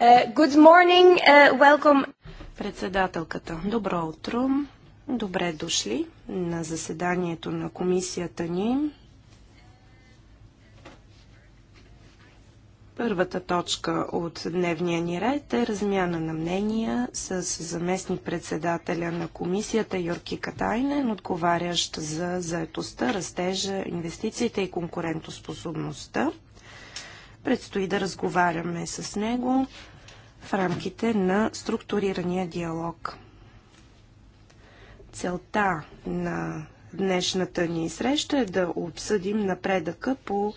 Е, good morning, е, welcome. Председателката, добро утро. Добре дошли на заседанието на комисията ни. Първата точка от дневния ни ред е размяна на мнения с заместник председателя на комисията Йорки Катайнен, отговарящ за заетостта, растежа, инвестициите и конкурентоспособността. Предстои да разговаряме с него в рамките на структурирания диалог. Целта на днешната ни среща е да обсъдим напредъка по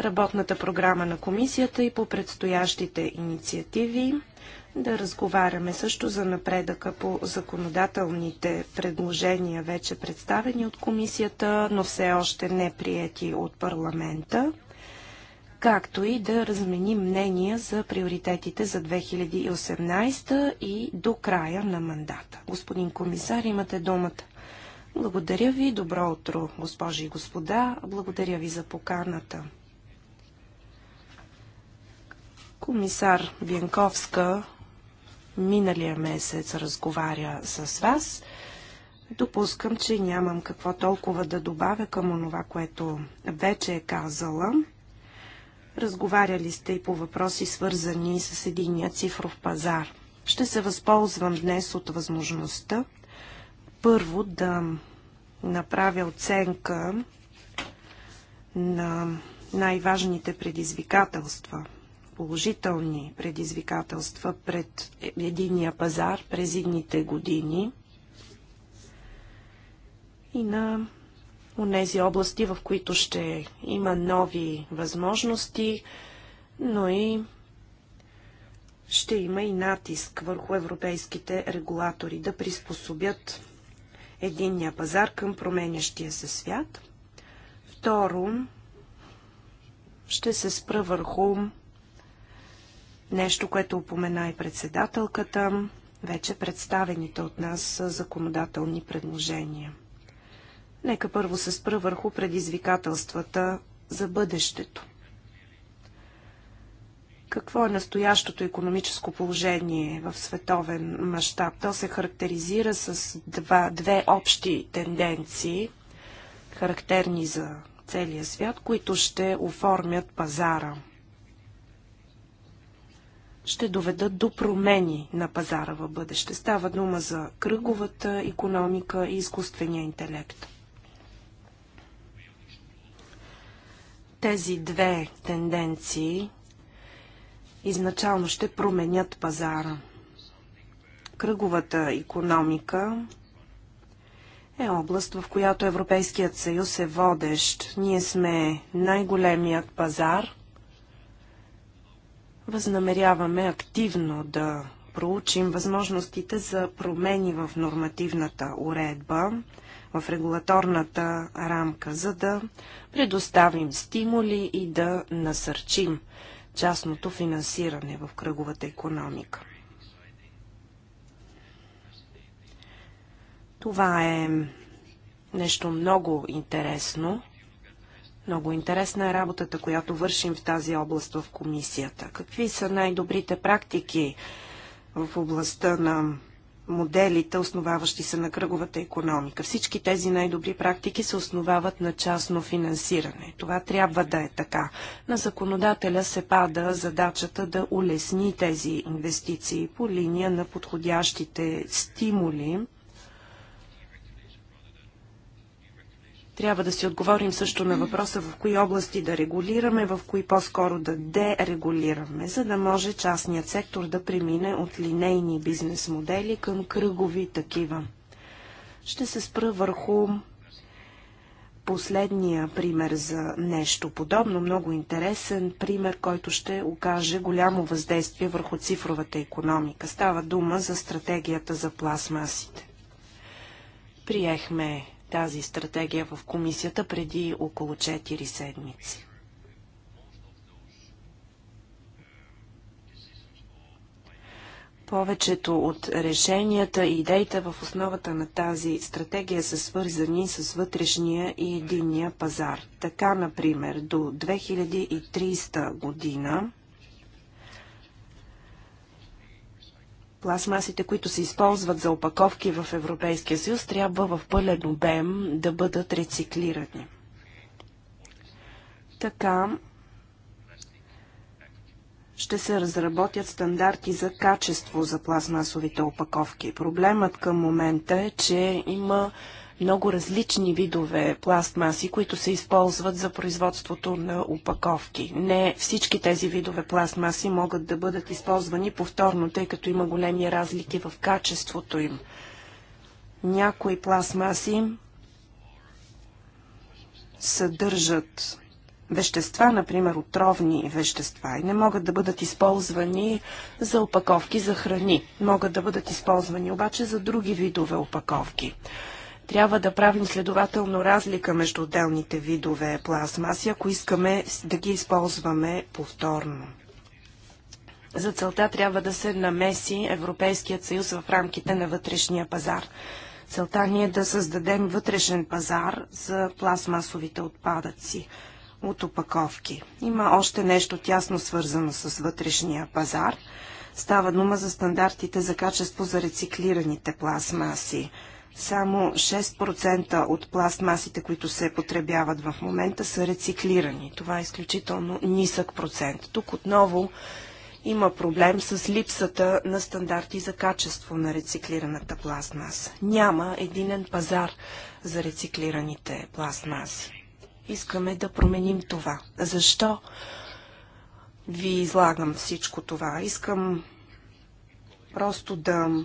работната програма на комисията и по предстоящите инициативи, да разговаряме също за напредъка по законодателните предложения, вече представени от комисията, но все още не прияти от парламента както и да размени мнения за приоритетите за 2018 и до края на мандата. Господин комисар, имате думата. Благодаря ви. Добро утро, госпожи и господа. Благодаря ви за поканата. Комисар Бенковска миналия месец разговаря с вас. Допускам, че нямам какво толкова да добавя към онова, което вече е казала. Разговаряли сте и по въпроси, свързани с единия цифров пазар. Ще се възползвам днес от възможността първо да направя оценка на най-важните предизвикателства, положителни предизвикателства пред единия пазар през идните години и на онези области, в които ще има нови възможности, но и ще има и натиск върху европейските регулатори да приспособят единния пазар към променящия се свят. Второ, ще се спра върху нещо, което упомена и председателката, вече представените от нас законодателни предложения. Нека първо се спра върху предизвикателствата за бъдещето. Какво е настоящото економическо положение в световен мащаб? То се характеризира с два, две общи тенденции, характерни за целия свят, които ще оформят пазара. Ще доведат до промени на пазара в бъдеще. Става дума за кръговата економика и изкуствения интелект. Тези две тенденции изначално ще променят пазара. Кръговата економика е област, в която Европейският съюз е водещ. Ние сме най-големият пазар. Възнамеряваме активно да проучим възможностите за промени в нормативната уредба в регулаторната рамка, за да предоставим стимули и да насърчим частното финансиране в кръговата економика. Това е нещо много интересно. Много интересна е работата, която вършим в тази област в комисията. Какви са най-добрите практики в областта на моделите, основаващи се на кръговата економика. Всички тези най-добри практики се основават на частно финансиране. Това трябва да е така. На законодателя се пада задачата да улесни тези инвестиции по линия на подходящите стимули, Трябва да си отговорим също на въпроса в кои области да регулираме, в кои по-скоро да дерегулираме, за да може частният сектор да премине от линейни бизнес модели към кръгови такива. Ще се спра върху последния пример за нещо подобно, много интересен пример, който ще окаже голямо въздействие върху цифровата економика. Става дума за стратегията за пластмасите. Приехме тази стратегия в комисията преди около 4 седмици. Повечето от решенията и идеите в основата на тази стратегия са свързани с вътрешния и единния пазар. Така, например, до 2300 година Пластмасите, които се използват за опаковки в Европейския съюз, трябва в пълен обем да бъдат рециклирани. Така ще се разработят стандарти за качество за пластмасовите опаковки. Проблемът към момента е, че има много различни видове пластмаси, които се използват за производството на упаковки. Не всички тези видове пластмаси могат да бъдат използвани повторно, тъй като има големи разлики в качеството им. Някои пластмаси съдържат вещества, например отровни вещества, и не могат да бъдат използвани за опаковки за храни. Могат да бъдат използвани обаче за други видове опаковки. Трябва да правим следователно разлика между отделните видове пластмаси, ако искаме да ги използваме повторно. За целта трябва да се намеси Европейският съюз в рамките на вътрешния пазар. Целта ни е да създадем вътрешен пазар за пластмасовите отпадъци от опаковки. Има още нещо тясно свързано с вътрешния пазар. Става дума за стандартите за качество за рециклираните пластмаси. Само 6% от пластмасите, които се потребяват в момента, са рециклирани. Това е изключително нисък процент. Тук отново има проблем с липсата на стандарти за качество на рециклираната пластмаса. Няма единен пазар за рециклираните пластмаси. Искаме да променим това. Защо ви излагам всичко това? Искам просто да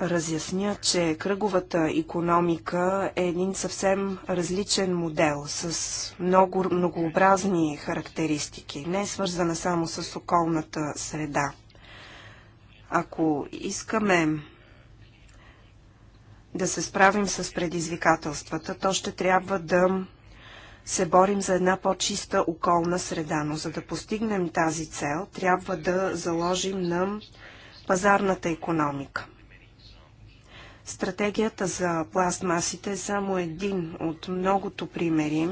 разясня, че кръговата економика е един съвсем различен модел с много многообразни характеристики, не е свързана само с околната среда. Ако искаме да се справим с предизвикателствата, то ще трябва да се борим за една по-чиста околна среда, но за да постигнем тази цел, трябва да заложим на пазарната економика. Стратегията за пластмасите е само един от многото примери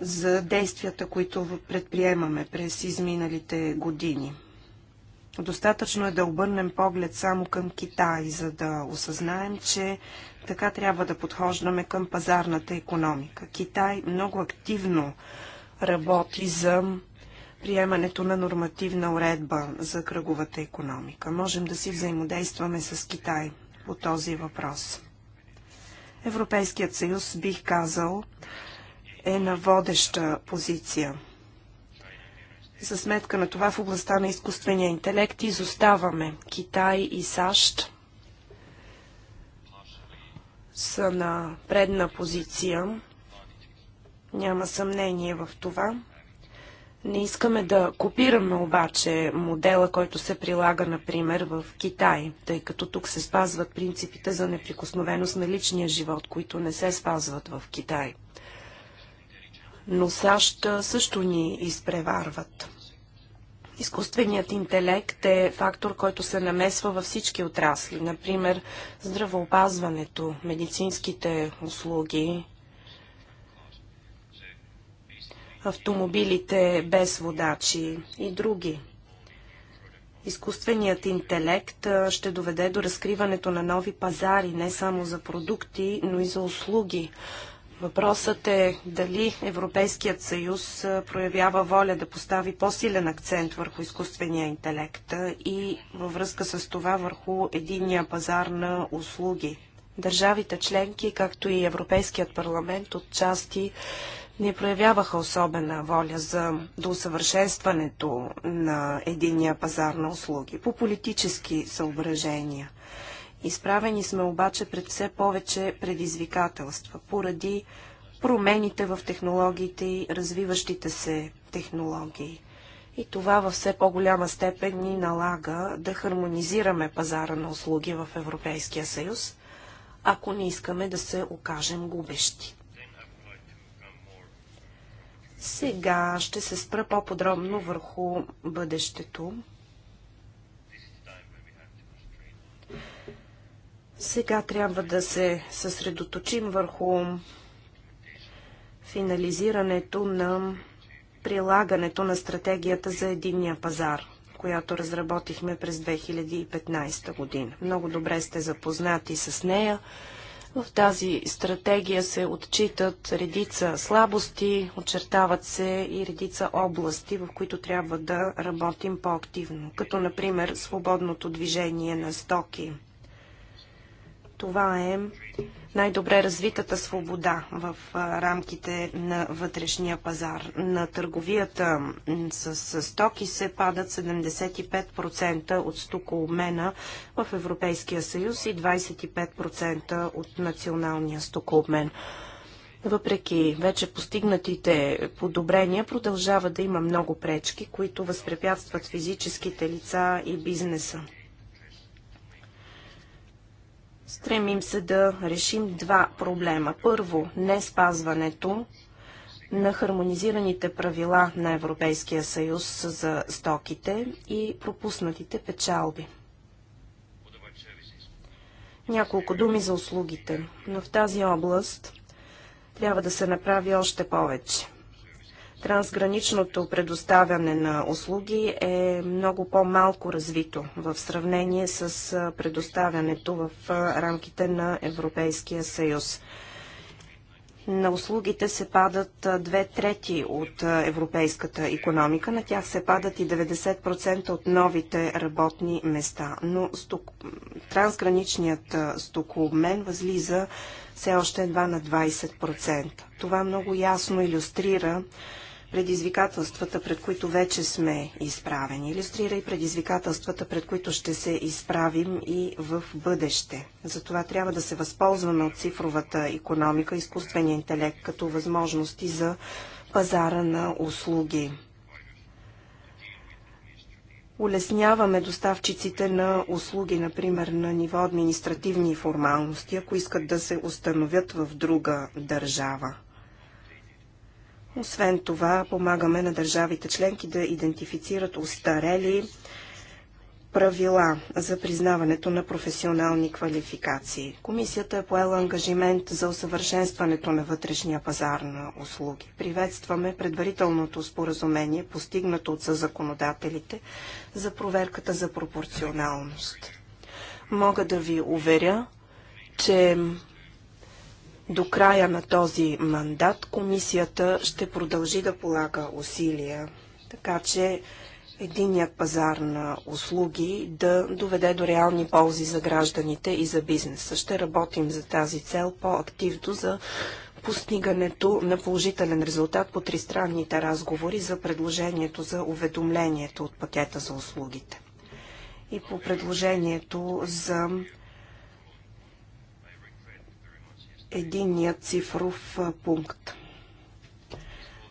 за действията, които предприемаме през изминалите години. Достатъчно е да обърнем поглед само към Китай, за да осъзнаем, че така трябва да подхождаме към пазарната економика. Китай много активно работи за приемането на нормативна уредба за кръговата економика. Можем да си взаимодействаме с Китай по този въпрос. Европейският съюз, бих казал, е на водеща позиция. За сметка на това в областта на изкуствения интелект изоставаме. Китай и САЩ са на предна позиция. Няма съмнение в това. Не искаме да копираме обаче модела, който се прилага, например, в Китай, тъй като тук се спазват принципите за неприкосновеност на личния живот, които не се спазват в Китай. Но САЩ също ни изпреварват. Изкуственият интелект е фактор, който се намесва във всички отрасли, например здравеопазването, медицинските услуги, автомобилите без водачи и други. Изкуственият интелект ще доведе до разкриването на нови пазари, не само за продукти, но и за услуги. Въпросът е дали Европейският съюз проявява воля да постави по-силен акцент върху изкуствения интелект и във връзка с това върху единния пазар на услуги. Държавите членки, както и Европейският парламент отчасти не проявяваха особена воля за доусъвършенстването на единия пазар на услуги по политически съображения. Изправени сме обаче пред все повече предизвикателства поради промените в технологиите и развиващите се технологии. И това във все по-голяма степен ни налага да хармонизираме пазара на услуги в Европейския съюз, ако не искаме да се окажем губещи. Сега ще се спра по-подробно върху бъдещето. Сега трябва да се съсредоточим върху финализирането на прилагането на стратегията за единния пазар, която разработихме през 2015 година. Много добре сте запознати с нея. В тази стратегия се отчитат редица слабости, очертават се и редица области, в които трябва да работим по-активно, като например свободното движение на стоки. Това е най-добре развитата свобода в рамките на вътрешния пазар. На търговията с стоки се падат 75% от стокообмена в Европейския съюз и 25% от националния стокообмен. Въпреки вече постигнатите подобрения, продължава да има много пречки, които възпрепятстват физическите лица и бизнеса. Стремим се да решим два проблема. Първо, не спазването на хармонизираните правила на Европейския съюз за стоките и пропуснатите печалби. Няколко думи за услугите, но в тази област трябва да се направи още повече. Трансграничното предоставяне на услуги е много по-малко развито в сравнение с предоставянето в рамките на Европейския съюз. На услугите се падат две трети от европейската економика, на тях се падат и 90% от новите работни места. Но сток... трансграничният стокообмен възлиза все още едва на 20%. Това много ясно иллюстрира предизвикателствата, пред които вече сме изправени. Иллюстрира и предизвикателствата, пред които ще се изправим и в бъдеще. Затова трябва да се възползваме от цифровата економика, изкуствения интелект като възможности за пазара на услуги. Улесняваме доставчиците на услуги, например на ниво административни формалности, ако искат да се установят в друга държава. Освен това, помагаме на държавите членки да идентифицират устарели правила за признаването на професионални квалификации. Комисията е поела ангажимент за усъвършенстването на вътрешния пазар на услуги. Приветстваме предварителното споразумение, постигнато от законодателите за проверката за пропорционалност. Мога да ви уверя, че до края на този мандат комисията ще продължи да полага усилия, така че единият пазар на услуги да доведе до реални ползи за гражданите и за бизнеса. Ще работим за тази цел по-активно за постигането на положителен резултат по тристранните разговори за предложението за уведомлението от пакета за услугите и по предложението за единният цифров пункт.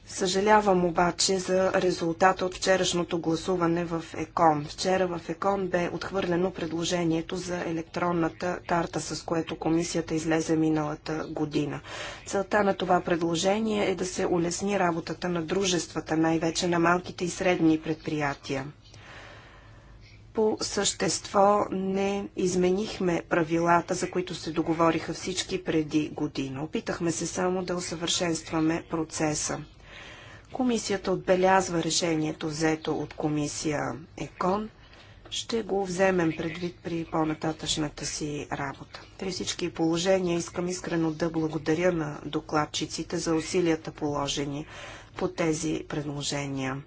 Съжалявам обаче за резултата от вчерашното гласуване в ЕКОН. Вчера в ЕКОН бе отхвърлено предложението за електронната карта, с което комисията излезе миналата година. Целта на това предложение е да се улесни работата на дружествата, най-вече на малките и средни предприятия по същество не изменихме правилата, за които се договориха всички преди година. Опитахме се само да усъвършенстваме процеса. Комисията отбелязва решението, взето от комисия ЕКОН. Ще го вземем предвид при по-нататъчната си работа. При всички положения искам искрено да благодаря на докладчиците за усилията положени по тези предложения.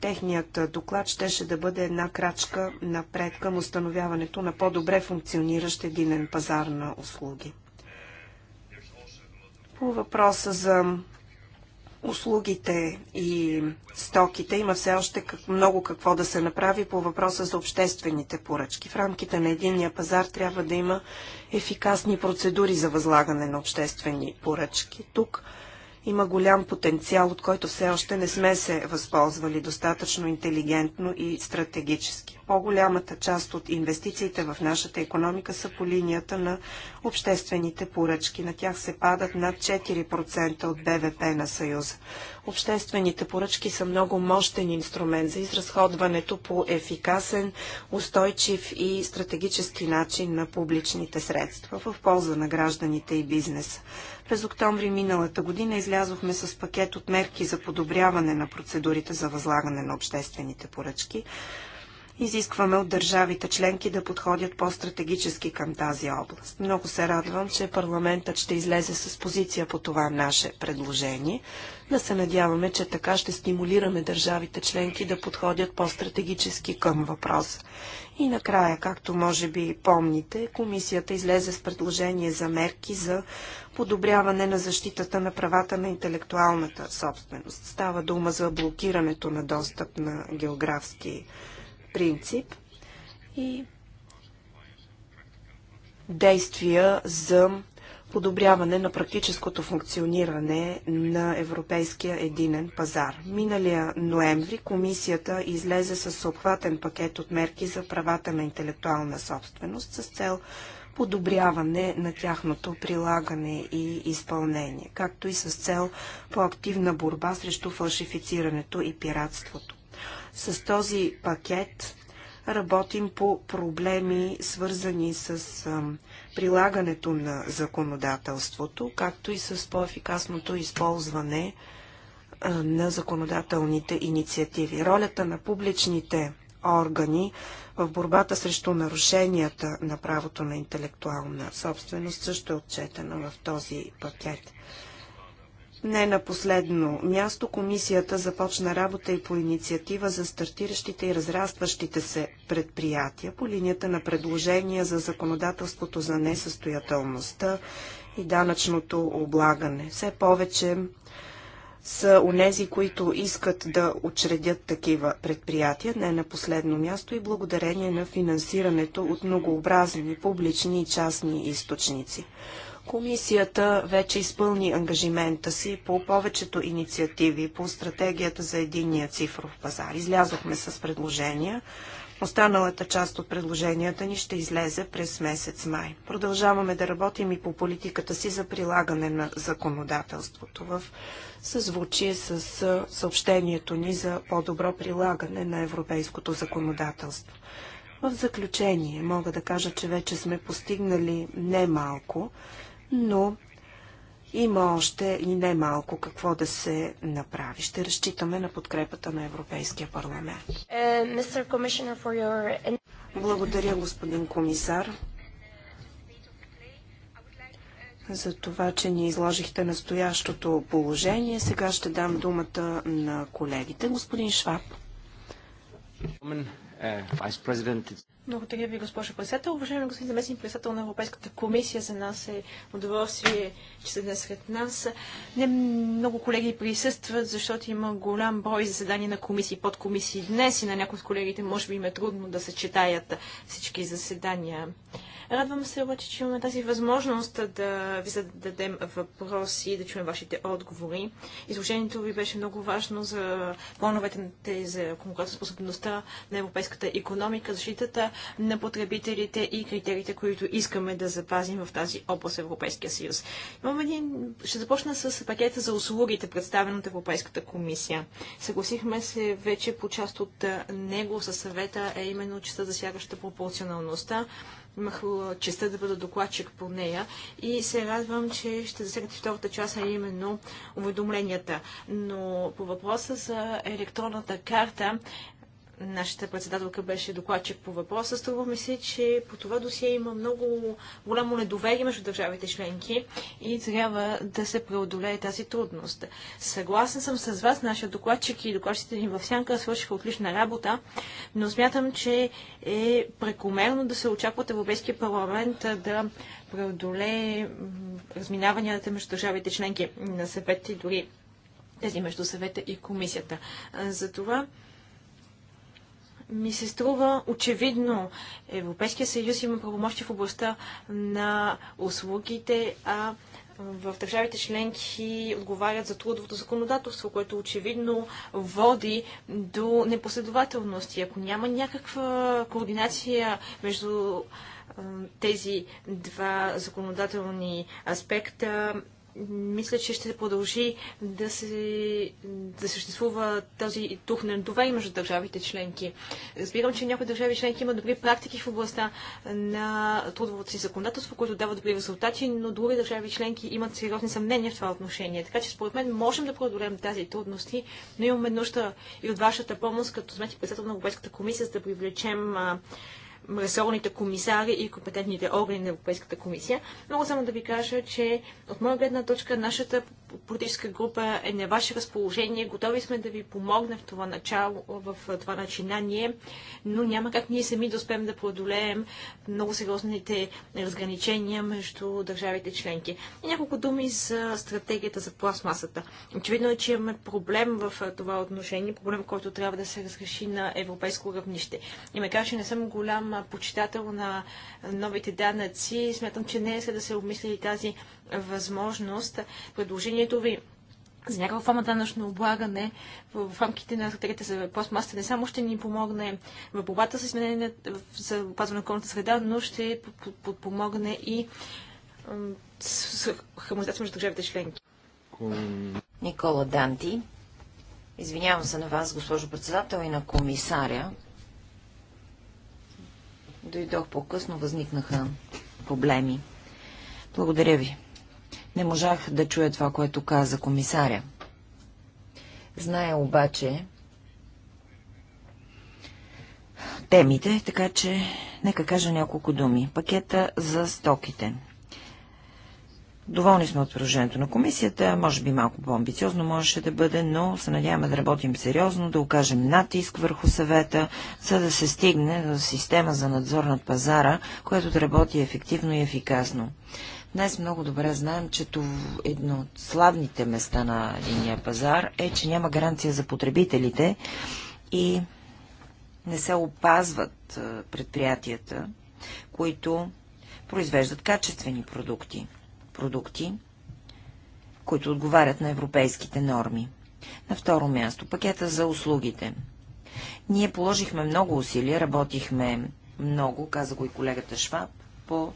Техният доклад щеше да бъде една крачка напред към установяването на по-добре функциониращ единен пазар на услуги. По въпроса за услугите и стоките има все още много какво да се направи по въпроса за обществените поръчки. В рамките на единния пазар трябва да има ефикасни процедури за възлагане на обществени поръчки. Тук има голям потенциал, от който все още не сме се възползвали достатъчно интелигентно и стратегически по-голямата част от инвестициите в нашата економика са по линията на обществените поръчки. На тях се падат над 4% от БВП на Съюза. Обществените поръчки са много мощен инструмент за изразходването по ефикасен, устойчив и стратегически начин на публичните средства в полза на гражданите и бизнеса. През октомври миналата година излязохме с пакет от мерки за подобряване на процедурите за възлагане на обществените поръчки. Изискваме от държавите членки да подходят по-стратегически към тази област. Много се радвам, че парламентът ще излезе с позиция по това наше предложение. Да се надяваме, че така ще стимулираме държавите членки да подходят по-стратегически към въпроса. И накрая, както може би помните, комисията излезе с предложение за мерки за подобряване на защитата на правата на интелектуалната собственост. Става дума за блокирането на достъп на географски принцип и действия за подобряване на практическото функциониране на Европейския единен пазар. Миналия ноември комисията излезе с обхватен пакет от мерки за правата на интелектуална собственост с цел подобряване на тяхното прилагане и изпълнение, както и с цел по-активна борба срещу фалшифицирането и пиратството. С този пакет работим по проблеми, свързани с прилагането на законодателството, както и с по-ефикасното използване на законодателните инициативи. Ролята на публичните органи в борбата срещу нарушенията на правото на интелектуална собственост също е отчетена в този пакет. Не на последно място комисията започна работа и по инициатива за стартиращите и разрастващите се предприятия по линията на предложения за законодателството за несъстоятелността и данъчното облагане. Все повече са унези, които искат да учредят такива предприятия, не на последно място и благодарение на финансирането от многообразни публични и частни източници. Комисията вече изпълни ангажимента си по повечето инициативи по стратегията за единния цифров пазар. Излязохме с предложения. Останалата част от предложенията ни ще излезе през месец май. Продължаваме да работим и по политиката си за прилагане на законодателството в съзвучие с съобщението ни за по-добро прилагане на европейското законодателство. В заключение мога да кажа, че вече сме постигнали немалко но има още и немалко какво да се направи. Ще разчитаме на подкрепата на Европейския парламент. Е, Благодаря, господин комисар, за това, че ни изложихте настоящото положение. Сега ще дам думата на колегите. Господин Шваб. Uh, благодаря ви, госпожо председател. Уважаеми господин заместник председател на Европейската комисия, за нас е удоволствие, че сте днес сред нас. Не много колеги присъстват, защото има голям брой заседания на комисии и подкомисии днес и на някои от колегите може би им е трудно да съчетаят всички заседания. Радвам се обаче, че имаме тази възможност да ви зададем въпроси, да чуем вашите отговори. Изложението ви беше много важно за плановете за конкурентоспособността на европейската економика, защитата на потребителите и критериите, които искаме да запазим в тази област в Европейския съюз. Имам един... Ще започна с пакета за услугите, представен от Европейската комисия. Съгласихме се вече по част от него със съвета е именно частта засягаща пропорционалността имах честа да бъда докладчик по нея и се радвам, че ще засегнете втората част, а именно уведомленията. Но по въпроса за електронната карта Нашата председателка беше докладчик по въпроса. струваме се, че по това досие има много голямо недоверие между държавите членки и трябва да се преодолее тази трудност. Съгласен съм с вас, нашия докладчик и докладчиците ни в Сянка свършиха отлична работа, но смятам, че е прекомерно да се очаква от Европейския парламент да преодолее разминаванията между държавите членки на съвет и дори тези между съвета и комисията. Затова ми се струва очевидно. Европейския съюз има правомощи в областта на услугите, а в държавите членки отговарят за трудовото законодателство, което очевидно води до И Ако няма някаква координация между тези два законодателни аспекта, мисля, че ще продължи да, се, да съществува този дух на доверие между държавите членки. Разбирам, че някои държави членки имат добри практики в областта на трудовото си законодателство, което дава добри резултати, но други държави членки имат сериозни съмнения в това отношение. Така че според мен можем да преодолеем тази трудности, но имаме нужда и от вашата помощ като смети председател на Европейската комисия, за да привлечем ресорните комисари и компетентните органи на Европейската комисия. Мога само да ви кажа, че от моя гледна точка нашата политическа група е на ваше разположение. Готови сме да ви помогнем в това начало, в това начинание, но няма как ние сами да успеем да преодолеем много сериозните разграничения между държавите членки. И няколко думи за стратегията за пластмасата. Очевидно е, че имаме проблем в това отношение, проблем, който трябва да се разреши на европейско равнище. И макар, че не съм голям почитател на новите данъци, смятам, че не е след да се обмисли и тази възможност предложението ви за някаква форма данъчно облагане в, рамките на стратегията за пластмасата не само ще ни помогне в борбата с изменение за опазване на околната среда, но ще подпомогне и с хармонизация между държавите членки. Никола Данти. Извинявам се на вас, госпожо председател, и на комисаря. Дойдох по-късно, възникнаха проблеми. Благодаря ви. Не можах да чуя това, което каза комисаря. Зная обаче темите, така че нека кажа няколко думи. Пакета за стоките. Доволни сме от предложението на комисията, може би малко по-амбициозно можеше да бъде, но се надяваме да работим сериозно, да окажем натиск върху съвета, за да се стигне до система за надзор над пазара, която да работи ефективно и ефикасно. Днес много добре знаем, че едно от славните места на единия пазар е, че няма гаранция за потребителите и не се опазват предприятията, които произвеждат качествени продукти. Продукти, които отговарят на европейските норми. На второ място пакета за услугите. Ние положихме много усилия, работихме много, каза го и колегата Шваб, по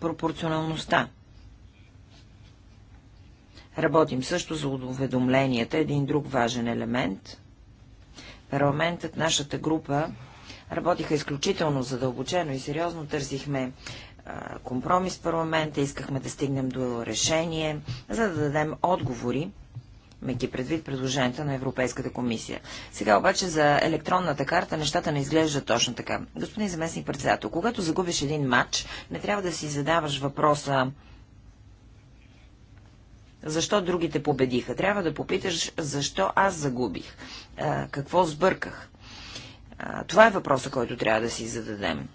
пропорционалността. Работим също за уведомленията, един друг важен елемент. Парламентът, нашата група, работиха изключително задълбочено и сериозно търсихме компромис в парламента, искахме да стигнем до решение, за да дадем отговори имайки предвид предложенията на Европейската комисия. Сега обаче за електронната карта нещата не изглеждат точно така. Господин заместник председател, когато загубиш един матч, не трябва да си задаваш въпроса защо другите победиха. Трябва да попиташ защо аз загубих, а, какво сбърках. А, това е въпроса, който трябва да си зададем.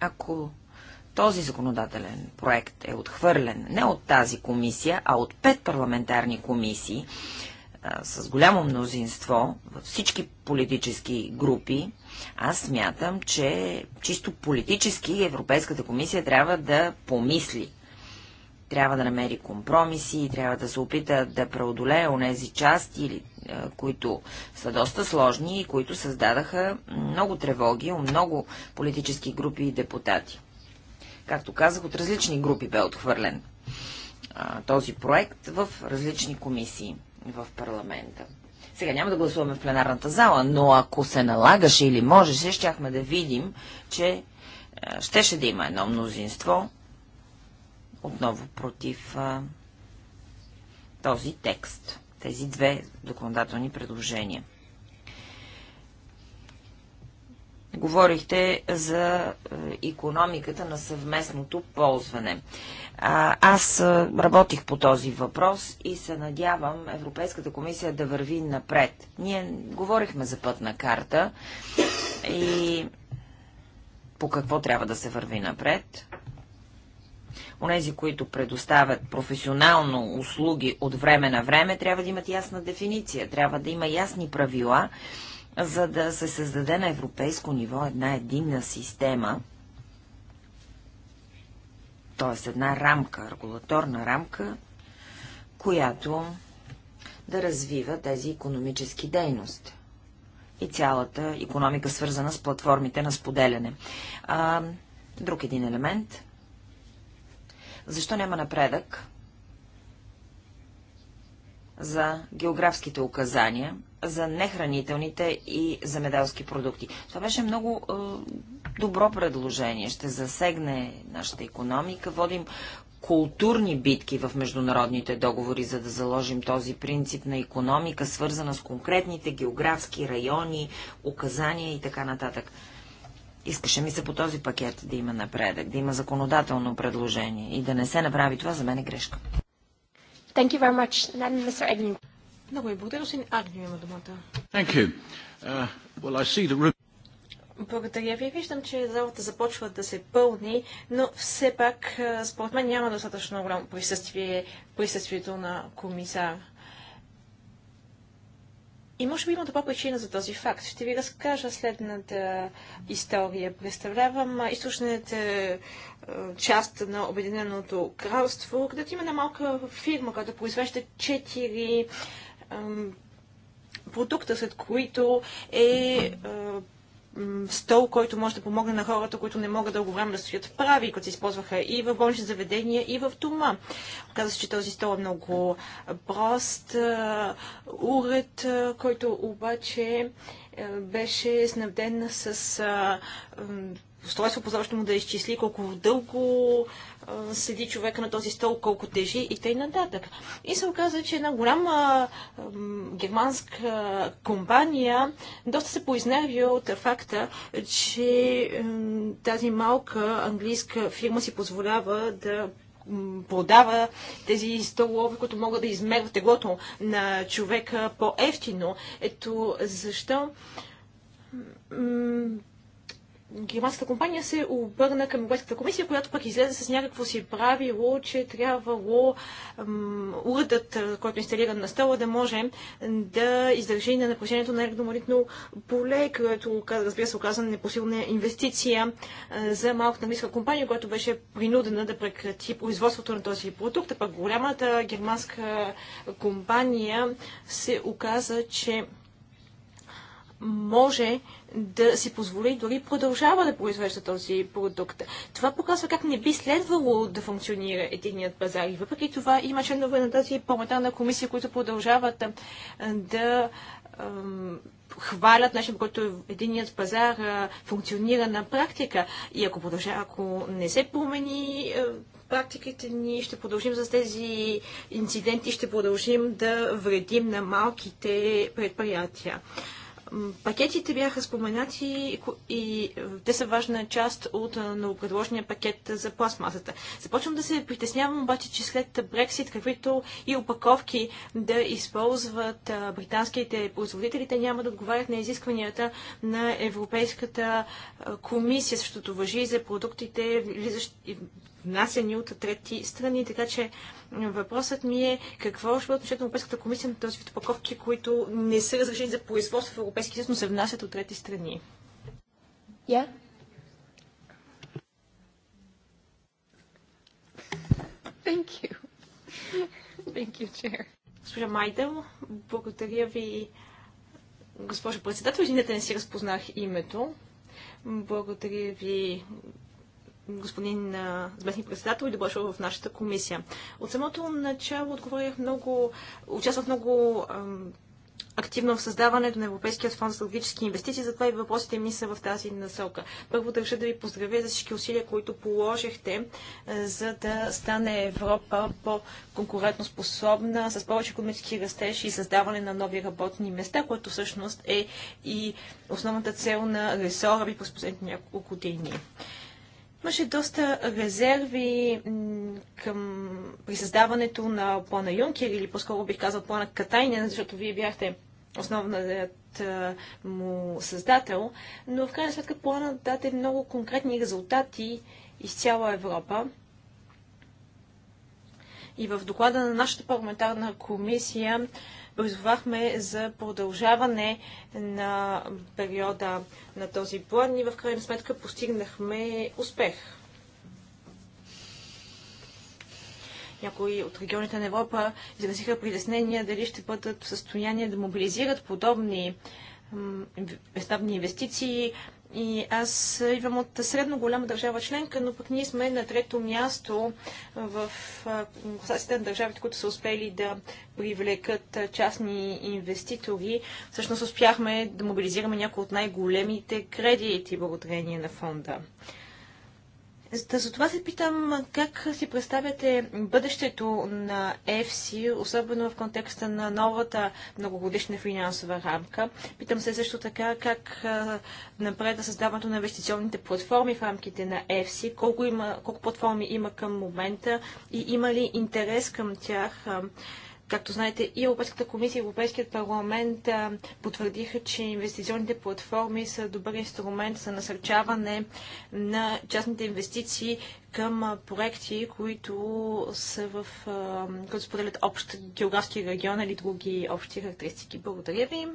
Ако този законодателен проект е отхвърлен не от тази комисия, а от пет парламентарни комисии а, с голямо мнозинство във всички политически групи. Аз смятам, че чисто политически Европейската комисия трябва да помисли трябва да намери компромиси, трябва да се опита да преодолее онези части, които са доста сложни и които създадаха много тревоги у много политически групи и депутати. Както казах, от различни групи бе отхвърлен а, този проект в различни комисии в парламента. Сега няма да гласуваме в пленарната зала, но ако се налагаше или можеше, щяхме да видим, че а, щеше да има едно мнозинство отново против а, този текст, тези две законодателни предложения. Говорихте за економиката на съвместното ползване. аз е, работих по този въпрос и се надявам Европейската комисия да върви напред. Ние говорихме за пътна карта и по какво трябва да се върви напред. Онези, които предоставят професионално услуги от време на време, трябва да имат ясна дефиниция, трябва да има ясни правила за да се създаде на европейско ниво една единна система, т.е. една рамка, регулаторна рамка, която да развива тези економически дейности и цялата економика, свързана с платформите на споделяне. А, друг един елемент. Защо няма напредък за географските указания, за нехранителните и замедалски продукти. Това беше много е, добро предложение. Ще засегне нашата економика. Водим културни битки в международните договори, за да заложим този принцип на економика, свързана с конкретните географски райони, указания и така нататък. Искаше ми се по този пакет да има напредък, да има законодателно предложение и да не се направи това за мен е грешка. Thank you very much. And then Mr. Agnew. Много ви благодаря, господин Агнио има думата. Thank you. Uh, well, I see the room. Благодаря ви. Виждам, че залата започва да се пълни, но все пак, uh, според мен, няма достатъчно голямо присъствие, присъствието на комисар. И може би има добра причина за този факт. Ще ви разкажа следната история. Представлявам източната част на Обединеното кралство, където има една малка фирма, която произвежда четири продукта, след които е стол, който може да помогне на хората, които не могат дълго време да стоят прави, които се използваха и в болнични заведения, и в дома. Оказва се, че този стол е много прост, уред, който обаче беше снабден с устройство, позволящо му да изчисли колко дълго а, седи човека на този стол, колко тежи и тъй нататък. И се оказа, че една голяма а, германска компания доста се поизнерви от факта, че а, тази малка английска фирма си позволява да продава тези столове, които могат да измерват теглото на човека по-ефтино. Ето защо германската компания се обърна към Европейската комисия, която пък излезе с някакво си правило, че трябвало уредът, който е инсталиран на стола, да може да издържи на напрежението на електромагнитно поле, което, разбира се, оказа непосилна инвестиция за малката английска компания, която беше принудена да прекрати производството на този продукт. А пък голямата германска компания се оказа, че може да си позволи и дори продължава да произвежда този продукт. Това показва как не би следвало да функционира единият пазар. И въпреки това има членове на тази парламентарна комисия, които продължават да хвалят начин, по който единият пазар функционира на практика. И ако продължа, ако не се промени практиките ни, ще продължим с тези инциденти, ще продължим да вредим на малките предприятия. Пакетите бяха споменати и е, те са важна част от е, новопредложения пакет за пластмасата. Започвам да се притеснявам обаче, че след Брексит, каквито и опаковки да използват е, британските производители, те няма да отговарят на изискванията на Европейската комисия. Същото въжи и за продуктите, внасени от трети страни. Така че въпросът ми е какво ще бъде отношението на Европейската комисия на този вид опаковки, които не са разрешени за производство в Европейския съюз, но се внасят от трети страни. Yeah. Thank you. Thank you, Chair. Госпожа Майдел, благодаря ви, госпожо председател. Извинете, не си разпознах името. Благодаря ви, господин заместник председател и добре дошъл в нашата комисия. От самото начало отговорих много, участвах много ам, активно в създаването на Европейския фонд за стратегически инвестиции, затова и въпросите ми са в тази насока. Първо държа да ви поздравя за всички усилия, които положихте, за да стане Европа по-конкурентно способна, с повече економически растеж и създаване на нови работни места, което всъщност е и основната цел на ресора ви през последните няколко години. Имаше доста резерви към при създаването на плана Юнкер или по-скоро бих казал плана Катайнен, защото вие бяхте основният му създател, но в крайна сметка планът даде много конкретни резултати из цяла Европа. И в доклада на нашата парламентарна комисия призовахме за продължаване на периода на този план и в крайна сметка постигнахме успех. някои от регионите на Европа изразиха притеснения дали ще бъдат в състояние да мобилизират подобни местабни инвестиции. И аз идвам от средно голяма държава членка, но пък ние сме на трето място в класацията на държавите, които са успели да привлекат частни инвеститори. Всъщност успяхме да мобилизираме някои от най-големите кредити благодарение на фонда. Затова за това се питам как си представяте бъдещето на ЕФСИ, особено в контекста на новата многогодишна финансова рамка. Питам се също така как напреда създаването на инвестиционните платформи в рамките на ЕФСИ, колко, има, колко платформи има към момента и има ли интерес към тях Както знаете, и Европейската комисия и Европейският парламент потвърдиха, че инвестиционните платформи са добър инструмент за насърчаване на частните инвестиции към проекти, които са в, които споделят общ географски регион или други общи характеристики. Благодаря ви.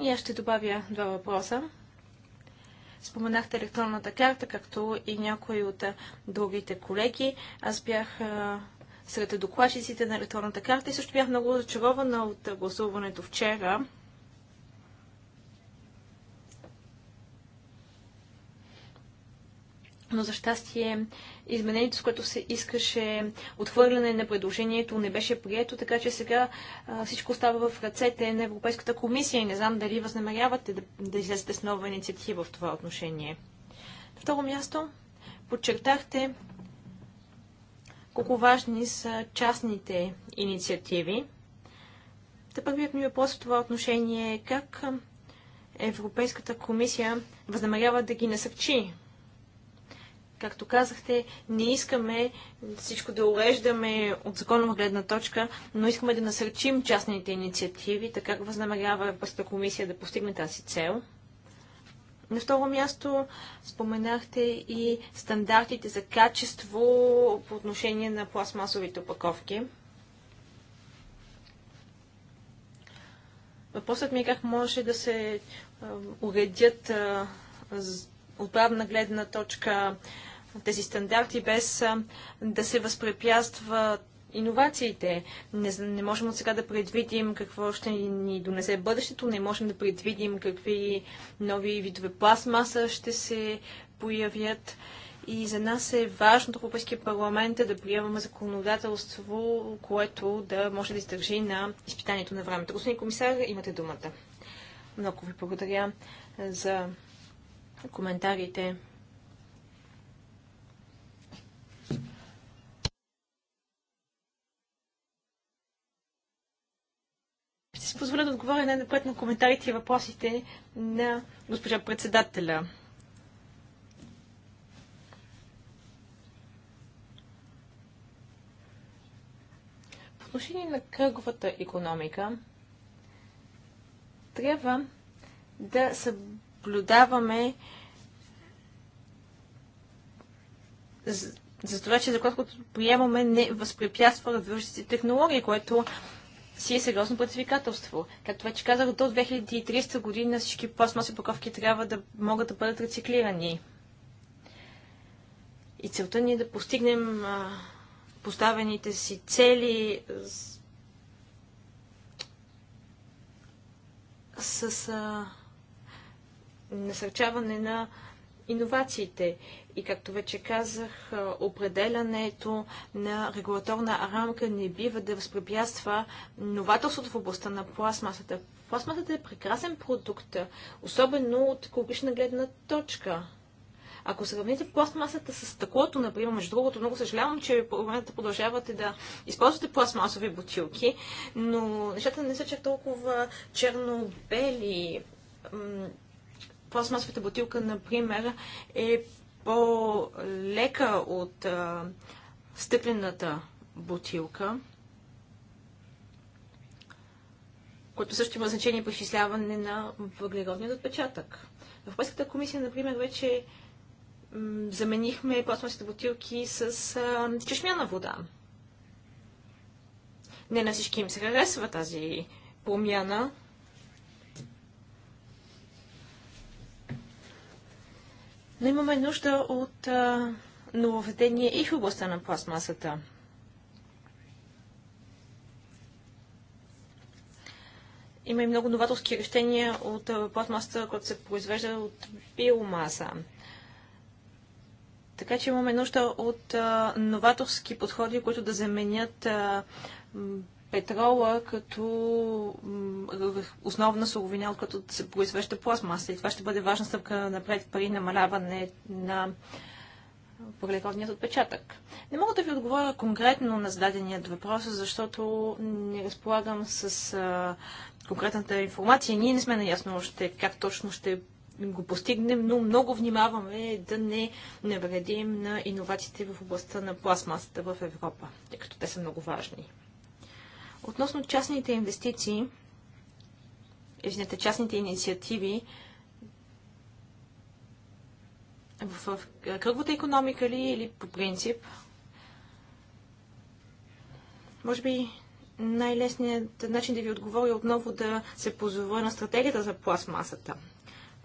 И аз ще добавя два въпроса. Споменахте електронната карта, както и някои от другите колеги. Аз бях сред докладчиците на електронната карта и също бях много разочарована от гласуването вчера. Но за щастие изменението, с което се искаше отхвърляне на предложението, не беше прието, така че сега а, всичко става в ръцете на Европейската комисия и не знам дали възнамерявате да, да излезете с нова инициатива в това отношение. На второ място подчертахте, колко важни са частните инициативи. Та първият ми въпрос в това отношение е как Европейската комисия възнамерява да ги насърчи. Както казахте, не искаме всичко да уреждаме от законова гледна точка, но искаме да насърчим частните инициативи, така как възнамерява Европейската комисия да постигне тази цел. На второ място споменахте и стандартите за качество по отношение на пластмасовите опаковки. Въпросът ми е как може да се уредят от правна гледна точка тези стандарти, без да се възпрепятстват иновациите. Не, не можем от сега да предвидим какво ще ни донесе бъдещето, не можем да предвидим какви нови видове пластмаса ще се появят. И за нас е важно в Европейския парламент е да приемаме законодателство, което да може да издържи на изпитанието на времето. Господин комисар, имате думата. Много ви благодаря за коментарите си позволя да отговоря най-напред на коментарите и въпросите на госпожа председателя. По отношение на кръговата економика, трябва да съблюдаваме за, за това, че законът, който приемаме, не възпрепятства развиващите технологии, което си е сериозно предизвикателство. Както вече казах, до 2030 година всички пластмаси упаковки трябва да могат да бъдат рециклирани. И целта ни е да постигнем а, поставените си цели с, с а, насърчаване на иновациите. И както вече казах, определянето на регулаторна рамка не бива да възпрепятства новаторството в областта на пластмасата. Пластмасата е прекрасен продукт, особено от екологична гледна точка. Ако сравните пластмасата с стъклото, например, между другото, много съжалявам, че в момента продължавате да използвате пластмасови бутилки, но нещата не са чак толкова черно-бели. Пластмасовата бутилка, например, е по-лека от а, стъклената бутилка, което също има значение по изчисляване на въглеродния отпечатък. В Европейската комисия, например, вече заменихме пластмасите бутилки с а, чешмяна вода. Не на всички им се харесва тази промяна, Но имаме нужда от нововведение и в областта на пластмасата. Има и много новаторски решения от пластмасата, която се произвежда от биомаса. Така че имаме нужда от а, новаторски подходи, които да заменят а, петрола като основна суровина, от като се произвежда пластмаса. И това ще бъде важна стъпка напред при намаляване на въглеродният отпечатък. Не мога да ви отговоря конкретно на зададеният въпрос, защото не разполагам с а, конкретната информация. Ние не сме наясно още как точно ще го постигнем, но много внимаваме да не навредим на иновациите в областта на пластмасата в Европа, тъй като те са много важни. Относно частните инвестиции, извинете, частните инициативи в, кръговата економика ли или по принцип, може би най-лесният начин да ви отговоря е отново да се позова на стратегията за пластмасата.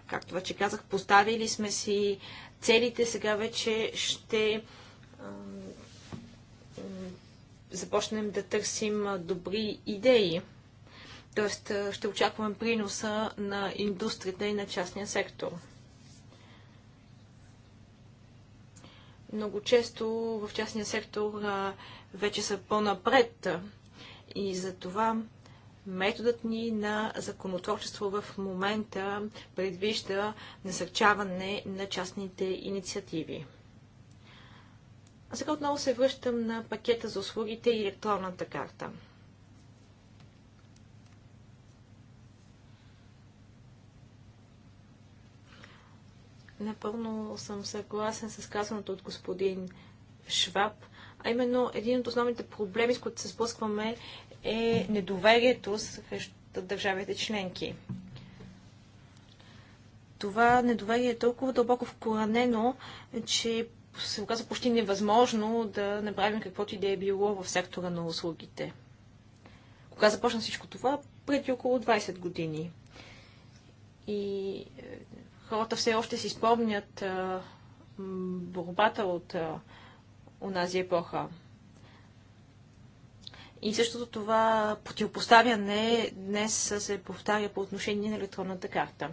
Както вече казах, поставили сме си целите, сега вече ще започнем да търсим добри идеи. Тоест ще очакваме приноса на индустрията и на частния сектор. Много често в частния сектор вече са по-напред и за това методът ни на законотворчество в момента предвижда насърчаване на частните инициативи. А сега отново се връщам на пакета за услугите и електронната карта. Напълно съм съгласен с казаното от господин Шваб, а именно един от основните проблеми, с които се сблъскваме е недоверието срещу държавите членки. Това недоверие е толкова дълбоко вкоранено, че се оказа почти невъзможно да направим каквото и да е било в сектора на услугите. Кога започна всичко това? Преди около 20 години. И е, хората все още си спомнят а, е, борбата от а, е, онази епоха. И същото това противопоставяне днес се повтаря по отношение на електронната карта.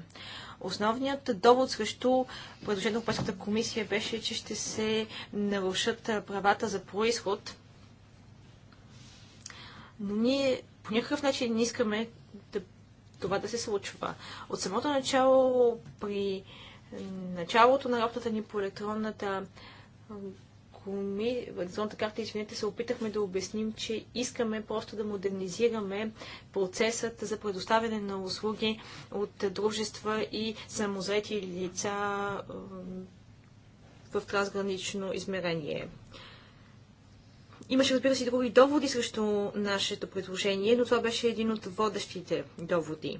Основният довод срещу предложението на Европейската комисия беше, че ще се нарушат правата за происход. Но ние по някакъв начин не искаме да, това да се случва. От самото начало, при началото на работата ни по електронната коми... електронната карта, извинете, се опитахме да обясним, че искаме просто да модернизираме процесът за предоставяне на услуги от дружества и самозаети лица в трансгранично измерение. Имаше, разбира се, и други доводи срещу нашето предложение, но това беше един от водещите доводи.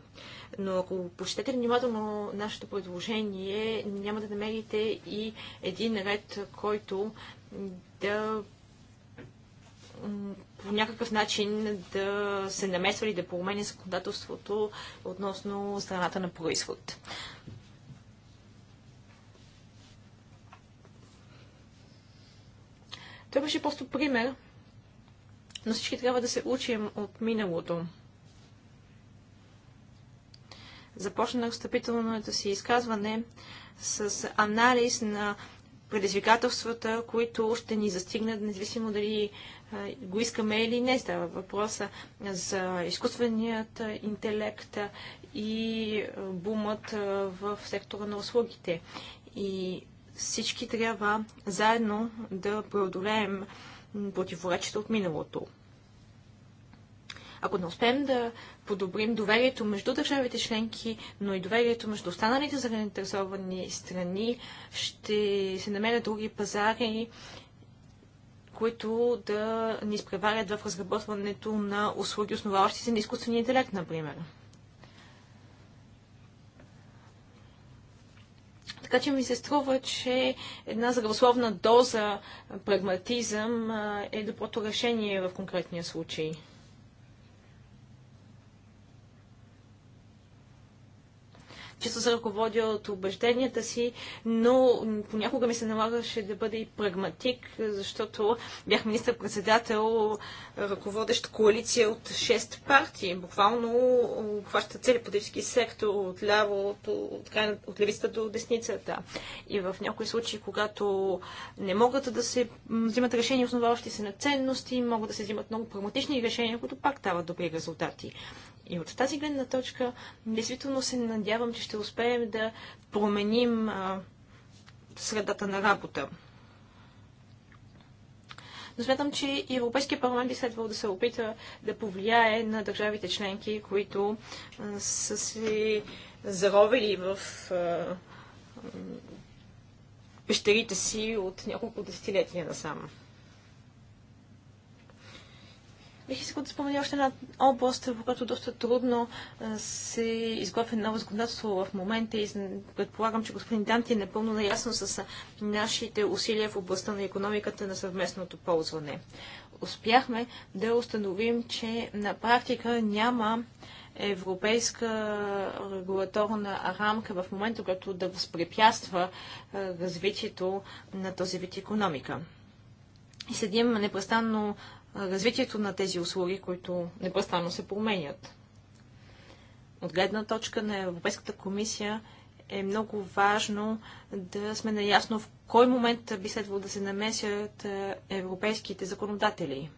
Но ако почетете внимателно нашето предложение, няма да намерите и един ред, който да по някакъв начин да се намесва или да променя законодателството относно страната на происход. Той беше просто пример, но всички трябва да се учим от миналото. Започнах встъпителното си изказване с анализ на предизвикателствата, които ще ни застигнат, независимо дали го искаме или не. Става въпроса за изкуственият интелект и бумът в сектора на услугите. И всички трябва заедно да преодолеем противоречите от миналото. Ако не успеем да подобрим доверието между държавите членки, но и доверието между останалите заинтересовани страни, ще се намерят други пазари, които да ни изпреварят в разработването на услуги, основаващи се на изкуствения интелект, например. Така че ми се струва, че една здравословна доза прагматизъм е доброто решение в конкретния случай. често се ръководя от убежденията си, но понякога ми се налагаше да бъда и прагматик, защото бях министър-председател, ръководещ коалиция от 6 партии. Буквално обхваща цели политически сектор от ляво, от, от, от левицата до десницата. И в някои случаи, когато не могат да се взимат решения, основаващи се на ценности, могат да се взимат много прагматични решения, които пак дават добри резултати. И от тази гледна точка, действително се надявам, че ще успеем да променим а, средата на работа. Но смятам, че и Европейския парламент би следвал да се опита да повлияе на държавите членки, които а, са се заровили в а, пещерите си от няколко десетилетия насам. Бих искал да спомена още една област, в която доста трудно се изготвя ново законодателство в момента и предполагам, че господин Данти е напълно наясно с нашите усилия в областта на економиката на съвместното ползване. Успяхме да установим, че на практика няма европейска регулаторна рамка в момента, която да възпрепятства развитието на този вид економика. И следим непрестанно развитието на тези услуги, които непрестанно се променят. От гледна точка на Европейската комисия е много важно да сме наясно в кой момент би следвало да се намесят европейските законодатели.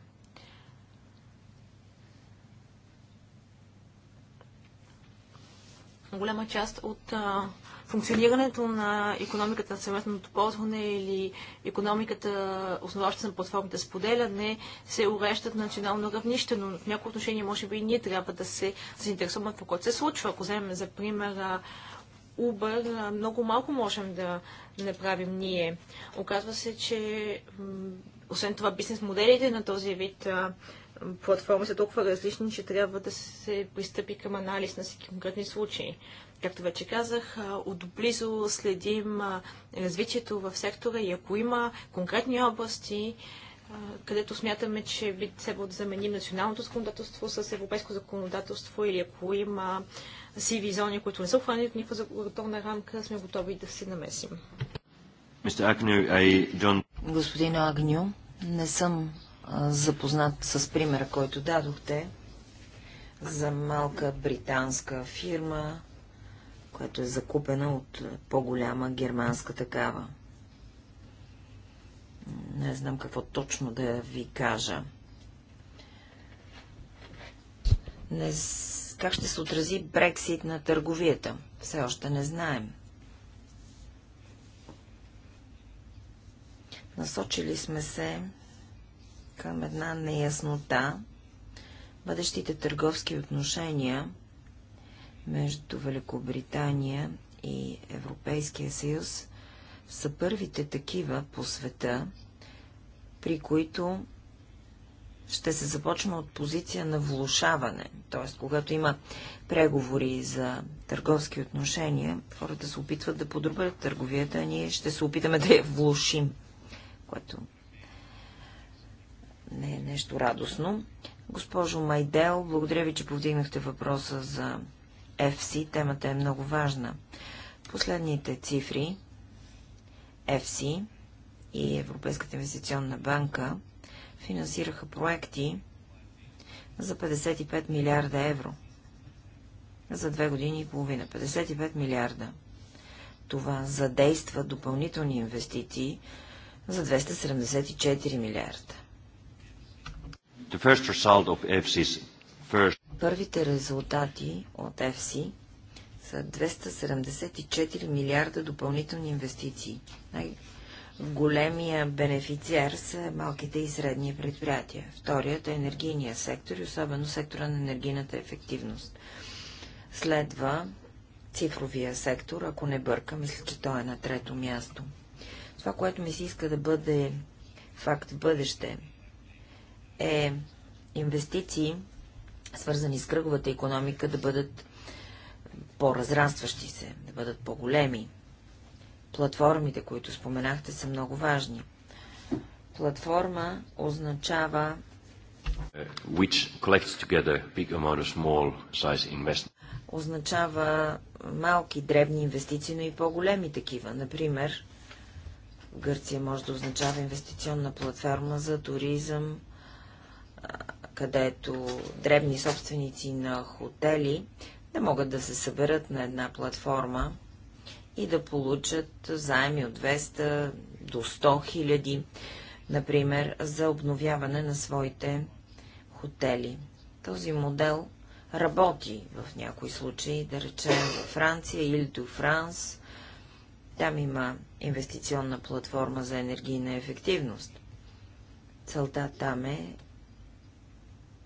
Голяма част от а, функционирането на економиката на съвместното ползване или економиката, основаща на платформите споделяне, се урещат на национално равнище, но в някои отношения може би и ние трябва да се заинтересуваме какво което се случва. Ако вземем за пример Uber, много малко можем да направим ние. Оказва се, че освен това бизнес моделите на този вид платформи са толкова различни, че трябва да се пристъпи към анализ на всеки конкретни случаи. Както вече казах, отблизо следим развитието в сектора и ако има конкретни области, където смятаме, че би трябвало да заменим националното законодателство с европейско законодателство или ако има сиви зони, които не са обхванати от никаква законодателна рамка, сме готови да се намесим. Господин Агню, не съм запознат с примера, който дадохте за малка британска фирма, която е закупена от е, по-голяма германска такава. Не знам какво точно да ви кажа. Не... Как ще се отрази Брексит на търговията? Все още не знаем. Насочили сме се към една неяснота. Бъдещите търговски отношения между Великобритания и Европейския съюз са първите такива по света, при които ще се започне от позиция на влушаване. Т.е. когато има преговори за търговски отношения, хората се опитват да подобрят търговията, а ние ще се опитаме да я влушим, което не е нещо радостно. Госпожо Майдел, благодаря ви, че повдигнахте въпроса за FC темата е много важна. Последните цифри FC и Европейската инвестиционна банка финансираха проекти за 55 милиарда евро за две години и половина. 55 милиарда. Това задейства допълнителни инвестиции за 274 милиарда. First... Първите резултати от ЕФСИ са 274 милиарда допълнителни инвестиции. Най-големия бенефициер са малките и средни предприятия. Вторият е енергийния сектор и особено сектора на енергийната ефективност. Следва цифровия сектор, ако не бърка, мисля, че той е на трето място. Това, което ми се иска да бъде факт в бъдеще, е инвестиции свързани с кръговата економика, да бъдат по-разрастващи се, да бъдат по-големи. Платформите, които споменахте, са много важни. Платформа означава uh, which collects together big amount of small size investment. Означава малки, дребни инвестиции, но и по-големи такива. Например, Гърция може да означава инвестиционна платформа за туризъм, където дребни собственици на хотели да могат да се съберат на една платформа и да получат заеми от 200 до 100 хиляди, например, за обновяване на своите хотели. Този модел работи в някои случаи, да речем във Франция или до Франс. Там има инвестиционна платформа за енергийна ефективност. Целта там е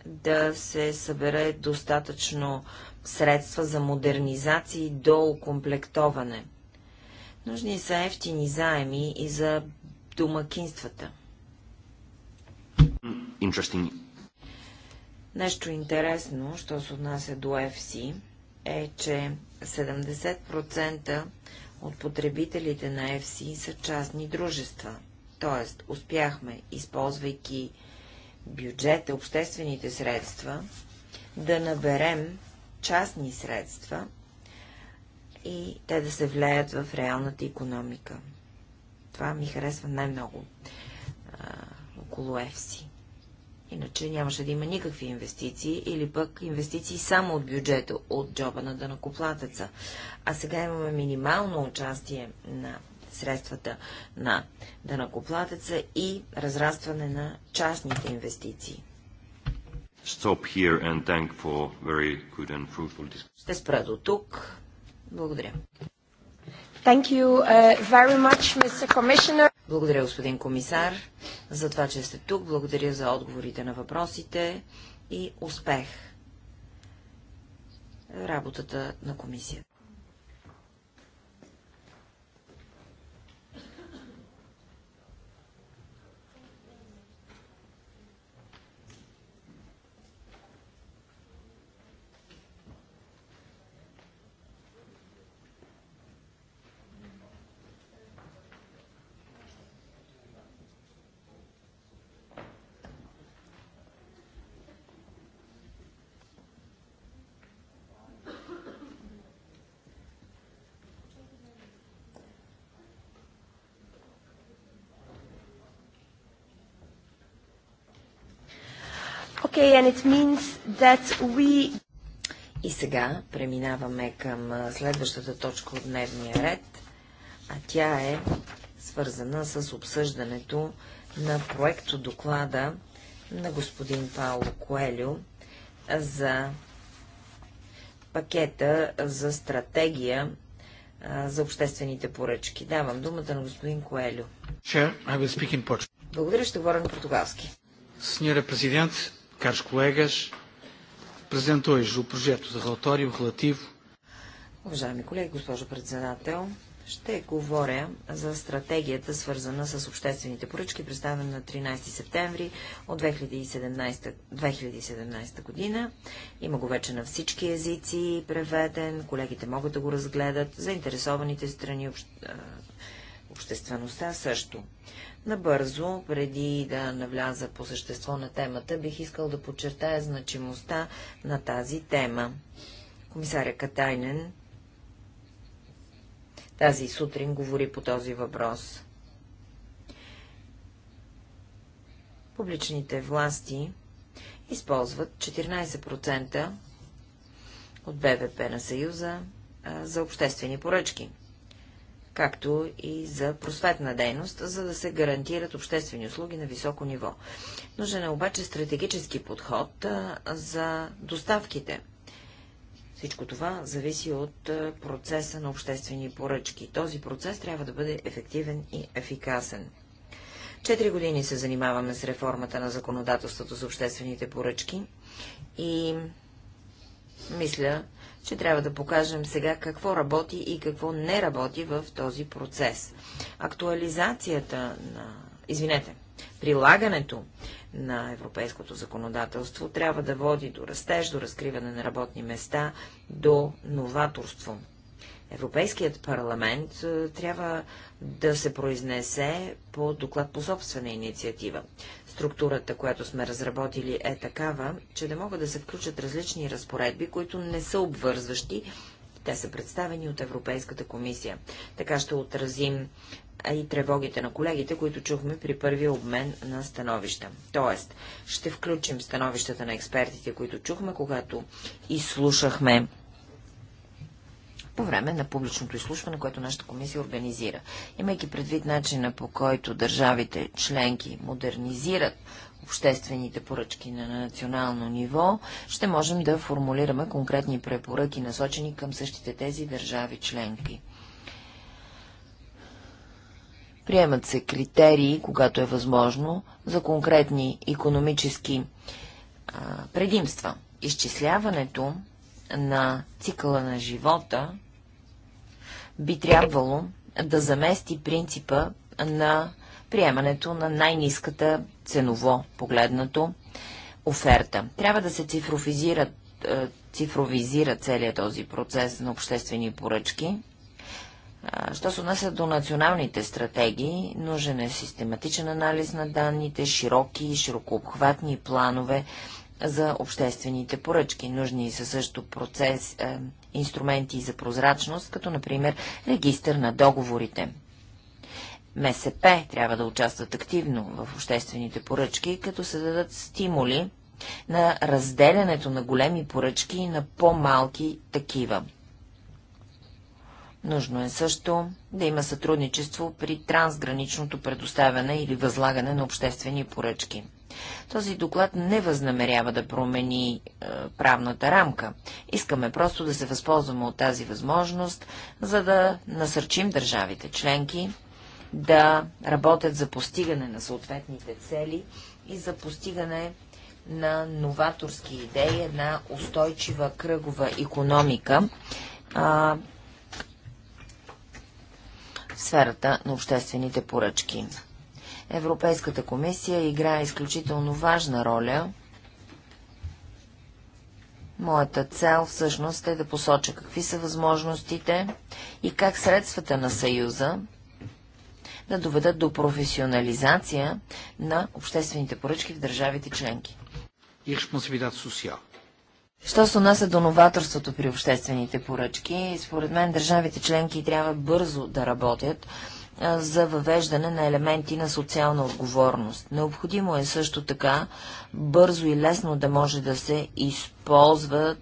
да се събере достатъчно средства за модернизация и доукомплектоване. Нужни са ефтини заеми и за домакинствата. Нещо интересно, що се отнася до FC, е, че 70% от потребителите на FC са частни дружества. Тоест, успяхме, използвайки бюджета, обществените средства, да наберем частни средства и те да се влеят в реалната економика. Това ми харесва най-много около ЕФСИ. Иначе нямаше да има никакви инвестиции или пък инвестиции само от бюджета, от джоба на дънакоплатеца. А сега имаме минимално участие на средствата на дънакоплатеца и разрастване на частните инвестиции. Ще спра до тук. Благодаря. Thank you uh, very much, Mr. Commissioner. Благодаря, господин комисар, за това, че сте тук. Благодаря за отговорите на въпросите и успех работата на комисията. and it means that we... И сега преминаваме към следващата точка от дневния ред, а тя е свързана с обсъждането на от доклада на господин Пауло Коелю за пакета за стратегия за обществените поръчки. Давам думата на господин Коелю. Благодаря, ще говоря на португалски. Сеньора президент, caros colegas, apresento hoje o projeto de relatório relativo. Уважаеми колеги, госпожо председател, ще говоря за стратегията, свързана с обществените поръчки, представена на 13 септември от 2017, 2017 година. Има го вече на всички езици, преведен, колегите могат да го разгледат, заинтересованите страни, общ обществеността също. Набързо, преди да навляза по същество на темата, бих искал да подчертая значимостта на тази тема. Комисаря Катайнен тази сутрин говори по този въпрос. Публичните власти използват 14% от БВП на Съюза за обществени поръчки както и за просветна дейност, за да се гарантират обществени услуги на високо ниво. Нужен е обаче стратегически подход за доставките. Всичко това зависи от процеса на обществени поръчки. Този процес трябва да бъде ефективен и ефикасен. Четири години се занимаваме с реформата на законодателството за обществените поръчки и мисля, че трябва да покажем сега какво работи и какво не работи в този процес. Актуализацията на... Извинете, прилагането на европейското законодателство трябва да води до растеж, до разкриване на работни места, до новаторство. Европейският парламент е, трябва да се произнесе по доклад по собствена инициатива. Структурата, която сме разработили, е такава, че да могат да се включат различни разпоредби, които не са обвързващи. Те са представени от Европейската комисия. Така ще отразим и тревогите на колегите, които чухме при първия обмен на становища. Тоест, ще включим становищата на експертите, които чухме, когато изслушахме по време на публичното изслушване, което нашата комисия организира. Имайки предвид начина по който държавите членки модернизират обществените поръчки на национално ниво, ще можем да формулираме конкретни препоръки, насочени към същите тези държави членки. Приемат се критерии, когато е възможно, за конкретни економически а, предимства. Изчисляването на цикъла на живота би трябвало да замести принципа на приемането на най-низката ценово погледнато оферта. Трябва да се цифровизира, е, цифровизира целият този процес на обществени поръчки. Е, що се отнася до националните стратегии, нужен е систематичен анализ на данните, широки и широкообхватни планове за обществените поръчки. Нужни са също процес, е, инструменти за прозрачност, като например регистър на договорите. МСП трябва да участват активно в обществените поръчки, като се дадат стимули на разделянето на големи поръчки и на по-малки такива. Нужно е също да има сътрудничество при трансграничното предоставяне или възлагане на обществени поръчки. Този доклад не възнамерява да промени е, правната рамка. Искаме просто да се възползваме от тази възможност, за да насърчим държавите членки да работят за постигане на съответните цели и за постигане на новаторски идеи, една устойчива кръгова економика а, в сферата на обществените поръчки. Европейската комисия играе изключително важна роля. Моята цел всъщност е да посоча какви са възможностите и как средствата на Съюза да доведат до професионализация на обществените поръчки в държавите членки. И социал. Що се отнася до новаторството при обществените поръчки, според мен държавите членки трябва бързо да работят, за въвеждане на елементи на социална отговорност. Необходимо е също така бързо и лесно да може да се използва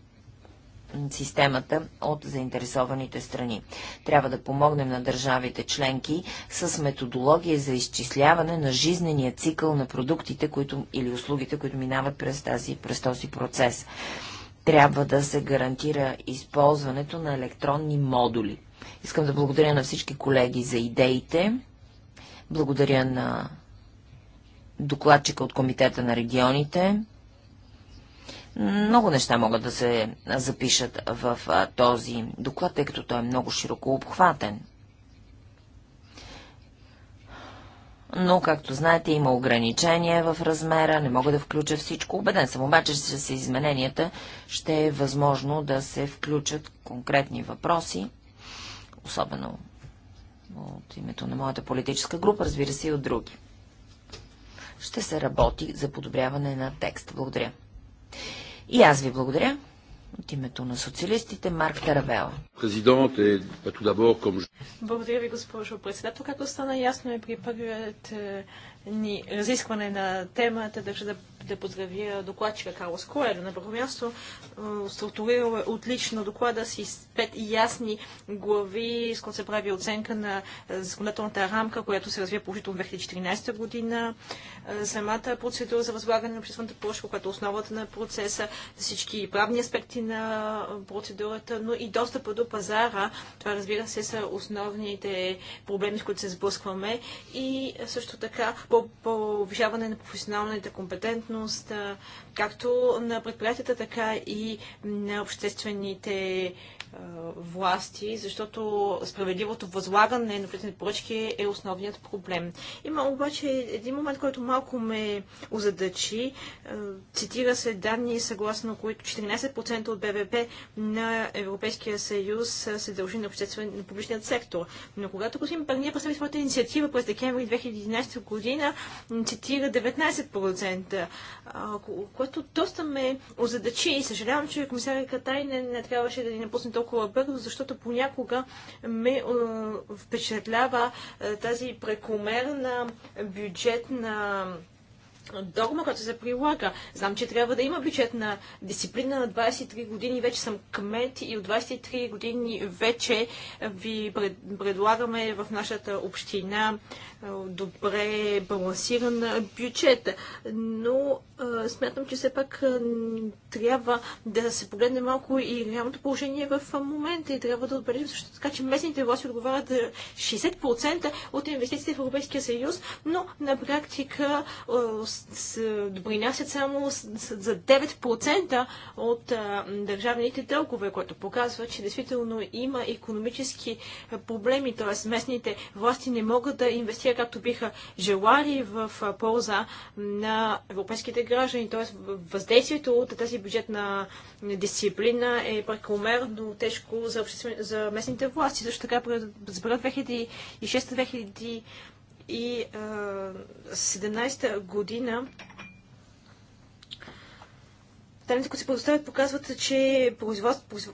системата от заинтересованите страни. Трябва да помогнем на държавите членки с методология за изчисляване на жизнения цикъл на продуктите които, или услугите, които минават през, тази, през този процес. Трябва да се гарантира използването на електронни модули. Искам да благодаря на всички колеги за идеите. Благодаря на докладчика от Комитета на регионите. Много неща могат да се запишат в този доклад, тъй като той е много широко обхватен. но, както знаете, има ограничения в размера, не мога да включа всичко. Обеден съм обаче, че с измененията ще е възможно да се включат конкретни въпроси, особено от името на моята политическа група, разбира се и от други. Ще се работи за подобряване на текст. Благодаря. И аз ви благодаря. От името на социалистите Марк Таравела. Е, е, благодаря ви, госпожо председател. Както стана ясно и е при първият ни разискване на темата, държа да, да поздравя докладчика Карлос Коело. На първо място структурирал отлично доклада си с пет ясни глави, с които се прави оценка на законодателната рамка, която се развива положително в 2014 година. Самата процедура за възлагане на обществената поръчка, която е основата на процеса, всички правни аспекти на процедурата, но и достъпа до пазара. Това разбира се са основните проблеми, с които се сблъскваме. И също така по повишаване на професионалната компетентност, както на предприятията, така и на обществените власти, защото справедливото възлагане на обществени поръчки е основният проблем. Има обаче един момент, който малко ме озадачи. Цитира се данни, съгласно които 14% от БВП на Европейския съюз се дължи на, обществен, на публичният сектор. Но когато господин Парния представи своята инициатива през декември 2011 година, цитира 19%, което доста ме озадачи и съжалявам, че комисарът Катайнен не трябваше да ни напусне толкова толкова бързо, защото понякога ме е, впечатлява е, тази прекомерна бюджетна догма, която се прилага. Знам, че трябва да има бюджетна дисциплина на 23 години. Вече съм кмет и от 23 години вече ви предлагаме в нашата община добре балансиран бюджет. Но а, смятам, че все пак а, трябва да се погледне малко и реалното положение в момента и трябва да отбележим също така, че местните власти отговарят 60% от инвестициите в Европейския съюз, но на практика а, допринасят само за 9% от а, държавните дългове, което показва, че действително има економически проблеми, т.е. местните власти не могат да инвестират както биха желали в полза на европейските граждани, т.е. въздействието от тази бюджетна дисциплина е прекомерно тежко за, обществен... за местните власти. Също така за 2006-2000 и 2017 година Данните, които се предоставят, показват, че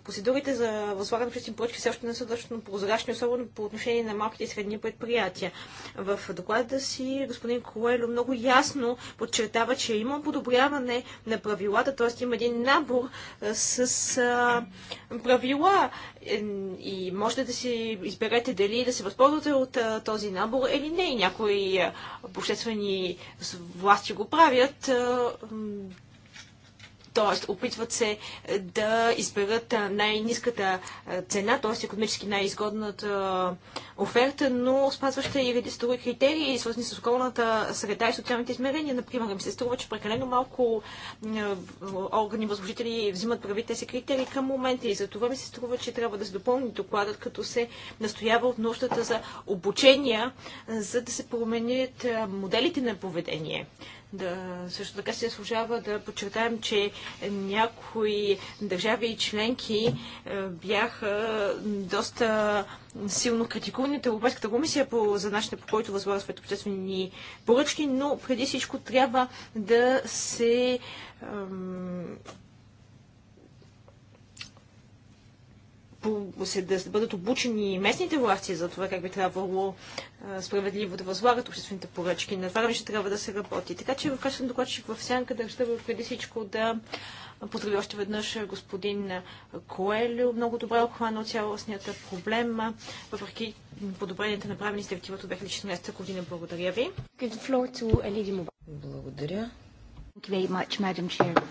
процедурите за възлагане на обществени поръчки все още не са достатъчно прозрачни, особено по отношение на малките и средни предприятия. В доклада си господин Коело много ясно подчертава, че има подобряване на правилата, т.е. има един набор с а, правила е, и можете да си изберете дали да се възползвате от а, този набор или не. И някои обществени власти го правят. А, т.е. опитват се е, да изберат е, най-низката е, цена, т.е. економически най-изгодната оферта, но спазваща и редица други критерии, свързани с околната среда и социалните измерения. Например, ми се струва, че прекалено малко органи възложители взимат прави тези критерии към момента и за това ми се струва, че трябва да се допълни докладът, като се настоява от нуждата за обучения, за да се променят моделите на поведение. Да, също така се служава да подчертаем, че някои държави и членки е, бяха доста силно критикувани от Европейската комисия по, за начина по който възлага своите обществени поръчки, но преди всичко трябва да се ем, да бъдат обучени местните власти за това как би трябвало справедливо да възлагат обществените поръчки. На това ще трябва да се работи. Така че в качеството докладчик в сянка държа преди всичко да поздравя още веднъж господин Коелю. Много добре е от цялостният проблем, въпреки подобренията направени с директивата от 2016 година. Благодаря ви. Благодаря. Thank you very much, Madam Chair.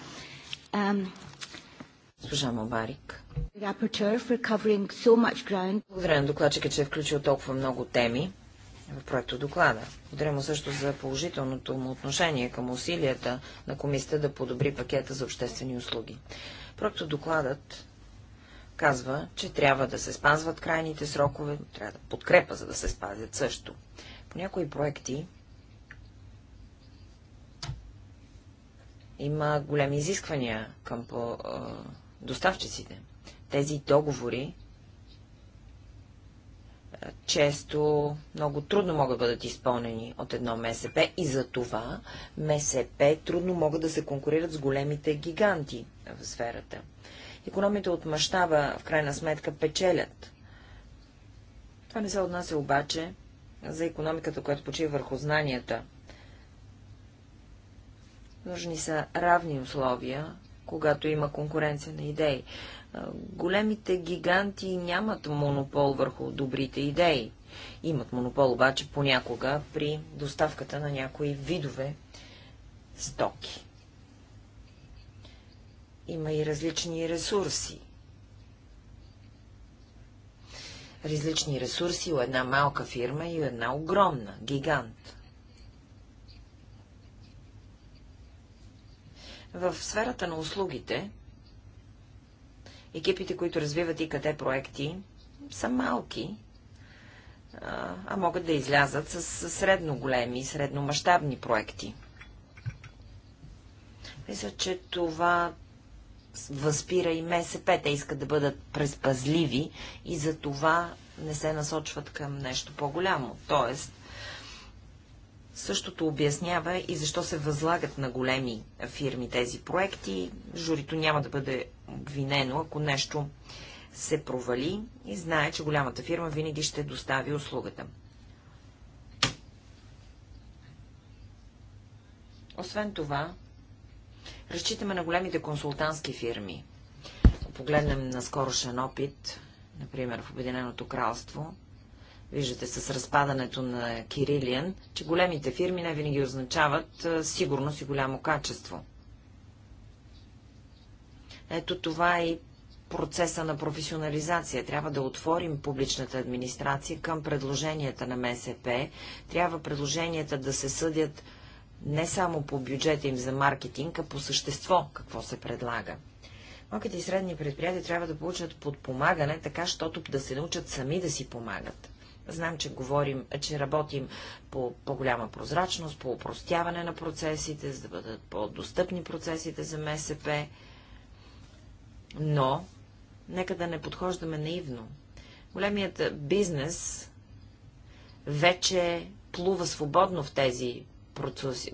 Um... Госпожа Мобарик. Благодаря на докладчика, че е включил толкова много теми в проекто доклада. Благодаря му също за положителното му отношение към усилията на комисията да подобри пакета за обществени услуги. Проекто докладът казва, че трябва да се спазват крайните срокове, трябва да подкрепа, за да се спазят също. По някои проекти има големи изисквания към по, доставчиците. Тези договори често много трудно могат да бъдат изпълнени от едно МСП и за това МСП трудно могат да се конкурират с големите гиганти в сферата. Економите от мащаба в крайна сметка печелят. Това не се отнася обаче за економиката, която почива върху знанията. Нужни са равни условия, когато има конкуренция на идеи. Големите гиганти нямат монопол върху добрите идеи. Имат монопол обаче понякога при доставката на някои видове стоки. Има и различни ресурси. Различни ресурси у една малка фирма и у една огромна, гигант. В сферата на услугите екипите, които развиват и къде проекти, са малки, а могат да излязат с средно големи, средно мащабни проекти. Мисля, че това възпира и МСП. Те искат да бъдат предпазливи и за това не се насочват към нещо по-голямо. Тоест, Същото обяснява и защо се възлагат на големи фирми тези проекти. Журито няма да бъде обвинено, ако нещо се провали и знае, че голямата фирма винаги ще достави услугата. Освен това, разчитаме на големите консултантски фирми. Ако погледнем на скорошен опит, например в Обединеното кралство, виждате с разпадането на Кирилиан, че големите фирми не винаги означават сигурност и голямо качество. Ето това е и процеса на професионализация. Трябва да отворим публичната администрация към предложенията на МСП. Трябва предложенията да се съдят не само по бюджета им за маркетинг, а по същество какво се предлага. Малките и средни предприятия трябва да получат подпомагане, така, щото да се научат сами да си помагат. Знам, че говорим, че работим по по-голяма прозрачност, по упростяване на процесите, за да бъдат по-достъпни процесите за МСП. Но, нека да не подхождаме наивно. Големият бизнес вече плува свободно в тези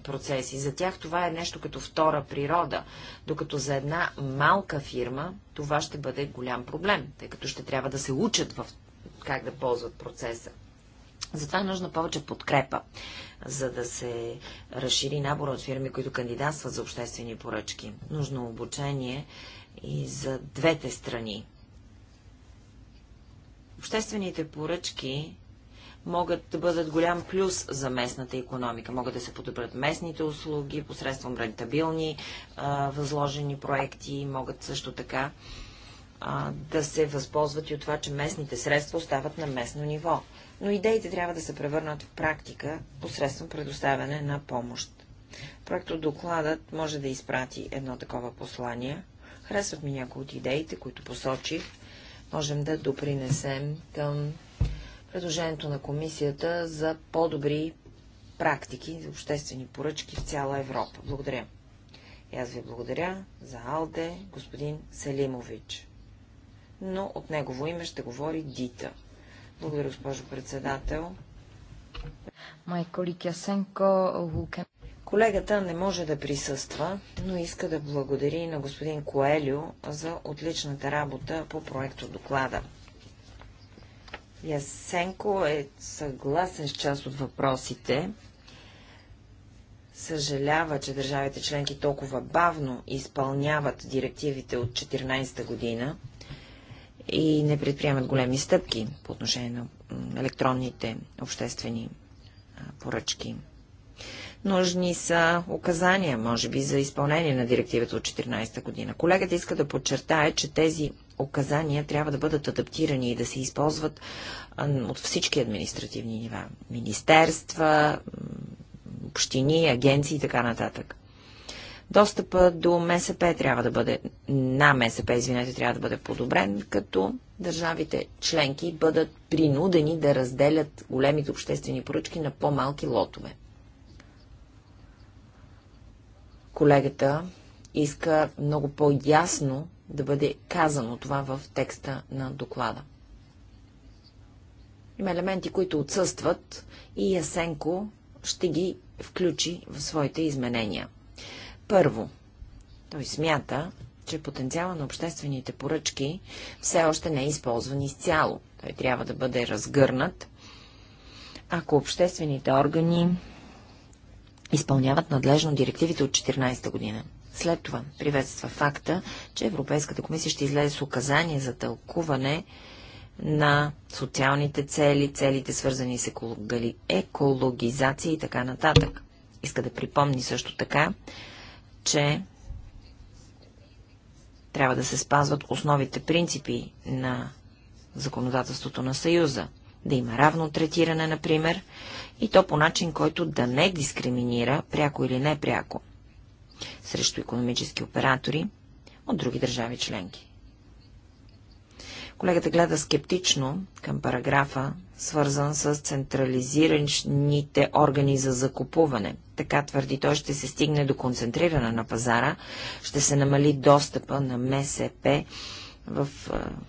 процеси. За тях това е нещо като втора природа, докато за една малка фирма това ще бъде голям проблем, тъй като ще трябва да се учат в как да ползват процеса. Затова е нужна повече подкрепа, за да се разшири набор от фирми, които кандидатстват за обществени поръчки. Нужно обучение и за двете страни. Обществените поръчки могат да бъдат голям плюс за местната економика. Могат да се подобрят местните услуги посредством рентабилни възложени проекти, могат също така а, да се възползват и от това, че местните средства остават на местно ниво. Но идеите трябва да се превърнат в практика посредством предоставяне на помощ. Проекто докладът може да изпрати едно такова послание. Харесват ми някои от идеите, които посочих. Можем да допринесем към предложението на комисията за по-добри практики за обществени поръчки в цяла Европа. Благодаря. И аз ви благодаря за Алде, господин Селимович но от негово име ще говори Дита. Благодаря, госпожо председател. Колегата не може да присъства, но иска да благодари на господин Коелю за отличната работа по проекто доклада. Ясенко е съгласен с част от въпросите. Съжалява, че държавите членки толкова бавно изпълняват директивите от 14-та година, и не предприемат големи стъпки по отношение на електронните обществени поръчки. Нужни са указания, може би, за изпълнение на директивата от 14-та година. Колегата иска да подчертае, че тези указания трябва да бъдат адаптирани и да се използват от всички административни нива. Министерства, общини, агенции и така нататък. Достъпа до МСП трябва да бъде, на МСП, извинете, трябва да бъде подобрен, като държавите членки бъдат принудени да разделят големите обществени поръчки на по-малки лотове. Колегата иска много по-ясно да бъде казано това в текста на доклада. Има елементи, които отсъстват и Ясенко ще ги включи в своите изменения. Първо, той смята, че потенциала на обществените поръчки все още не е използван изцяло. Той трябва да бъде разгърнат, ако обществените органи изпълняват надлежно директивите от 14 година. След това приветства факта, че Европейската комисия ще излезе с указание за тълкуване на социалните цели, целите свързани с екологизация и така нататък. Иска да припомни също така, че трябва да се спазват основите принципи на законодателството на Съюза. Да има равно третиране, например, и то по начин, който да не дискриминира, пряко или непряко, срещу економически оператори от други държави членки. Колегата гледа скептично към параграфа, свързан с централизираните органи за закупуване. Така твърди той ще се стигне до концентриране на пазара, ще се намали достъпа на МСП в,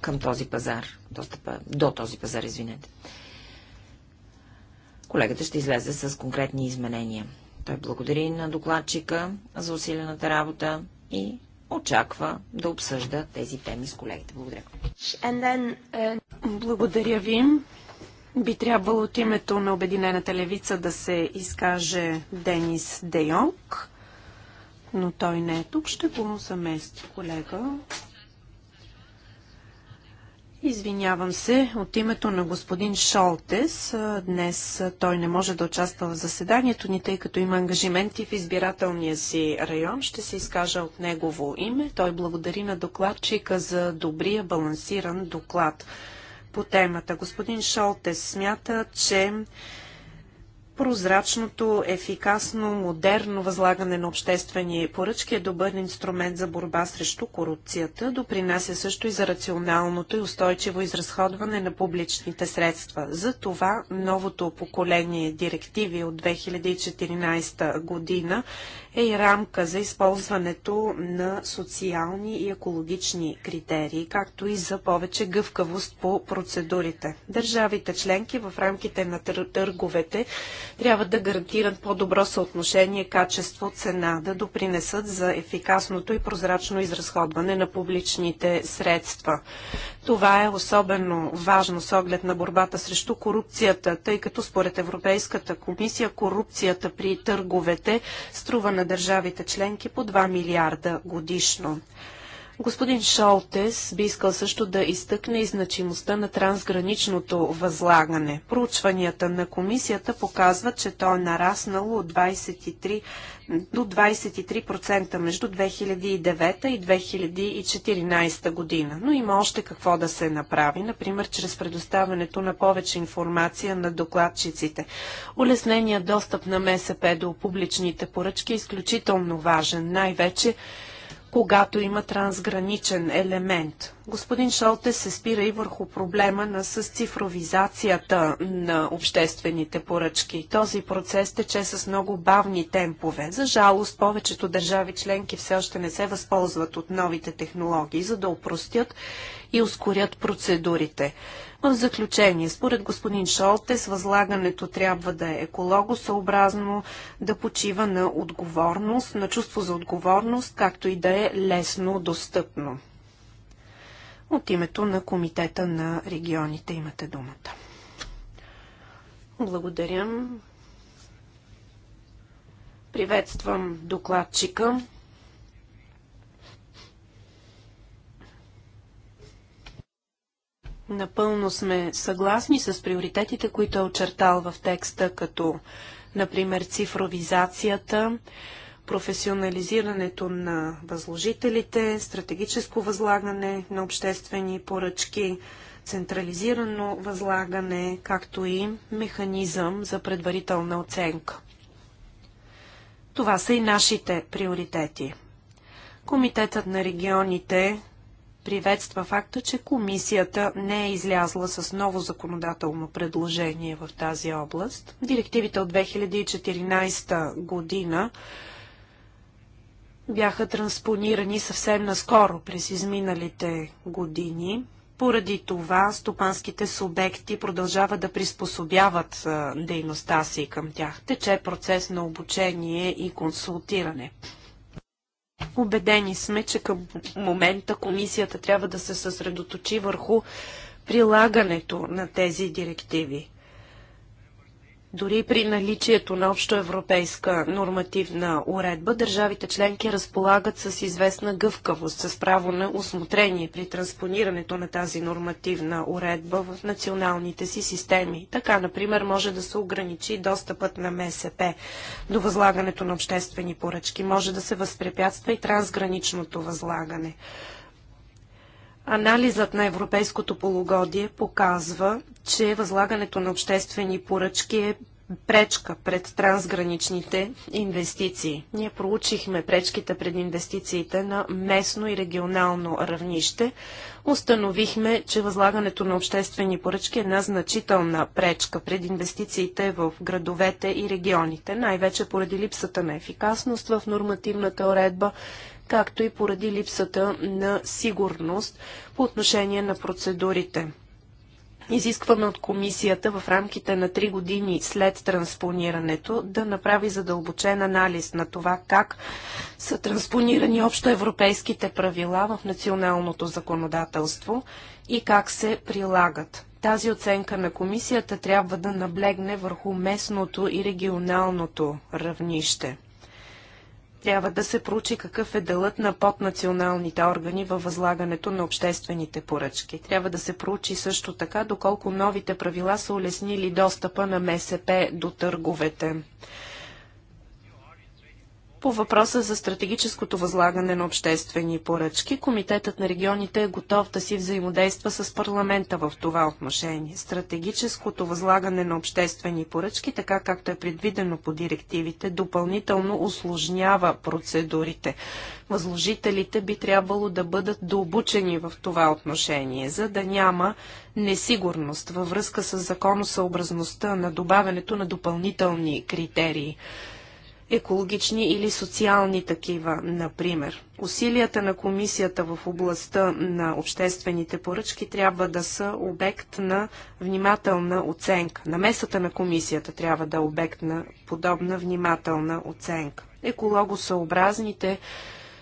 към този пазар, достъпа до този пазар, извинете. Колегата ще излезе с конкретни изменения. Той благодари на докладчика за усилената работа и очаква да обсъжда тези теми с колегите. Благодаря. Then, uh... Благодаря ви. Би трябвало от името на Обединената левица да се изкаже Денис Дейонг, но той не е тук. Ще го замести колега. Извинявам се от името на господин Шолтес. Днес той не може да участва в заседанието ни, тъй като има ангажименти в избирателния си район. Ще се изкажа от негово име. Той благодари на докладчика за добрия балансиран доклад по темата. Господин Шолтес смята, че Прозрачното, ефикасно, модерно възлагане на обществени поръчки е добър инструмент за борба срещу корупцията, допринася също и за рационалното и устойчиво изразходване на публичните средства. За това новото поколение директиви от 2014 година е и рамка за използването на социални и екологични критерии, както и за повече гъвкавост по процедурите. Държавите членки в рамките на търговете трябва да гарантират по-добро съотношение качество-цена, да допринесат за ефикасното и прозрачно изразходване на публичните средства. Това е особено важно с оглед на борбата срещу корупцията, тъй като според Европейската комисия корупцията при търговете струва на държавите членки по 2 милиарда годишно. Господин Шолтес би искал също да изтъкне и значимостта на трансграничното възлагане. Проучванията на комисията показват, че то е нараснало от 23 до 23% между 2009 и 2014 година. Но има още какво да се направи, например, чрез предоставянето на повече информация на докладчиците. Улесненият достъп на МСП до публичните поръчки е изключително важен, най-вече когато има трансграничен елемент. Господин Шолте се спира и върху проблема на с цифровизацията на обществените поръчки. Този процес тече с много бавни темпове. За жалост, повечето държави членки все още не се възползват от новите технологии, за да упростят и ускорят процедурите. В заключение, според господин Шолтес, възлагането трябва да е екологосъобразно, да почива на отговорност, на чувство за отговорност, както и да е лесно достъпно. От името на Комитета на регионите имате думата. Благодаря. Приветствам докладчика. Напълно сме съгласни с приоритетите, които е очертал в текста, като например цифровизацията, професионализирането на възложителите, стратегическо възлагане на обществени поръчки, централизирано възлагане, както и механизъм за предварителна оценка. Това са и нашите приоритети. Комитетът на регионите приветства факта, че комисията не е излязла с ново законодателно предложение в тази област. Директивите от 2014 година бяха транспонирани съвсем наскоро през изминалите години. Поради това стопанските субекти продължават да приспособяват дейността си към тях. Тече процес на обучение и консултиране. Убедени сме, че към момента комисията трябва да се съсредоточи върху прилагането на тези директиви. Дори при наличието на общоевропейска нормативна уредба, държавите членки разполагат с известна гъвкавост, с право на осмотрение при транспонирането на тази нормативна уредба в националните си системи. Така, например, може да се ограничи достъпът на МСП до възлагането на обществени поръчки, може да се възпрепятства и трансграничното възлагане. Анализът на европейското полугодие показва, че възлагането на обществени поръчки е пречка пред трансграничните инвестиции. Ние проучихме пречките пред инвестициите на местно и регионално равнище. Установихме, че възлагането на обществени поръчки е една значителна пречка пред инвестициите в градовете и регионите, най-вече поради липсата на ефикасност в нормативната уредба, както и поради липсата на сигурност по отношение на процедурите. Изискваме от комисията в рамките на 3 години след транспонирането да направи задълбочен анализ на това как са транспонирани общо европейските правила в националното законодателство и как се прилагат. Тази оценка на комисията трябва да наблегне върху местното и регионалното равнище. Трябва да се проучи какъв е делът на поднационалните органи във възлагането на обществените поръчки. Трябва да се проучи също така доколко новите правила са улеснили достъпа на МСП до търговете. По въпроса за стратегическото възлагане на обществени поръчки, Комитетът на регионите е готов да си взаимодейства с парламента в това отношение. Стратегическото възлагане на обществени поръчки, така както е предвидено по директивите, допълнително осложнява процедурите. Възложителите би трябвало да бъдат дообучени в това отношение, за да няма несигурност във връзка с законосъобразността на добавянето на допълнителни критерии екологични или социални такива, например. Усилията на комисията в областта на обществените поръчки трябва да са обект на внимателна оценка. Намесата на комисията трябва да е обект на подобна внимателна оценка. Екологосъобразните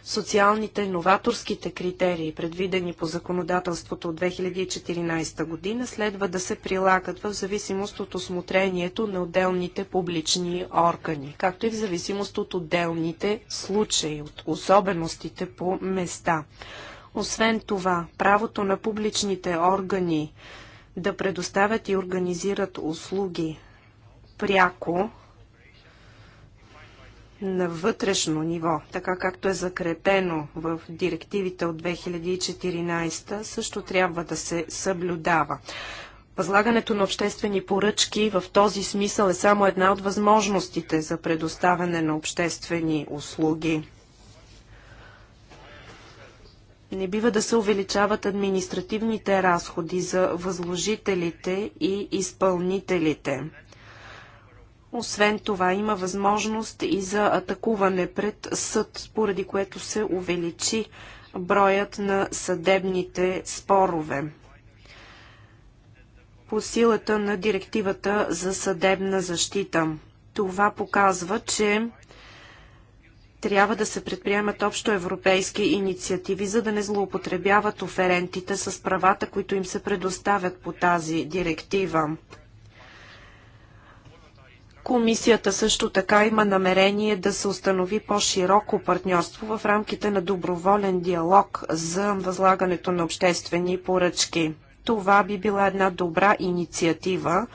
социалните новаторските критерии, предвидени по законодателството от 2014 година, следва да се прилагат в зависимост от осмотрението на отделните публични органи, както и в зависимост от отделните случаи, от особеностите по места. Освен това, правото на публичните органи да предоставят и организират услуги пряко на вътрешно ниво, така както е закрепено в директивите от 2014, също трябва да се съблюдава. Възлагането на обществени поръчки в този смисъл е само една от възможностите за предоставяне на обществени услуги. Не бива да се увеличават административните разходи за възложителите и изпълнителите. Освен това има възможност и за атакуване пред съд, поради което се увеличи броят на съдебните спорове по силата на директивата за съдебна защита. Това показва, че трябва да се предприемат общо европейски инициативи, за да не злоупотребяват оферентите с правата, които им се предоставят по тази директива. Комисията също така има намерение да се установи по-широко партньорство в рамките на доброволен диалог за възлагането на обществени поръчки. Това би била една добра инициатива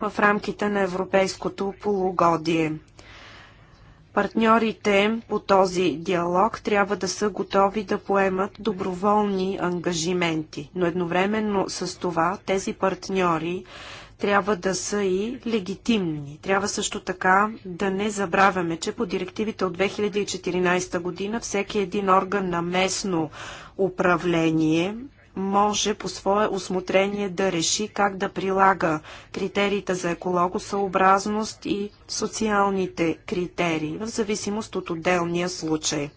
в рамките на европейското полугодие. Партньорите по този диалог трябва да са готови да поемат доброволни ангажименти, но едновременно с това тези партньори трябва да са и легитимни. Трябва също така да не забравяме, че по директивите от 2014 година всеки един орган на местно управление може по свое усмотрение да реши как да прилага критериите за екологосъобразност и социалните критерии, в зависимост от отделния случай.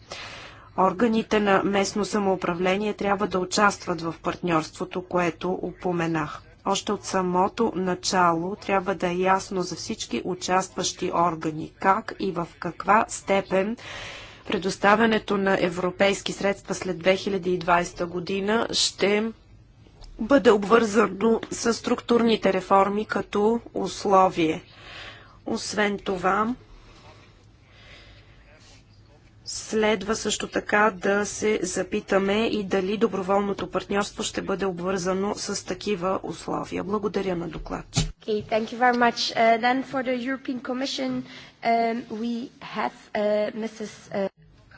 Органите на местно самоуправление трябва да участват в партньорството, което упоменах. Още от самото начало трябва да е ясно за всички участващи органи как и в каква степен предоставянето на европейски средства след 2020 година ще бъде обвързано с структурните реформи като условие. Освен това, Следва също така да се запитаме и дали доброволното партньорство ще бъде обвързано с такива условия. Благодаря на докладчик. Okay, thank you very much. Uh, then for the European Commission, um, we have uh, Mrs. Uh...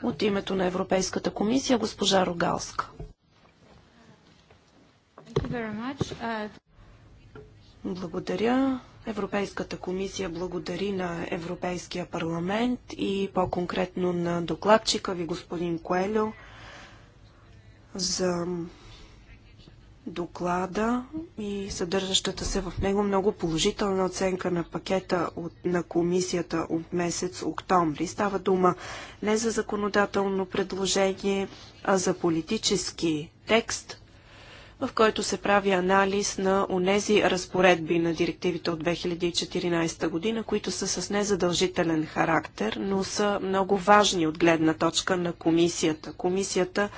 От името на Европейската комисия, госпожа Рогалска. Thank you very much. Uh... Благодаря. Европейската комисия благодари на Европейския парламент и по-конкретно на докладчика ви господин Коелю за доклада и съдържащата се в него много положителна оценка на пакета от, на комисията от месец октомври. Става дума не за законодателно предложение, а за политически текст, в който се прави анализ на онези разпоредби на директивите от 2014 година, които са с незадължителен характер, но са много важни от гледна точка на комисията. Комисията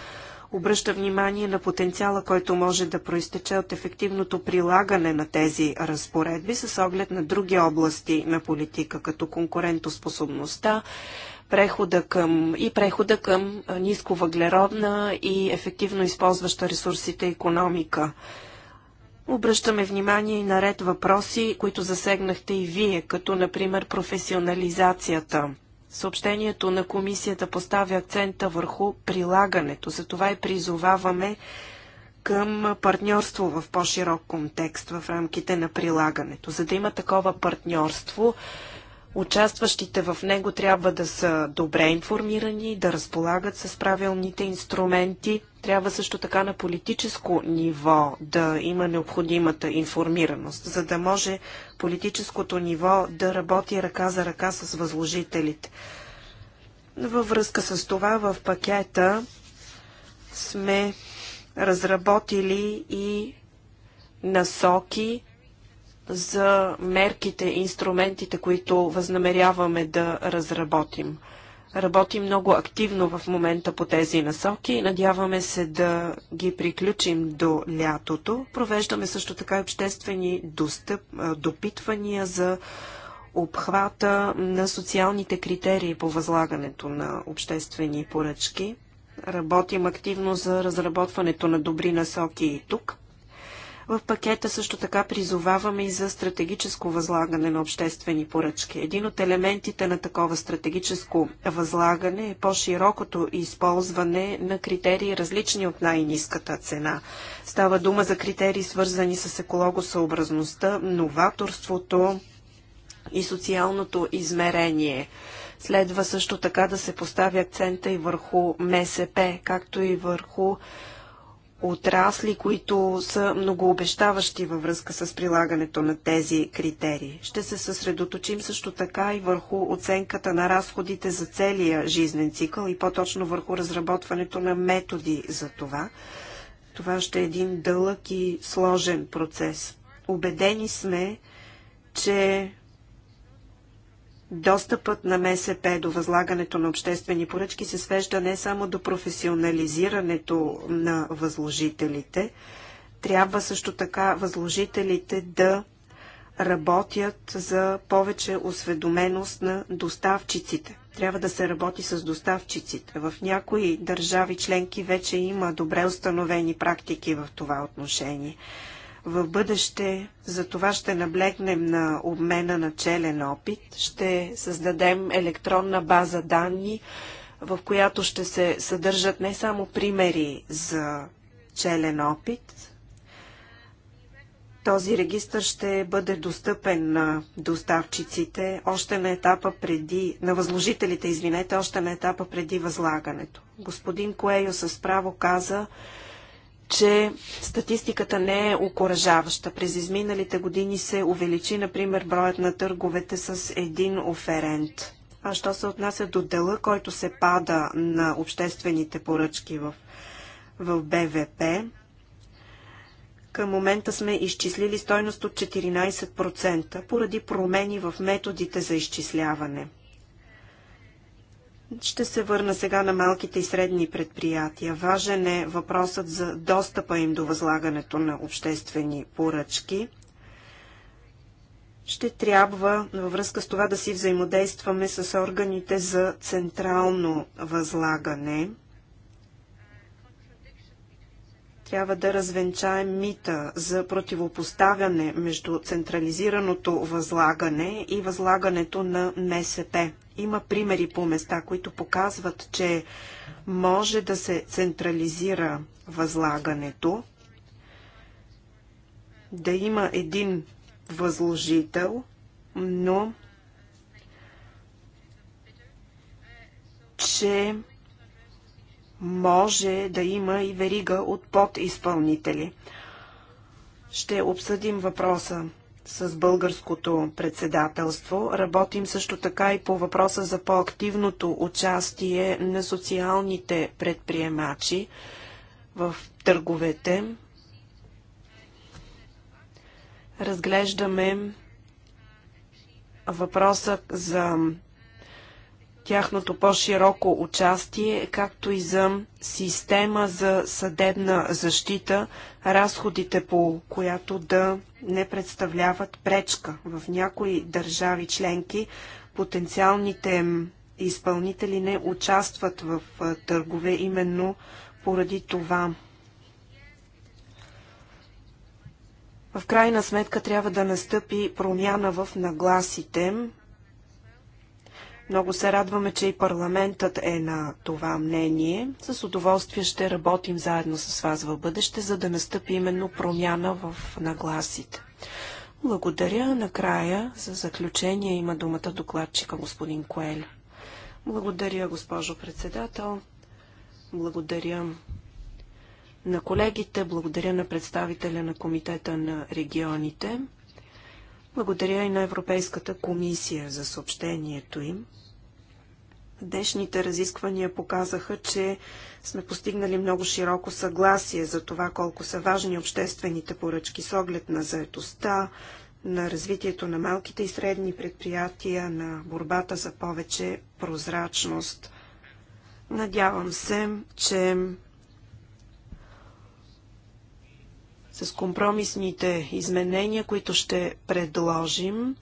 обръща внимание на потенциала, който може да проистече от ефективното прилагане на тези разпоредби с оглед на други области на политика, като конкурентоспособността, прехода към и прехода към нисковъглеродна и ефективно използваща ресурсите економика. Обръщаме внимание и на ред въпроси, които засегнахте и вие, като например професионализацията. Съобщението на комисията поставя акцента върху прилагането, затова и призоваваме към партньорство в по-широк контекст в рамките на прилагането. За да има такова партньорство, Участващите в него трябва да са добре информирани, да разполагат с правилните инструменти. Трябва също така на политическо ниво да има необходимата информираност, за да може политическото ниво да работи ръка за ръка с възложителите. Във връзка с това в пакета сме разработили и насоки за мерките, инструментите, които възнамеряваме да разработим. Работим много активно в момента по тези насоки и надяваме се да ги приключим до лятото. Провеждаме също така и обществени достъп, допитвания за обхвата на социалните критерии по възлагането на обществени поръчки. Работим активно за разработването на добри насоки и тук. В пакета също така призоваваме и за стратегическо възлагане на обществени поръчки. Един от елементите на такова стратегическо възлагане е по-широкото използване на критерии различни от най-низката цена. Става дума за критерии свързани с екологосъобразността, новаторството и социалното измерение. Следва също така да се постави акцента и върху МСП, както и върху отрасли, които са многообещаващи във връзка с прилагането на тези критерии. Ще се съсредоточим също така и върху оценката на разходите за целия жизнен цикъл и по-точно върху разработването на методи за това. Това ще е един дълъг и сложен процес. Обедени сме, че Достъпът на МСП до възлагането на обществени поръчки се свежда не само до професионализирането на възложителите, трябва също така възложителите да работят за повече осведоменост на доставчиците. Трябва да се работи с доставчиците. В някои държави членки вече има добре установени практики в това отношение. В бъдеще за това ще наблегнем на обмена на челен опит, ще създадем електронна база данни, в която ще се съдържат не само примери за челен опит, този регистр ще бъде достъпен на доставчиците още на етапа преди, на възложителите, извинете, още на етапа преди възлагането. Господин Коейо с право каза, че статистиката не е окоръжаваща. През изминалите години се увеличи, например, броят на търговете с един оферент. А що се отнася до дела, който се пада на обществените поръчки в, в БВП, към момента сме изчислили стойност от 14%, поради промени в методите за изчисляване. Ще се върна сега на малките и средни предприятия. Важен е въпросът за достъпа им до възлагането на обществени поръчки. Ще трябва във връзка с това да си взаимодействаме с органите за централно възлагане – трябва да развенчаем мита за противопоставяне между централизираното възлагане и възлагането на МСП. Има примери по места, които показват, че може да се централизира възлагането, да има един възложител, но че може да има и верига от подизпълнители. Ще обсъдим въпроса с българското председателство. Работим също така и по въпроса за по-активното участие на социалните предприемачи в търговете. Разглеждаме въпроса за тяхното по-широко участие, както и за система за съдебна защита, разходите по която да не представляват пречка. В някои държави членки потенциалните изпълнители не участват в търгове именно поради това. В крайна сметка трябва да настъпи промяна в нагласите, много се радваме, че и парламентът е на това мнение. С удоволствие ще работим заедно с вас в бъдеще, за да настъпи именно промяна в нагласите. Благодаря. Накрая, за заключение, има думата докладчика господин Коель. Благодаря, госпожо председател. Благодаря на колегите, благодаря на представителя на Комитета на регионите. Благодаря и на Европейската комисия за съобщението им. Днешните разисквания показаха, че сме постигнали много широко съгласие за това колко са важни обществените поръчки с оглед на заетостта, на развитието на малките и средни предприятия, на борбата за повече прозрачност. Надявам се, че С компромисните изменения, които ще предложим,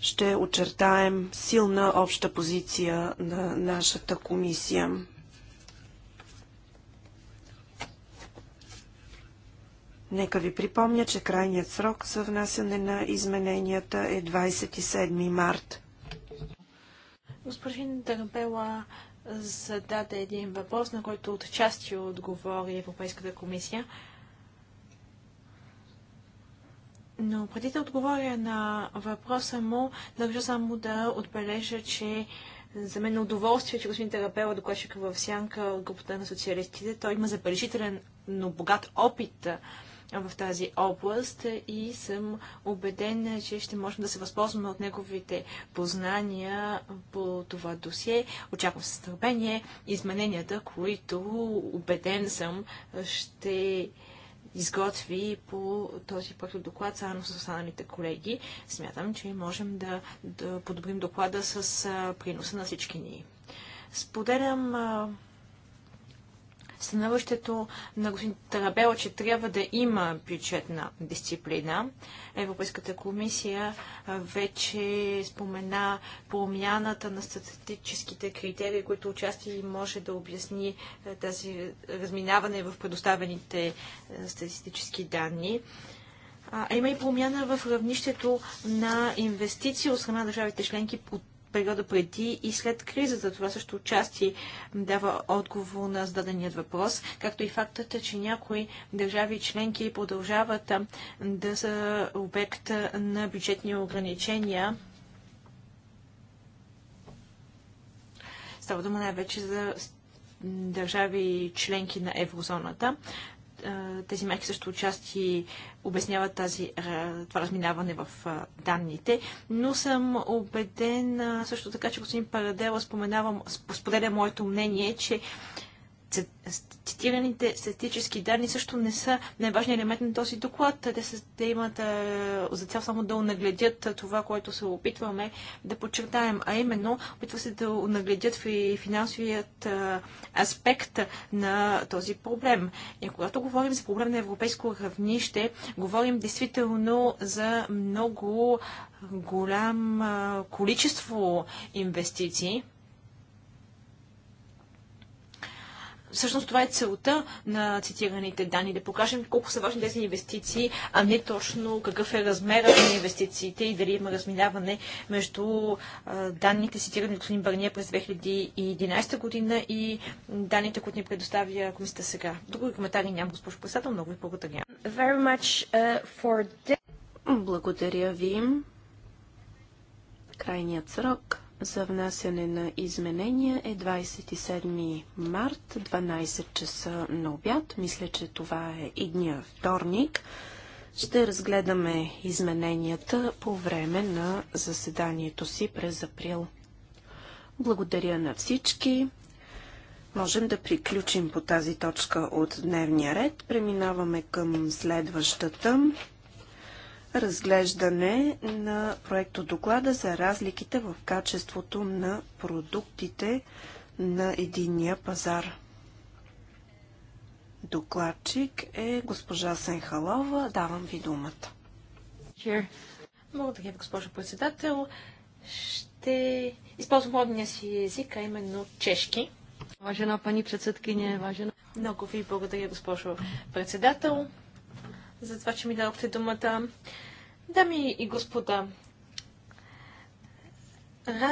ще очертаем силна обща позиция на нашата комисия. Нека ви припомня, че крайният срок за внасяне на измененията е 27 март. Господин Дърбела зададе един въпрос, на който отчасти отговори Европейската комисия. Но преди да отговоря на въпроса му, държа само да отбележа, че за мен е удоволствие, че господин Тарапела, докладчика в Сянка от групата на социалистите, той има забележителен, но богат опит в тази област и съм убеден, че ще можем да се възползваме от неговите познания по това досие. Очаквам с търпение измененията, които убеден съм ще изготви по този проект доклад заедно с останалите колеги. Смятам, че можем да, да подобрим доклада с приноса на всички ни. Споделям становището на господин Тарабела, че трябва да има бюджетна дисциплина. Европейската комисия вече спомена промяната на статистическите критерии, които участие може да обясни тази разминаване в предоставените статистически данни а има и промяна в равнището на инвестиции от страна на държавите членки периода преди и след кризата. Това също отчасти дава отговор на зададеният въпрос, както и фактът, че някои държави членки продължават да са обект на бюджетни ограничения. Става дума най-вече за държави членки на еврозоната тези мерки също участи обясняват тази, това разминаване в данните, но съм убеден също така, че господин Парадел, споменавам, споделя моето мнение, че цитираните статистически данни също не са най-важният елемент на този доклад. Те, са, те имат а, е, за цел само да онагледят това, което се опитваме да подчертаем, а именно опитва се да онагледят финансовият а, е, аспект на този проблем. И когато говорим за проблем на европейско равнище, говорим действително за много голям а, е, количество инвестиции, Всъщност това е целта на цитираните данни, да покажем колко са важни тези инвестиции, а не точно какъв е размерът на инвестициите и дали има разминаване между данните, цитирани от господин Барния през 2011 година и данните, които ни предоставя комисията сега. Други коментари няма, госпожо председател. Много ви благодаря. Uh, благодаря ви. Крайният срок за внасяне на изменения е 27 март, 12 часа на обяд. Мисля, че това е и дния вторник. Ще разгледаме измененията по време на заседанието си през април. Благодаря на всички. Можем да приключим по тази точка от дневния ред. Преминаваме към следващата разглеждане на проекто доклада за разликите в качеството на продуктите на единния пазар. Докладчик е госпожа Сенхалова. Давам ви думата. Благодаря ви, госпожо председател. Ще използвам родния си език, а именно чешки. Важена пани председкиня, важена. Много ви благодаря, госпожо председател за това, че ми дадохте думата. Дами и господа,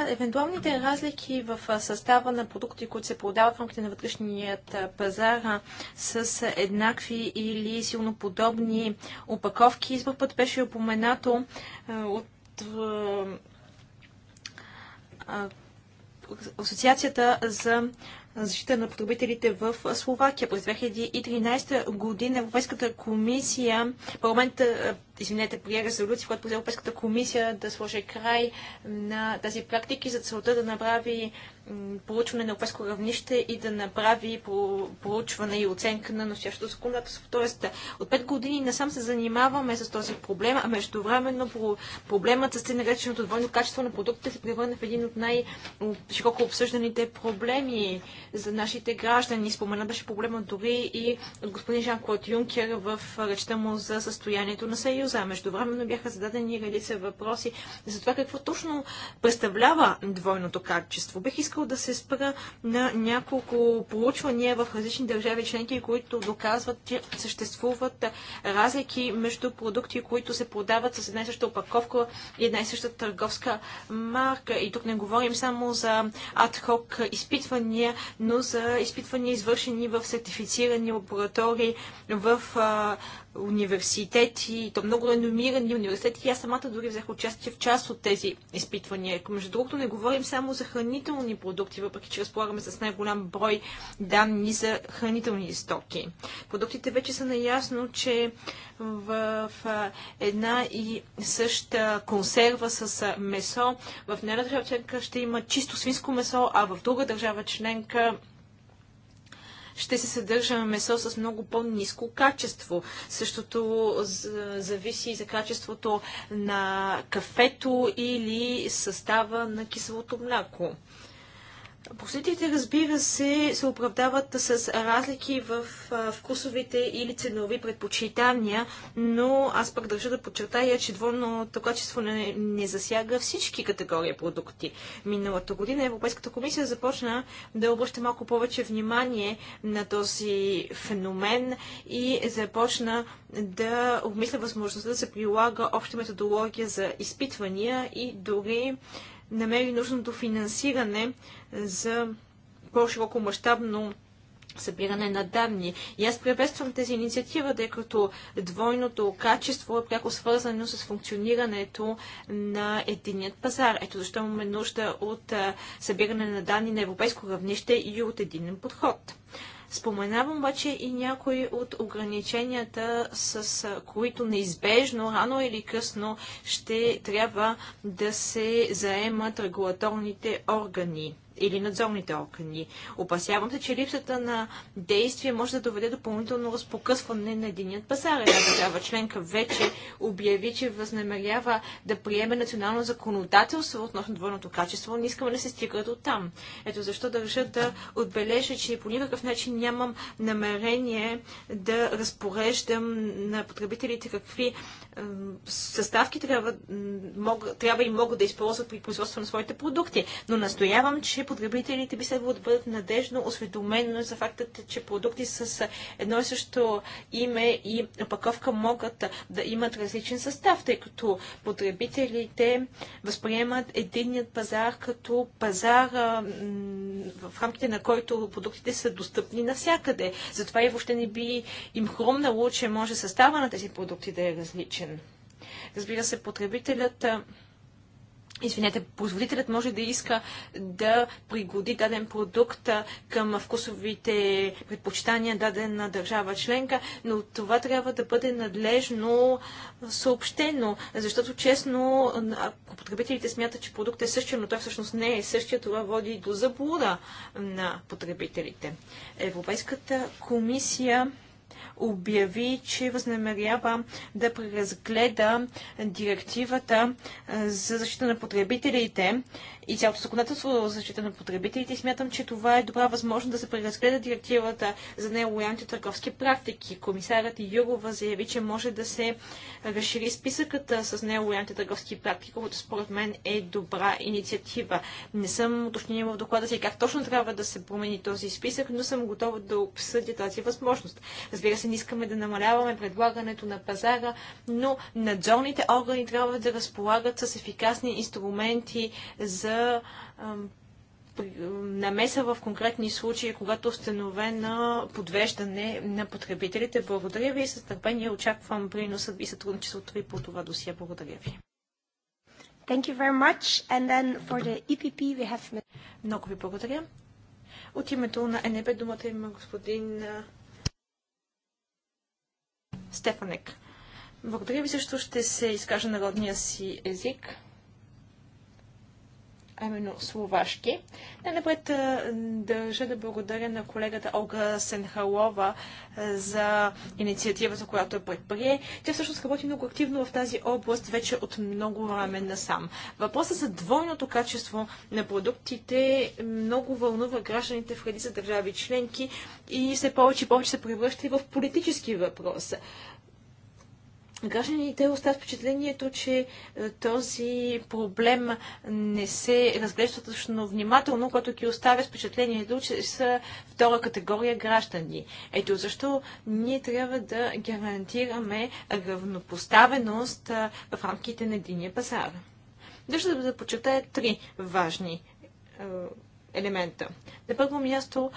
евентуалните разлики в състава на продукти, които се продават в рамките на вътрешният пазар с еднакви или силно подобни опаковки, избър път беше упоменато от Асоциацията за защита на потребителите в Словакия. През 2013 година Европейската комисия, парламента извинете, прие резолюция, която позе Европейската комисия да сложи край на тази практики за целта да направи проучване на европейско равнище и да направи проучване и оценка на настоящото законодателство. Тоест, от 5 години насам се занимаваме с този проблем, а времено проблемът с тъй нареченото двойно качество на продуктите се превърна в един от най-широко обсъжданите проблеми за нашите граждани. Спомена беше проблема дори и от господин Жан-Клод Юнкер в речта му за състоянието на Съюз. Съюза. Междувременно бяха зададени редица въпроси за това какво точно представлява двойното качество. Бих искал да се спра на няколко проучвания в различни държави членки, които доказват, че съществуват разлики между продукти, които се продават с една и съща опаковка и една и съща търговска марка. И тук не говорим само за адхок изпитвания, но за изпитвания, извършени в сертифицирани лаборатории в а, университети, и то много реномирани университети. аз самата дори взех участие в част от тези изпитвания. между другото не говорим само за хранителни продукти, въпреки че разполагаме с най-голям брой данни за хранителни стоки. Продуктите вече са наясно, че в една и съща консерва с месо в една държава членка ще има чисто свинско месо, а в друга държава членка ще се съдържа месо с много по-низко качество. Същото зависи и за качеството на кафето или състава на киселото мляко. Посетите, разбира се, се оправдават с разлики в вкусовите или ценови предпочитания, но аз пък държа да подчертая, че двойното качество не, не засяга всички категории продукти. Миналата година Европейската комисия започна да обръща малко повече внимание на този феномен и започна да обмисля възможността да се прилага обща методология за изпитвания и дори намери нужното финансиране за по-широко мащабно събиране на данни. И аз приветствам тези инициатива, тъй като двойното качество е пряко свързано с функционирането на единият пазар. Ето защо имаме нужда от събиране на данни на европейско равнище и от един подход. Споменавам обаче и някои от ограниченията, с които неизбежно, рано или късно, ще трябва да се заемат регулаторните органи или надзорните органи. Опасявам се, че липсата на действие може да доведе допълнително разпокъсване на единият пазар. Една държава членка вече обяви, че възнамерява да приеме национално законодателство относно двойното качество. Не искаме да се стига до там. Ето защо държа да отбележа, че по никакъв начин нямам намерение да разпореждам на потребителите какви съставки трябва, мог, трябва и могат да използват при производство на своите продукти. Но настоявам, че потребителите би следвало да бъдат надежно осведомени за факта, че продукти с едно и също име и опаковка могат да имат различен състав, тъй като потребителите възприемат единният пазар като пазар, в рамките на който продуктите са достъпни навсякъде. Затова и въобще не би им хрумнало, че може състава на тези продукти да е различен. Разбира се, потребителят Извинете, производителят може да иска да пригоди даден продукт към вкусовите предпочитания дадена държава членка, но това трябва да бъде надлежно съобщено, защото честно, ако потребителите смятат, че продукт е същия, но той всъщност не е същия, това води до заблуда на потребителите. Европейската комисия обяви, че възнамерява да преразгледа директивата за защита на потребителите и цялото законодателство за защита на потребителите. смятам, че това е добра възможност да се преразгледа директивата за нелоялните търговски практики. Комисарът Юрова заяви, че може да се разшири списъкът с нелоялните търговски практики, което според мен е добра инициатива. Не съм уточнила в доклада си как точно трябва да се промени този списък, но съм готова да обсъдя тази възможност. Разбира се, не искаме да намаляваме предлагането на пазара, но надзорните органи трябва да разполагат с ефикасни инструменти за за намеса в конкретни случаи, когато е установе на подвеждане на потребителите. Благодаря ви и с търпение очаквам приносът и сътрудничеството ви по това досия. Благодаря ви. Thank you very much. And then for the EPP we have... Много ви благодаря. От името на НБ думата има господин Стефанек. Благодаря ви също. Ще се изкажа народния си език а именно словашки. Най-напред държа да благодаря на колегата Олга Сенхалова за инициативата, която е предприе. Тя всъщност работи много активно в тази област вече от много време насам. Въпросът за двойното качество на продуктите много вълнува гражданите в редица държави членки и все повече и повече се превръща и в политически въпрос гражданите остават впечатлението, че е, този проблем не се разглежда точно внимателно, което ги оставя впечатлението, че са втора категория граждани. Ето защо ние трябва да гарантираме равнопоставеност е, в рамките на единия пазар. Държа да подчертая три важни е, елемента. На първо място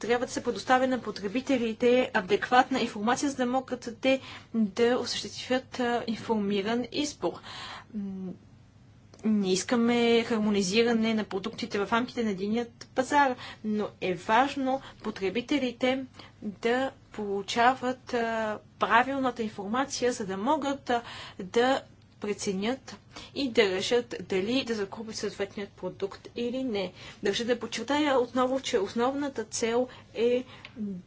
трябва да се предоставя на потребителите адекватна информация, за да могат те да осъществят информиран избор. Не искаме хармонизиране на продуктите в рамките на единият пазар, но е важно потребителите да получават правилната информация, за да могат да преценят и да решат дали да закупят съответният продукт или не. Държа да подчертая отново, че основната цел е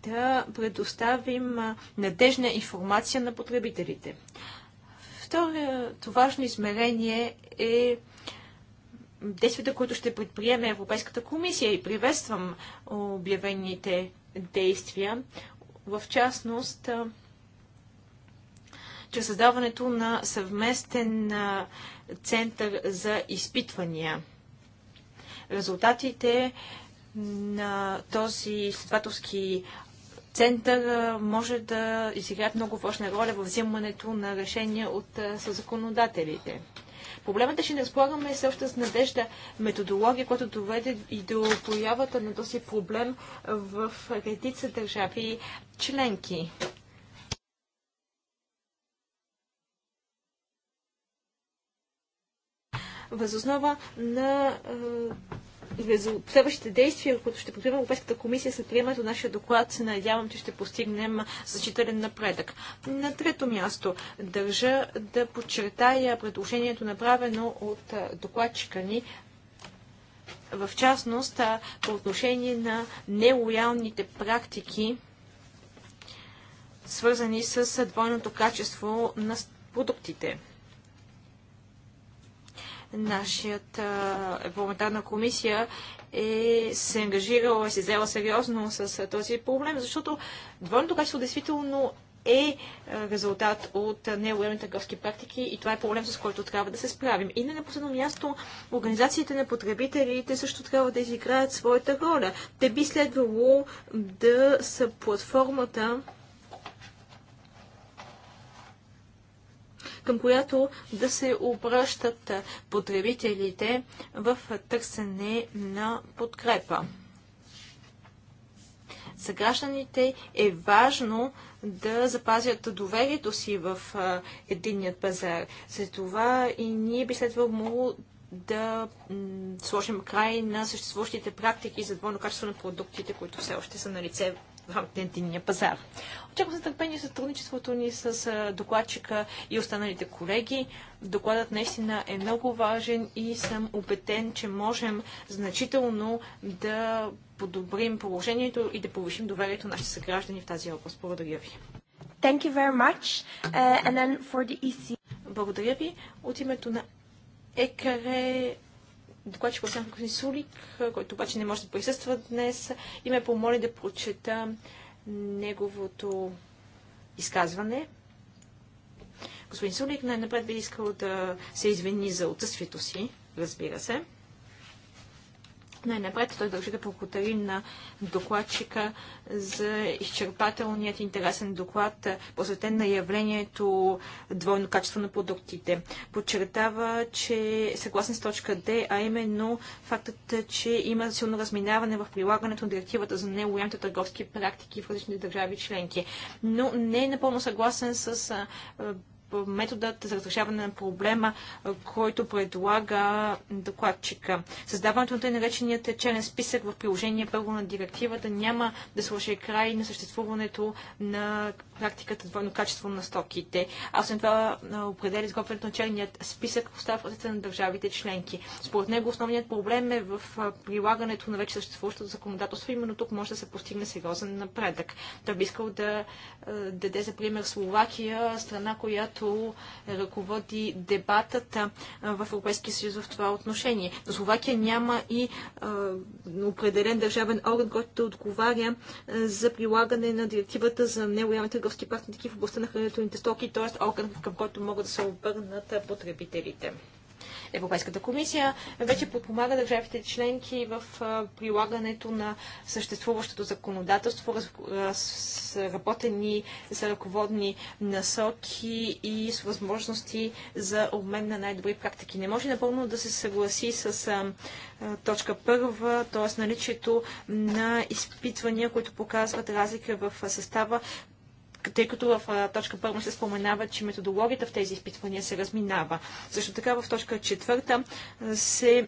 да предоставим надежна информация на потребителите. Второто важно измерение е действията, които ще предприеме Европейската комисия и приветствам обявените действия. В частност, чрез създаването на съвместен център за изпитвания. Резултатите на този изследователски център може да изиграят много важна роля в взимането на решения от законодателите. Проблемът е, че не разполагаме все още с надежда методология, която доведе и до появата на този проблем в редица държави членки. възоснова на е, следващите действия, които ще подкрепим Европейската комисия след приемането на нашия доклад, се надявам, че ще постигнем значителен напредък. На трето място държа да подчертая предложението, направено от е, докладчика ни, в частност е, по отношение на нелоялните практики, свързани с двойното качество на продуктите нашата парламентарна комисия е се ангажирала и се взела сериозно с този проблем, защото двойното качество действително е резултат от нелоялни търговски практики и това е проблем, с който трябва да се справим. И не на последно място, организациите на потребителите също трябва да изиграят своята роля. Те би следвало да са платформата, към която да се обръщат потребителите в търсене на подкрепа. За гражданите е важно да запазят доверието си в единният пазар. След това и ние би следвало да сложим край на съществуващите практики за двойно качество на продуктите, които все още са на лице единния пазар. Очаквам с търпение сътрудничеството ни с докладчика и останалите колеги. Докладът наистина е много важен и съм убеден, че можем значително да подобрим положението и да повишим доверието на нашите съграждани в тази област. Благодаря ви. Thank you very much. Uh, and then for the EC. Благодаря ви. От името на ЕКРЕ докладчик Осен Фокусин Сулик, който обаче не може да присъства днес, и ме помоли да прочета неговото изказване. Господин Сулик най-напред би искал да се извини за отсъствието си, разбира се. Най-напред той държи да благодари на докладчика за изчерпателният интересен доклад, посветен на явлението двойно качество на продуктите. Подчертава, че съгласен с точка Д, а именно фактът, че има силно разминаване в прилагането на директивата за нелоялните търговски практики в различните държави членки. Но не е напълно съгласен с методът за разрешаване на проблема, който предлага докладчика. Създаването на тъй нареченият черен списък в приложение първо на директивата няма да сложи край на съществуването на практиката двойно качество на стоките. А освен това определя изготвянето на черният списък в оставката на държавите членки. Според него основният проблем е в прилагането на вече съществуващото законодателство. Именно тук може да се постигне сериозен напредък. Той би искал да даде за пример Словакия, страна, която който е, ръководи дебатата в Европейския съюз в това отношение. Но Словакия няма и определен държавен орган, който отговаря за прилагане на директивата за нелоялни търговски партнери в областта на хранителните стоки, т.е. орган, към който могат да се обърнат потребителите. Европейската комисия вече подпомага държавите членки в прилагането на съществуващото законодателство, разработени за ръководни насоки и с възможности за обмен на най-добри практики. Не може напълно да се съгласи с точка първа, т.е. наличието на изпитвания, които показват разлика в състава, тъй като в точка първа се споменава, че методологията в тези изпитвания се разминава. Също така в точка четвърта се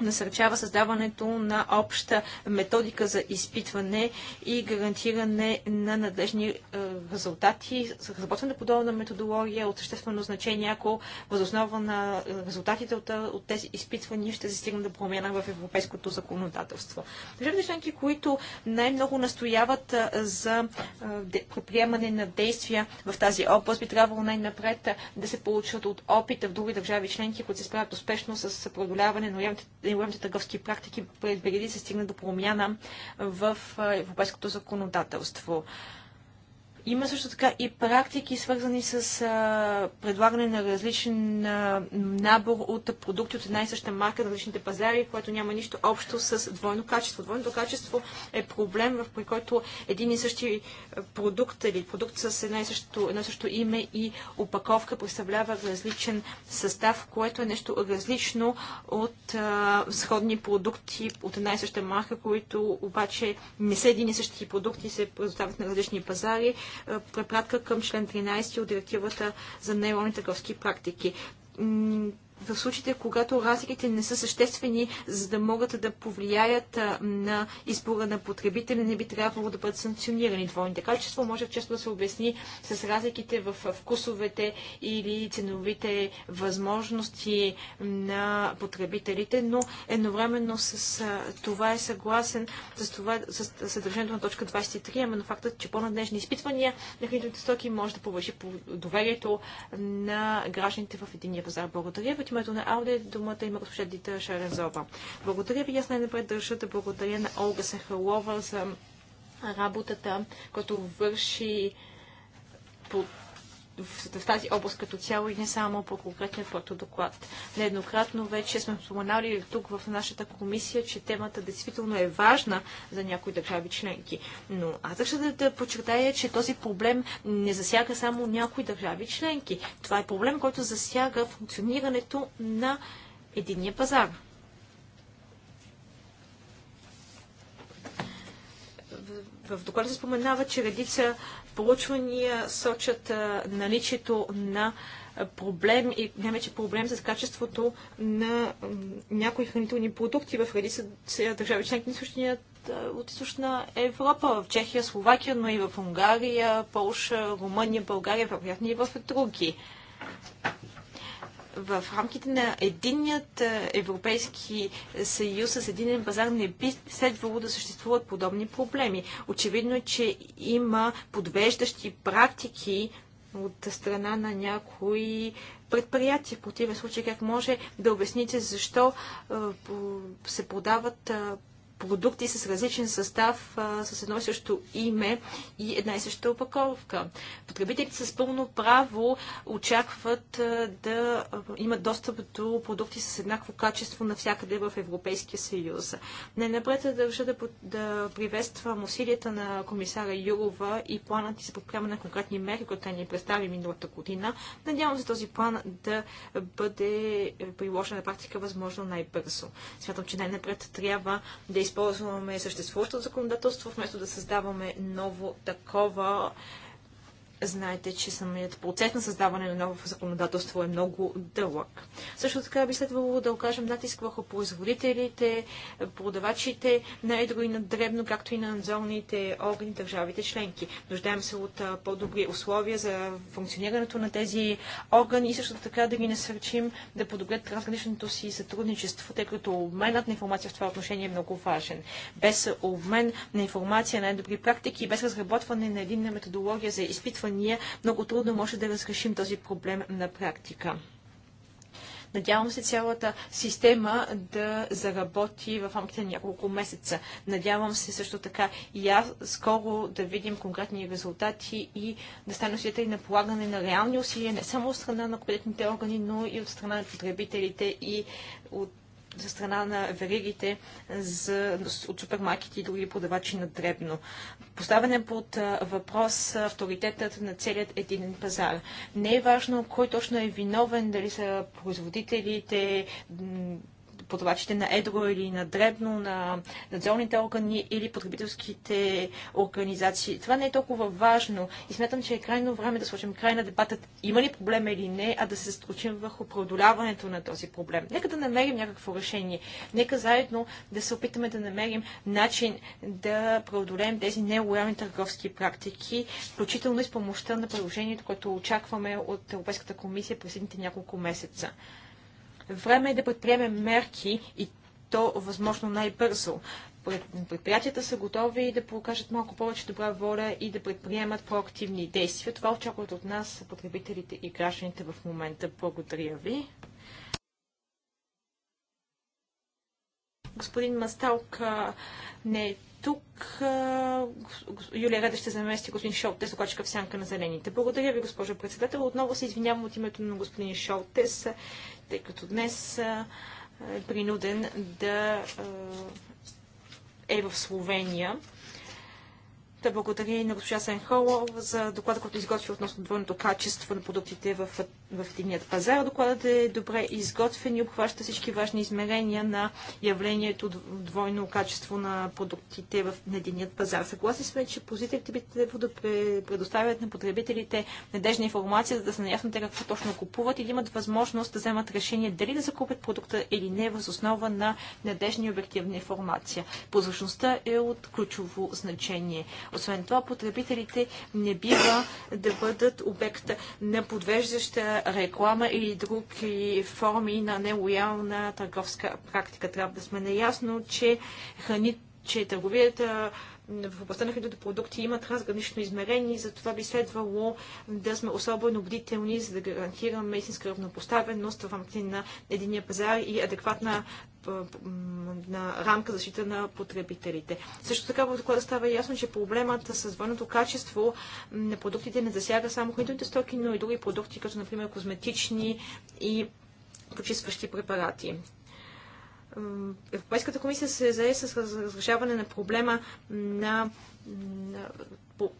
насърчава създаването на обща методика за изпитване и гарантиране на надлежни е, резултати. Разработване на подобна методология от съществено значение, ако възоснова на резултатите от, тези изпитвания ще застигна да промяна в европейското законодателство. Държавите членки, които най-много настояват е, за е, приемане на действия в тази област, би трябвало най-напред да се получат от опита в други държави членки, които се справят успешно с преодоляване на регулираните търговски практики, преди да се стигне до промяна в европейското законодателство. Има също така и практики, свързани с а, предлагане на различен а, набор от продукти от една и съща марка на различните пазари, което няма нищо общо с двойно качество. Двойното качество е проблем, в при който един и същи продукт или продукт с една и също, едно и също име и упаковка представлява различен състав, което е нещо различно от а, сходни продукти от една и съща марка, които обаче не са един и същи продукти и се предоставят на различни пазари е, препратка към член 13 от директивата за нелони търговски практики в случаите, когато разликите не са съществени, за да могат да повлияят на избора на потребителя, не би трябвало да бъдат санкционирани. Двойните качества може често да се обясни с разликите в вкусовете или ценовите възможности на потребителите, но едновременно с това е съгласен с, това, с съдържанието на точка 23, именно фактът, че по-надежни изпитвания на хранителните стоки може да повърши доверието на гражданите в единия пазар. Благодаря името на Ауди, думата има госпожа Дита Шарензова. Благодаря ви. Аз най-напред държа да благодаря на Олга Сахалова за работата, която върши под в, тази област като цяло и не само по конкретния доклад. Нееднократно вече сме споменали тук в нашата комисия, че темата действително е важна за някои държави членки. Но аз ще да, да подчертая, че този проблем не засяга само някои държави членки. Това е проблем, който засяга функционирането на единния пазар. в доклада се споменава, че редица проучвания сочат наличието на проблем и най-вече проблем с качеството на някои хранителни продукти в редица държави членки от източна Европа, в Чехия, Словакия, но и в Унгария, Полша, Румъния, България, вероятно и в други в рамките на единният е, Европейски съюз с единен пазар не би следвало да съществуват подобни проблеми. Очевидно е, че има подвеждащи практики от страна на някои предприятия. В противен случай как може да обясните защо е, се продават е, продукти с различен състав, а, с едно и също име и една и съща опаковка. Потребителите с пълно право очакват а, да имат достъп до продукти с еднакво качество навсякъде в Европейския съюз. Не напред държа да, да приветствам усилията на комисара Юрова и планът и за подпрямане на конкретни мерки, които ни представи миналата година. Надявам се този план да бъде приложен на практика възможно най-бързо. Смятам, че най-напред трябва да използваме съществуващото законодателство, вместо да създаваме ново такова Знаете, че самият процес на създаване на ново законодателство е много дълъг. Също така би следвало да окажем натиск върху производителите, продавачите на едро и на дребно, както и на надзорните органи държавите членки. Нуждаем се от по-добри условия за функционирането на тези органи и също така да ги насърчим да подобрят трансграничното си сътрудничество, тъй като обменът на информация в това отношение е много важен. Без обмен на информация, най-добри практики и без разработване на единна методология за изпитване ние много трудно може да разрешим този проблем на практика. Надявам се цялата система да заработи в рамките на няколко месеца. Надявам се също така и аз скоро да видим конкретни резултати и да стане свидетели на полагане на реални усилия не само от страна на кредитните органи, но и от страна на потребителите и от за страна на веригите за, от супермаркети и други продавачи на дребно. Поставяне под въпрос авторитетът на целият единен пазар. Не е важно кой точно е виновен, дали са производителите, продавачите на едро или на дребно, на надзорните органи или потребителските организации. Това не е толкова важно и смятам, че е крайно време да сложим край на дебатът има ли проблем или не, а да се стручим върху преодоляването на този проблем. Нека да намерим някакво решение. Нека заедно да се опитаме да намерим начин да преодолеем тези нелоялни търговски практики, включително и с помощта на приложението, което очакваме от Европейската комисия през следните няколко месеца. Време е да предприемем мерки и то възможно най-бързо. Предприятията са готови да покажат малко повече добра воля и да предприемат проактивни действия. Това очакват от нас потребителите и гражданите в момента. Благодаря ви. Господин Масталк, не е тук. Юлия Реда ще замести господин Шолтес, окачка в сянка на зелените. Благодаря ви, госпожо председател. Отново се извинявам от името на господин Шолтес, тъй като днес е принуден да е в Словения. Да благодаря и на госпожа Сенхолов за доклада, който изготви относно двойното качество на продуктите в в единият пазар. Докладът е добре изготвен и обхваща всички важни измерения на явлението двойно качество на продуктите в единият пазар. Съгласи сме, че позитивите би трябвало да предоставят на потребителите надежна информация, за да са наясно те какво точно купуват и да имат възможност да вземат решение дали да закупят продукта или не въз основа на надежна и обективна информация. Прозрачността е от ключово значение. Освен това, потребителите не бива да бъдат обект на подвеждаща реклама или други форми на нелоялна търговска практика. Трябва да сме наясно, че, храни, че търговията в областта на хранителните продукти имат разгранично измерение, затова би следвало да сме особено бдителни, за да гарантираме истинска равнопоставеност в рамките на единия пазар и адекватна на рамка защита на потребителите. Също така в доклада става ясно, че проблемът с двойното качество на продуктите не засяга само хранителните стоки, но и други продукти, като например козметични и почистващи препарати. Европейската комисия се зае с разрешаване на проблема на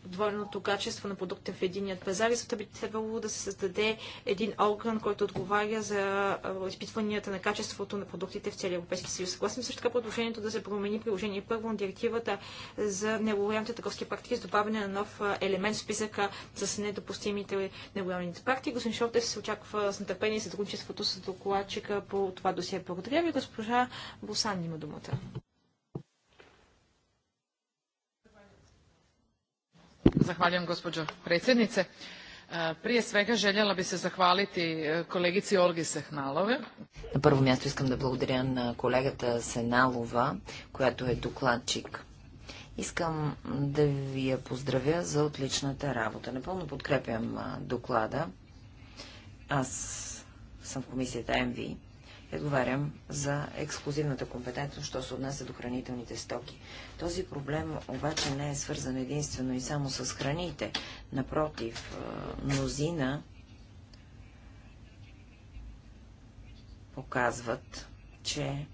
двойното качество на продукта в единият пазар и зато би трябвало да се създаде един орган, който отговаря за изпитванията на качеството на продуктите в целия Европейски съюз. Съгласен също така предложението да се промени приложение първо на директивата за нелоялните търговски практики с добавяне на нов елемент в списъка с недопустимите нелоялните практики. Господин Шолтев се очаква с нетърпение и сътрудничеството с докладчика по това досие. Благодаря ви, госпожа Босан има думата. Zahvaljujem, gospođo predsjednice. E, prije svega željela bih se zahvaliti e, kolegici Olgi Сехналове. На първо място искам да благодаря на колегата Сеналова, която е докладчик. Искам да ви я поздравя за отличната работа. Напълно подкрепям доклада. Аз съм в комисията МВИ отговарям за ексклюзивната компетентност, що се отнася до хранителните стоки. Този проблем обаче не е свързан единствено и само с храните. Напротив, е, мнозина показват, че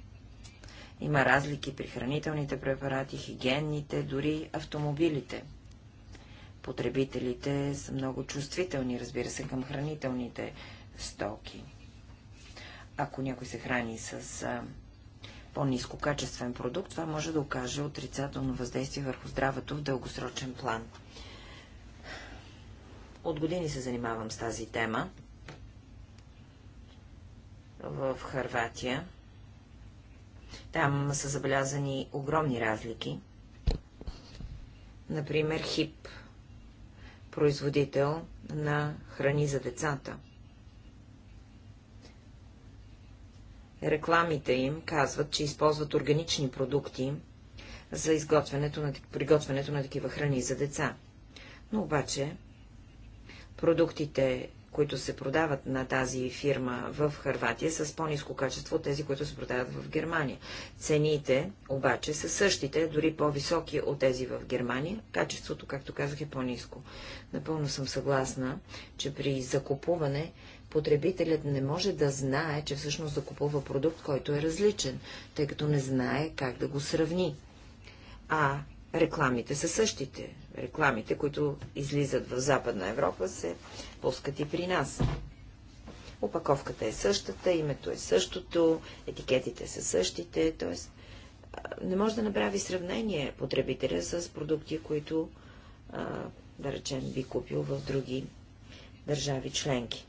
има разлики при хранителните препарати, хигиенните, дори автомобилите. Потребителите са много чувствителни, разбира се, към хранителните стоки ако някой се храни с по качествен продукт, това може да окаже отрицателно въздействие върху здравето в дългосрочен план. От години се занимавам с тази тема в Харватия. Там са забелязани огромни разлики. Например, ХИП, производител на храни за децата, рекламите им казват, че използват органични продукти за изготвянето на, приготвянето на такива храни за деца. Но обаче продуктите, които се продават на тази фирма в Харватия, са с по-низко качество от тези, които се продават в Германия. Цените обаче са същите, дори по-високи от тези в Германия. Качеството, както казах, е по-низко. Напълно съм съгласна, че при закупуване потребителят не може да знае, че всъщност закупува продукт, който е различен, тъй като не знае как да го сравни. А рекламите са същите. Рекламите, които излизат в Западна Европа, се пускат и при нас. Опаковката е същата, името е същото, етикетите са същите, т.е. не може да направи сравнение потребителя с продукти, които, да речем, би купил в други държави членки.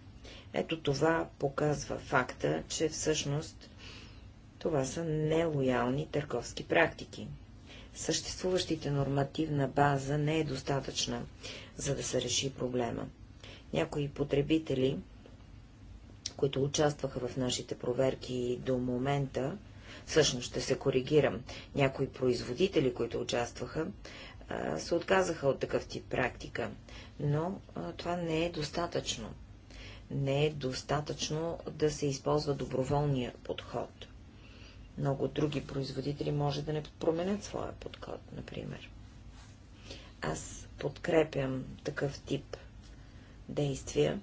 Ето това показва факта, че всъщност това са нелоялни търговски практики. Съществуващите нормативна база не е достатъчна, за да се реши проблема. Някои потребители, които участваха в нашите проверки до момента, всъщност ще се коригирам, някои производители, които участваха, се отказаха от такъв тип практика, но това не е достатъчно не е достатъчно да се използва доброволния подход. Много други производители може да не променят своя подход, например. Аз подкрепям такъв тип действия,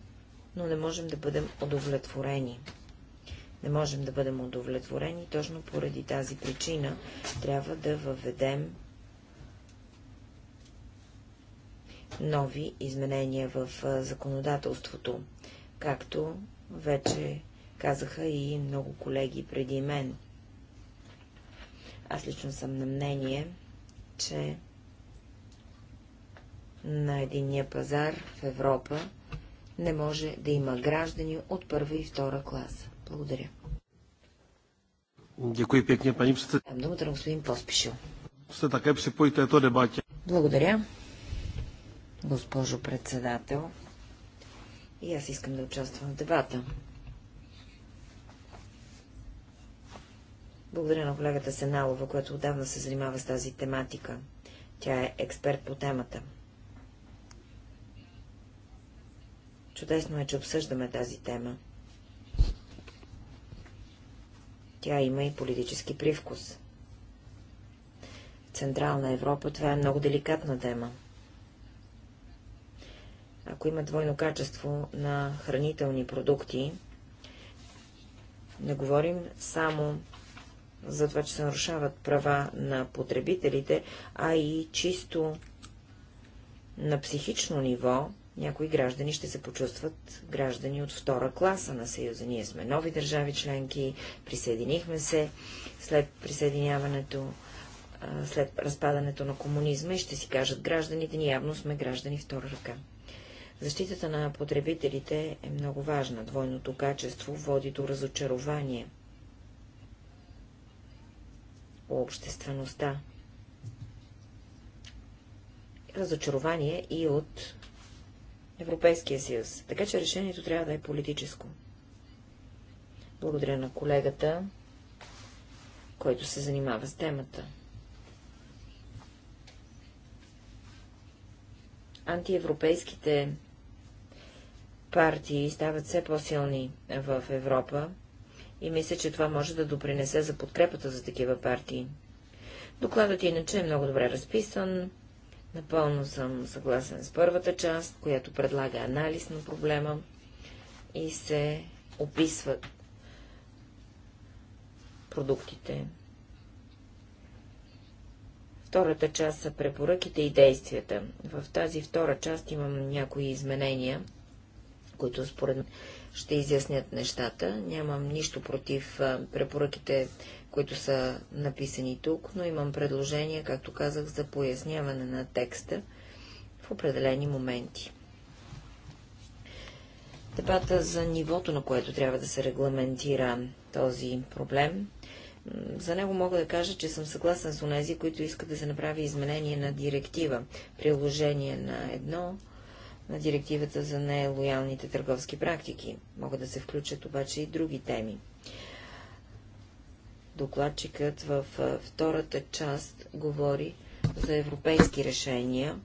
но не можем да бъдем удовлетворени. Не можем да бъдем удовлетворени, точно поради тази причина трябва да въведем нови изменения в законодателството както вече казаха и много колеги преди мен. Аз лично съм на мнение, че на единния пазар в Европа не може да има граждани от първа и втора класа. Благодаря. Дякую пекне, пани председател. Думата на господин Поспишил. Все така се поите ето дебатя. Благодаря. Госпожо председател, и аз искам да участвам в дебата. Благодаря на колегата Сеналова, която отдавна се занимава с тази тематика. Тя е експерт по темата. Чудесно е, че обсъждаме тази тема. Тя има и политически привкус. В Централна Европа това е много деликатна тема ако има двойно качество на хранителни продукти, не говорим само за това, че се нарушават права на потребителите, а и чисто на психично ниво някои граждани ще се почувстват граждани от втора класа на Съюза. Ние сме нови държави членки, присъединихме се след присъединяването, след разпадането на комунизма и ще си кажат гражданите, ние явно сме граждани втора ръка. Защитата на потребителите е много важна. Двойното качество води до разочарование По обществеността. Разочарование и от Европейския съюз. Така че решението трябва да е политическо. Благодаря на колегата, който се занимава с темата. Антиевропейските партии стават все по-силни в Европа и мисля, че това може да допринесе за подкрепата за такива партии. Докладът иначе е много добре разписан. Напълно съм съгласен с първата част, която предлага анализ на проблема и се описват продуктите. Втората част са препоръките и действията. В тази втора част имам някои изменения, които според ще изяснят нещата. Нямам нищо против препоръките, които са написани тук, но имам предложение, както казах, за поясняване на текста в определени моменти. Дебата за нивото, на което трябва да се регламентира този проблем, за него мога да кажа, че съм съгласен с онези, които искат да се направи изменение на директива, приложение на едно, на директивата за нелоялните търговски практики. Могат да се включат обаче и други теми. Докладчикът в втората част говори за европейски решения,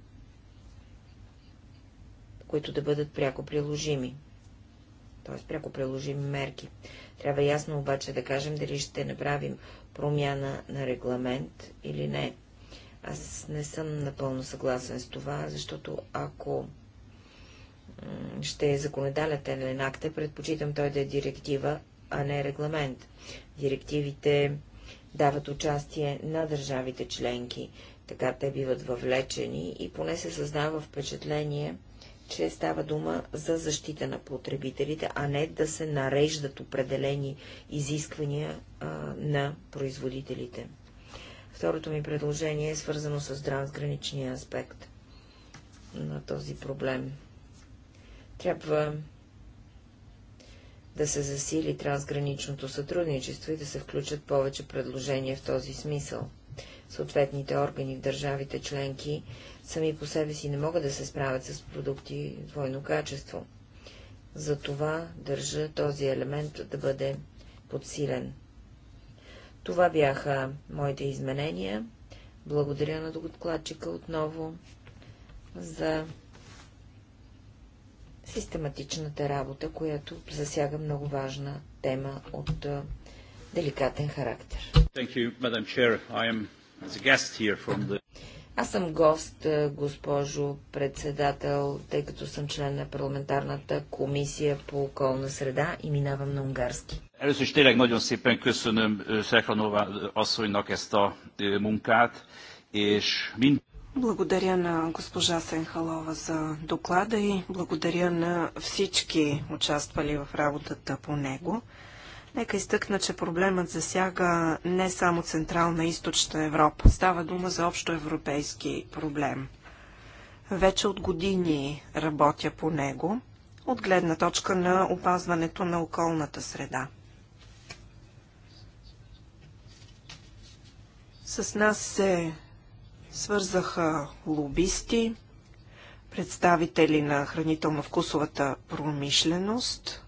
които да бъдат пряко приложими. Т.е. пряко приложими мерки. Трябва ясно обаче да кажем дали ще направим промяна на регламент или не. Аз не съм напълно съгласен с това, защото ако ще е законодателен акт, е предпочитам той да е директива, а не регламент. Директивите дават участие на държавите членки, така те биват въвлечени и поне се създава впечатление, че става дума за защита на потребителите, а не да се нареждат определени изисквания а, на производителите. Второто ми предложение е свързано с трансграничния аспект на този проблем. Трябва да се засили трансграничното сътрудничество и да се включат повече предложения в този смисъл. Съответните органи в държавите членки сами по себе си не могат да се справят с продукти двойно качество. Затова държа този елемент да бъде подсилен. Това бяха моите изменения. Благодаря на докладчика отново за систематичната работа, която засяга много важна тема от деликатен характер. Аз съм гост, госпожо председател, тъй като съм член на парламентарната комисия по околна среда и минавам на унгарски. Először is благодаря на госпожа Сенхалова за доклада и благодаря на всички участвали в работата по него. Нека изтъкна, че проблемът засяга не само Централна и Източна Европа. Става дума за общо европейски проблем. Вече от години работя по него, от гледна точка на опазването на околната среда. С нас се свързаха лобисти, представители на хранително-вкусовата промишленост.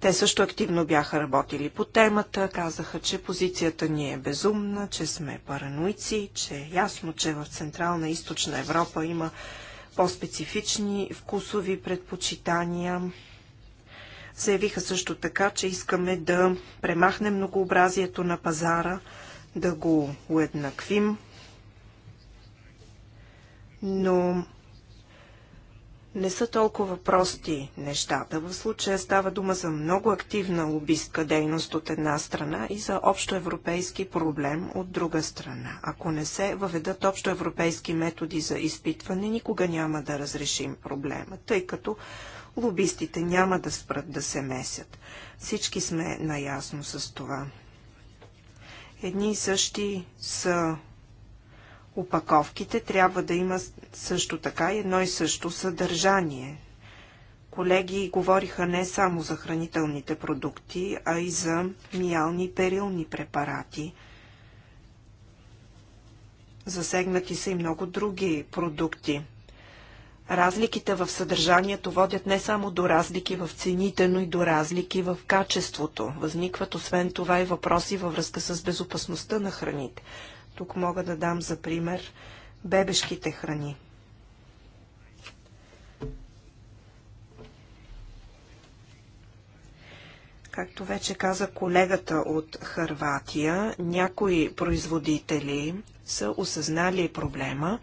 Те също активно бяха работили по темата, казаха, че позицията ни е безумна, че сме параноици, че е ясно, че в Централна и Източна Европа има по-специфични вкусови предпочитания. Заявиха също така, че искаме да премахнем многообразието на пазара, да го уеднаквим, но не са толкова прости нещата. В случая става дума за много активна лобистка дейност от една страна и за общоевропейски проблем от друга страна. Ако не се въведат общоевропейски методи за изпитване, никога няма да разрешим проблема, тъй като лобистите няма да спрат да се месят. Всички сме наясно с това. Едни и същи са опаковките трябва да има също така едно и също съдържание. Колеги говориха не само за хранителните продукти, а и за миални и перилни препарати. Засегнати са и много други продукти. Разликите в съдържанието водят не само до разлики в цените, но и до разлики в качеството. Възникват освен това и въпроси във връзка с безопасността на храните. Тук мога да дам за пример бебешките храни. Както вече каза колегата от Харватия, някои производители са осъзнали проблема,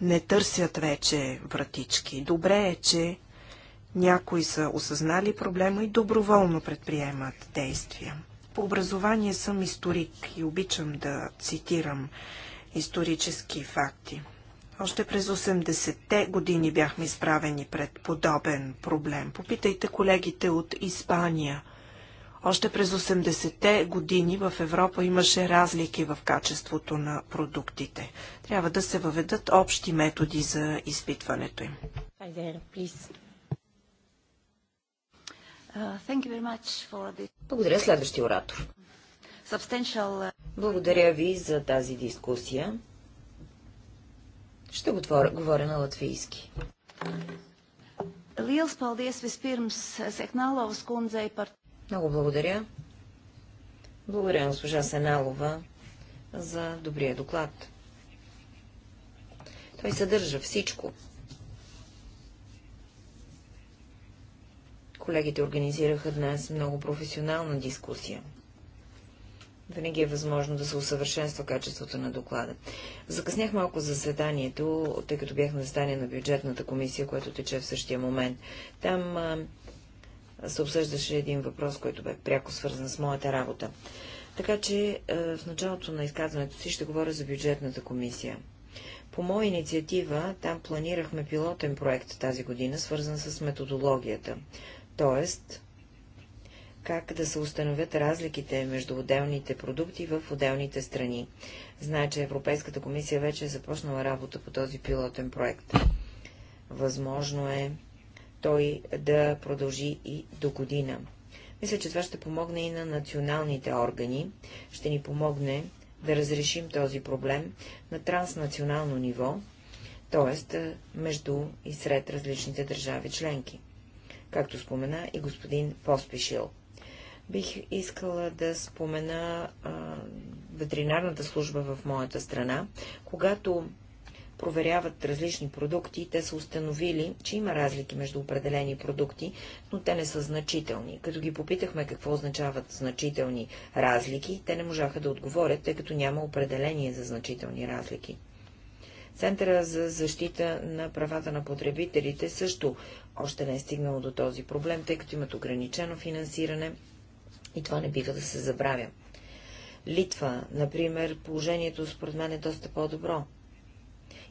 не търсят вече вратички. Добре е, че някои са осъзнали проблема и доброволно предприемат действия. По образование съм историк и обичам да цитирам исторически факти. Още през 80-те години бяхме изправени пред подобен проблем. Попитайте колегите от Испания. Още през 80-те години в Европа имаше разлики в качеството на продуктите. Трябва да се въведат общи методи за изпитването им. Uh, благодаря следващия оратор. Uh, благодаря ви за тази дискусия. Ще го твор... говоря на латвийски. Uh, Много благодаря. Благодаря на госпожа Сеналова за добрия доклад. Той съдържа всичко, Колегите организираха днес много професионална дискусия. Винаги е възможно да се усъвършенства качеството на доклада. Закъснях малко заседанието, тъй като бях на заседание на бюджетната комисия, което тече в същия момент. Там а, се обсъждаше един въпрос, който бе пряко свързан с моята работа. Така че а, в началото на изказването си ще говоря за бюджетната комисия. По моя инициатива там планирахме пилотен проект тази година, свързан с методологията т.е. как да се установят разликите между отделните продукти в отделните страни. Знае, че Европейската комисия вече е започнала работа по този пилотен проект. Възможно е той да продължи и до година. Мисля, че това ще помогне и на националните органи, ще ни помогне да разрешим този проблем на транснационално ниво, т.е. между и сред различните държави членки както спомена и господин Поспешил. Бих искала да спомена а, ветеринарната служба в моята страна. Когато проверяват различни продукти, те са установили, че има разлики между определени продукти, но те не са значителни. Като ги попитахме какво означават значителни разлики, те не можаха да отговорят, тъй като няма определение за значителни разлики. Центъра за защита на правата на потребителите също още не е стигнало до този проблем, тъй като имат ограничено финансиране и това не бива да се забравя. Литва, например, положението според мен е доста по-добро.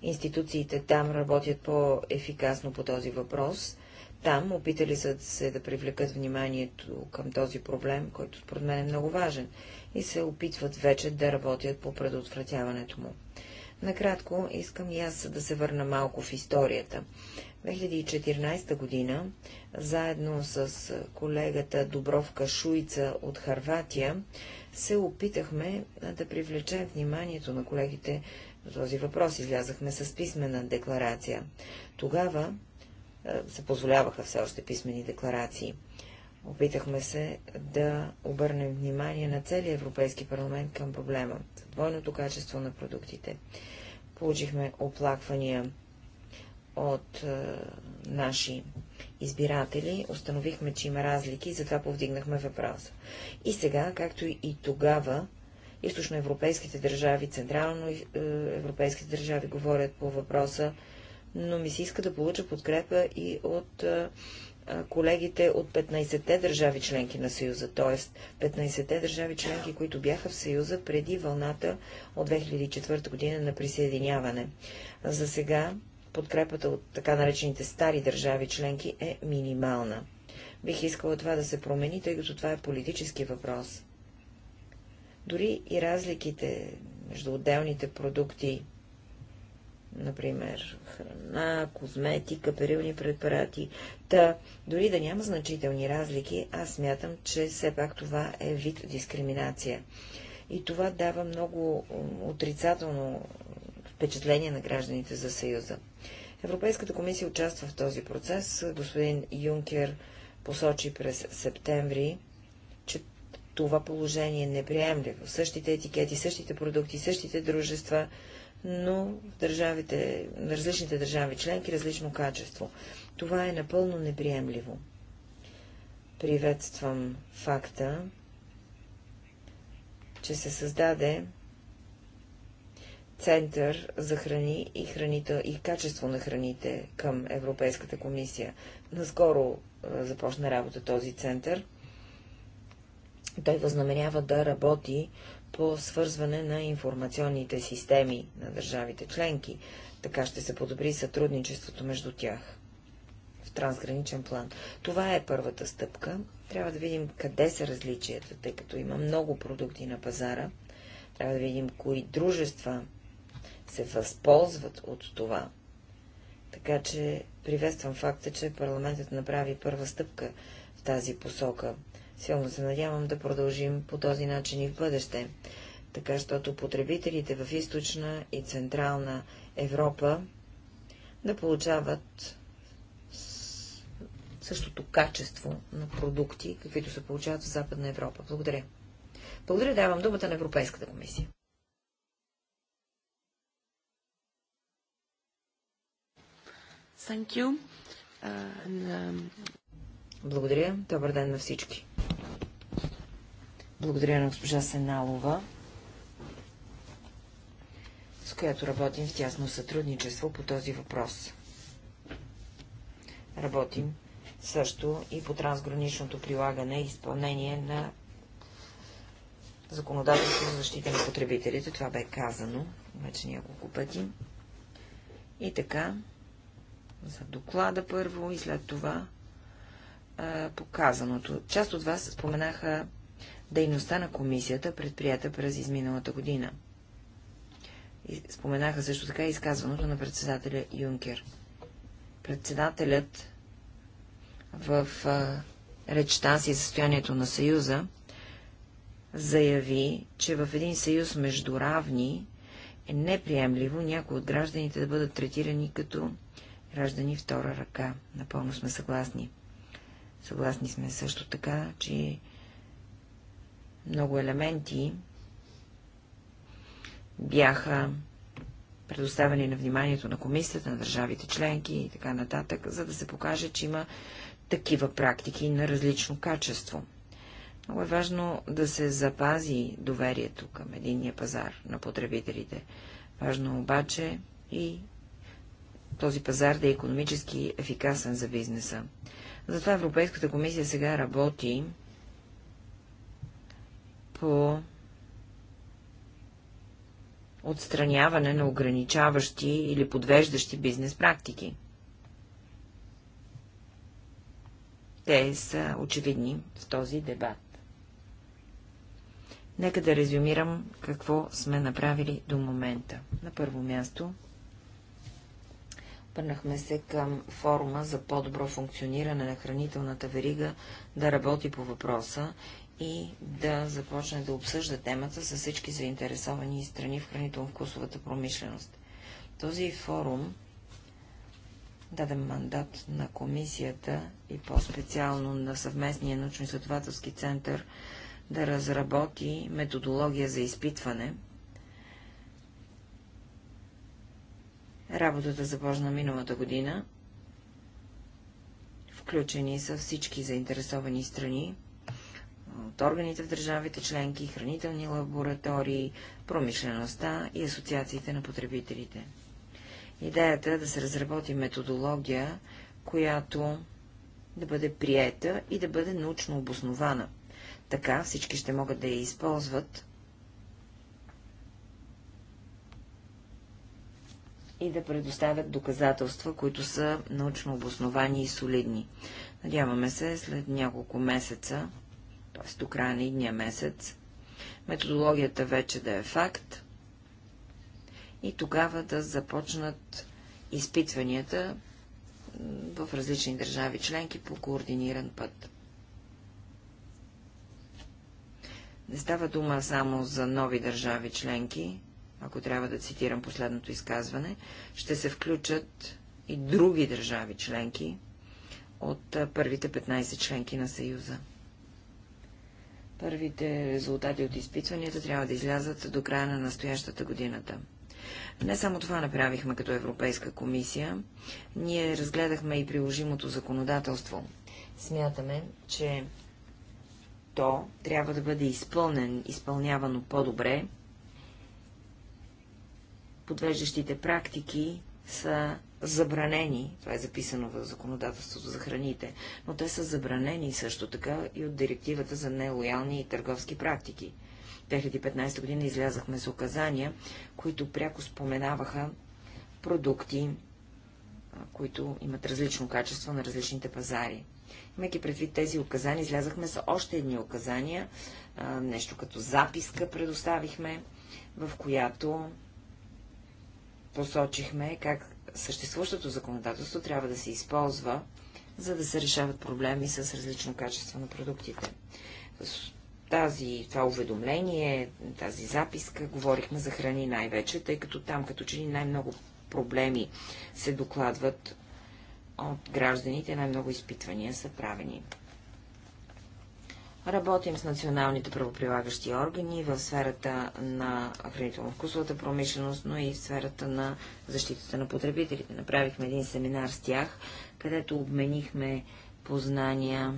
Институциите там работят по-ефикасно по този въпрос. Там опитали са се да привлекат вниманието към този проблем, който според мен е много важен, и се опитват вече да работят по предотвратяването му. Накратко искам и аз да се върна малко в историята. 2014 година, заедно с колегата Добровка Шуйца от Харватия, се опитахме да привлечем вниманието на колегите на този въпрос. Излязахме с писмена декларация. Тогава се позволяваха все още писмени декларации. Опитахме се да обърнем внимание на целия Европейски парламент към проблема – двойното качество на продуктите. Получихме оплаквания от е, наши избиратели, установихме, че има разлики, затова повдигнахме въпроса. И сега, както и тогава, източноевропейските държави, централно е, европейските държави говорят по въпроса, но ми се иска да получа подкрепа и от е, колегите от 15-те държави членки на Съюза, т.е. 15-те държави членки, които бяха в Съюза преди вълната от 2004 година на присъединяване. За сега подкрепата от така наречените стари държави членки е минимална. Бих искала това да се промени, тъй като това е политически въпрос. Дори и разликите между отделните продукти например, храна, козметика, перилни препарати. Та, дори да няма значителни разлики, аз смятам, че все пак това е вид дискриминация. И това дава много отрицателно впечатление на гражданите за Съюза. Европейската комисия участва в този процес. Господин Юнкер посочи през септември, че това положение е неприемливо. Същите етикети, същите продукти, същите дружества но в държавите, на различните държави членки различно качество. Това е напълно неприемливо. Приветствам факта, че се създаде Център за храни и, храните, и качество на храните към Европейската комисия. Наскоро започна работа този център. Той възнамерява да работи по свързване на информационните системи на държавите членки. Така ще се подобри сътрудничеството между тях в трансграничен план. Това е първата стъпка. Трябва да видим къде са различията, тъй като има много продукти на пазара. Трябва да видим кои дружества се възползват от това. Така че приветствам факта, че парламентът направи първа стъпка в тази посока. Силно се надявам да продължим по този начин и в бъдеще, така щото потребителите в източна и централна Европа да получават същото качество на продукти, каквито се получават в Западна Европа. Благодаря. Благодаря, давам думата на Европейската комисия. Thank you. Uh, and, um... Благодаря. Добър ден на всички. Благодаря на госпожа Сеналова, с която работим в тясно сътрудничество по този въпрос. Работим също и по трансграничното прилагане и изпълнение на законодателство за защита на потребителите. Това бе казано вече няколко пъти. И така, за доклада първо и след това показаното. Част от вас споменаха дейността на комисията, предприята през изминалата година. И споменаха също така изказването на председателя Юнкер. Председателят в а, речта си състоянието на Съюза заяви, че в един съюз между равни е неприемливо някои от гражданите да бъдат третирани като граждани втора ръка. Напълно сме съгласни. Съгласни сме също така, че много елементи бяха предоставени на вниманието на комисията, на държавите членки и така нататък, за да се покаже, че има такива практики на различно качество. Много е важно да се запази доверието към единния пазар на потребителите. Важно обаче и този пазар да е економически ефикасен за бизнеса. Затова Европейската комисия сега работи по отстраняване на ограничаващи или подвеждащи бизнес практики. Те са очевидни в този дебат. Нека да резюмирам какво сме направили до момента. На първо място Пърнахме се към форума за по-добро функциониране на хранителната верига да работи по въпроса и да започне да обсъжда темата с всички заинтересовани страни в хранително-вкусовата промишленост. Този форум даде мандат на комисията и по-специално на съвместния научно-изследователски център да разработи методология за изпитване. Работата започна миналата година. Включени са всички заинтересовани страни, от органите в държавите членки, хранителни лаборатории, промишлеността и асоциациите на потребителите. Идеята е да се разработи методология, която да бъде приета и да бъде научно обоснована. Така всички ще могат да я използват и да предоставят доказателства, които са научно обосновани и солидни. Надяваме се след няколко месеца т.е. до края на идния месец, методологията вече да е факт и тогава да започнат изпитванията в различни държави членки по координиран път. Не става дума само за нови държави членки, ако трябва да цитирам последното изказване, ще се включат и други държави членки от първите 15 членки на Съюза. Първите резултати от изпитванията трябва да излязат до края на настоящата годината. Не само това направихме като Европейска комисия, ние разгледахме и приложимото законодателство. Смятаме, че то трябва да бъде изпълнен, изпълнявано по-добре. Подвеждащите практики са забранени, това е записано в законодателството за храните, но те са забранени също така и от директивата за нелоялни и търговски практики. 2015 година излязахме с указания, които пряко споменаваха продукти, които имат различно качество на различните пазари. Имайки предвид тези указания, излязахме с още едни указания, нещо като записка предоставихме, в която посочихме как съществуващото законодателство трябва да се използва, за да се решават проблеми с различно качество на продуктите. С тази, това уведомление, тази записка, говорихме за храни най-вече, тъй като там като че най-много проблеми се докладват от гражданите, най-много изпитвания са правени. Работим с националните правоприлагащи органи в сферата на хранително-вкусовата промишленост, но и в сферата на защитата на потребителите. Направихме един семинар с тях, където обменихме познания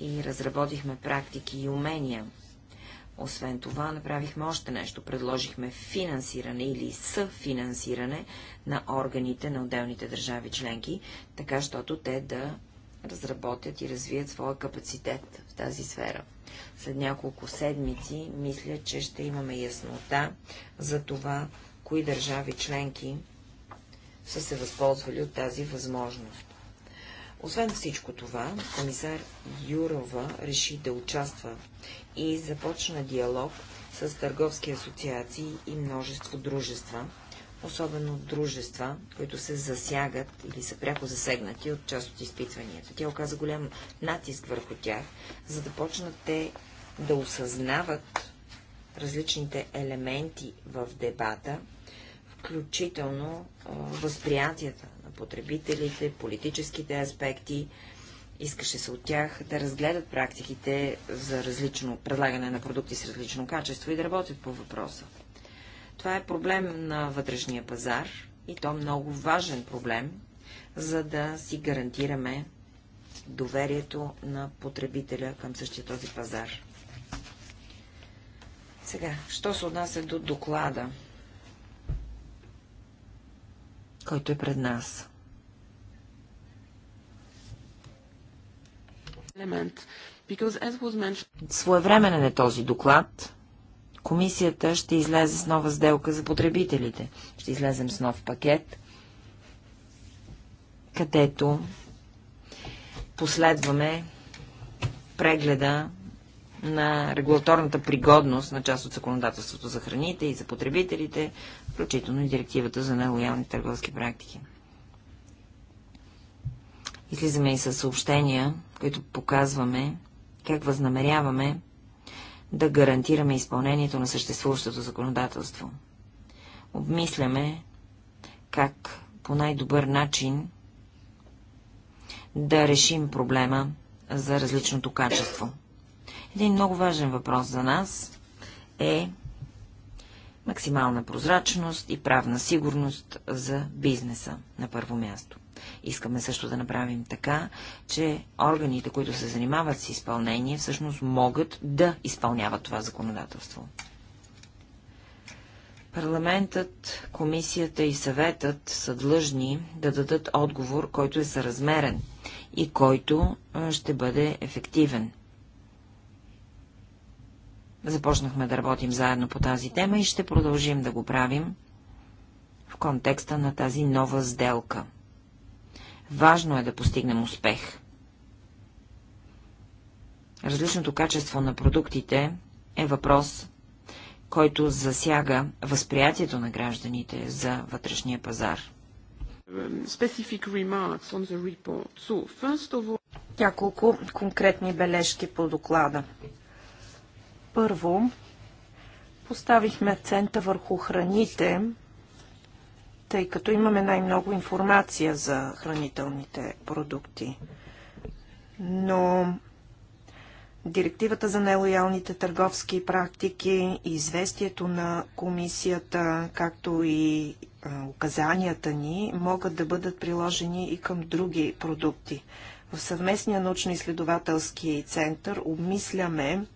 и разработихме практики и умения. Освен това, направихме още нещо. Предложихме финансиране или съфинансиране на органите на отделните държави членки, така, щото те да разработят и развият своя капацитет в тази сфера. След няколко седмици мисля, че ще имаме яснота за това, кои държави членки са се възползвали от тази възможност. Освен всичко това, комисар Юрова реши да участва и започна диалог с търговски асоциации и множество дружества, особено дружества, които се засягат или са пряко засегнати от част от изпитванията. Тя оказа голям натиск върху тях, за да почнат те да осъзнават различните елементи в дебата, включително възприятията на потребителите, политическите аспекти. Искаше се от тях да разгледат практиките за различно предлагане на продукти с различно качество и да работят по въпроса. Това е проблем на вътрешния пазар и то е много важен проблем, за да си гарантираме доверието на потребителя към същия този пазар. Сега, що се отнася до доклада, който е пред нас? Mentioned... Своевременен е този доклад, Комисията ще излезе с нова сделка за потребителите. Ще излезем с нов пакет, където последваме прегледа на регулаторната пригодност на част от законодателството за храните и за потребителите, включително и директивата за нелоялни търговски практики. Излизаме и със съобщения, които показваме как възнамеряваме да гарантираме изпълнението на съществуващото законодателство. Обмисляме как по най-добър начин да решим проблема за различното качество. Един много важен въпрос за нас е максимална прозрачност и правна сигурност за бизнеса на първо място. Искаме също да направим така, че органите, които се занимават с изпълнение, всъщност могат да изпълняват това законодателство. Парламентът, комисията и съветът са длъжни да дадат отговор, който е съразмерен и който ще бъде ефективен. Започнахме да работим заедно по тази тема и ще продължим да го правим в контекста на тази нова сделка – Важно е да постигнем успех. Различното качество на продуктите е въпрос, който засяга възприятието на гражданите за вътрешния пазар. Няколко конкретни бележки по доклада. Първо, поставихме акцента върху храните, тъй като имаме най-много информация за хранителните продукти. Но директивата за нелоялните търговски практики, известието на комисията, както и указанията ни могат да бъдат приложени и към други продукти. В съвместния научно-изследователски център обмисляме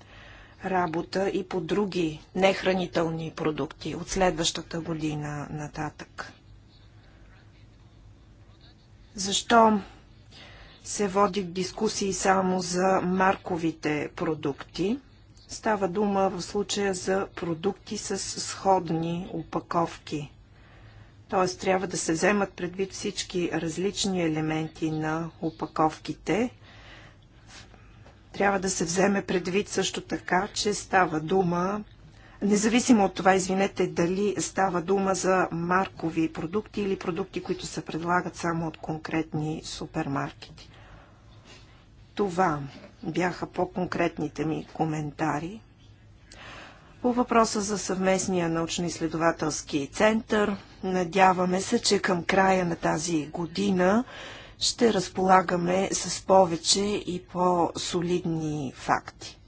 работа и по други нехранителни продукти от следващата година нататък. Защо се води дискусии само за марковите продукти? Става дума в случая за продукти с сходни упаковки. Т.е. трябва да се вземат предвид всички различни елементи на упаковките. Трябва да се вземе предвид също така, че става дума Независимо от това, извинете, дали става дума за маркови продукти или продукти, които се предлагат само от конкретни супермаркети. Това бяха по-конкретните ми коментари. По въпроса за съвместния научно-изследователски център, надяваме се, че към края на тази година ще разполагаме с повече и по-солидни факти.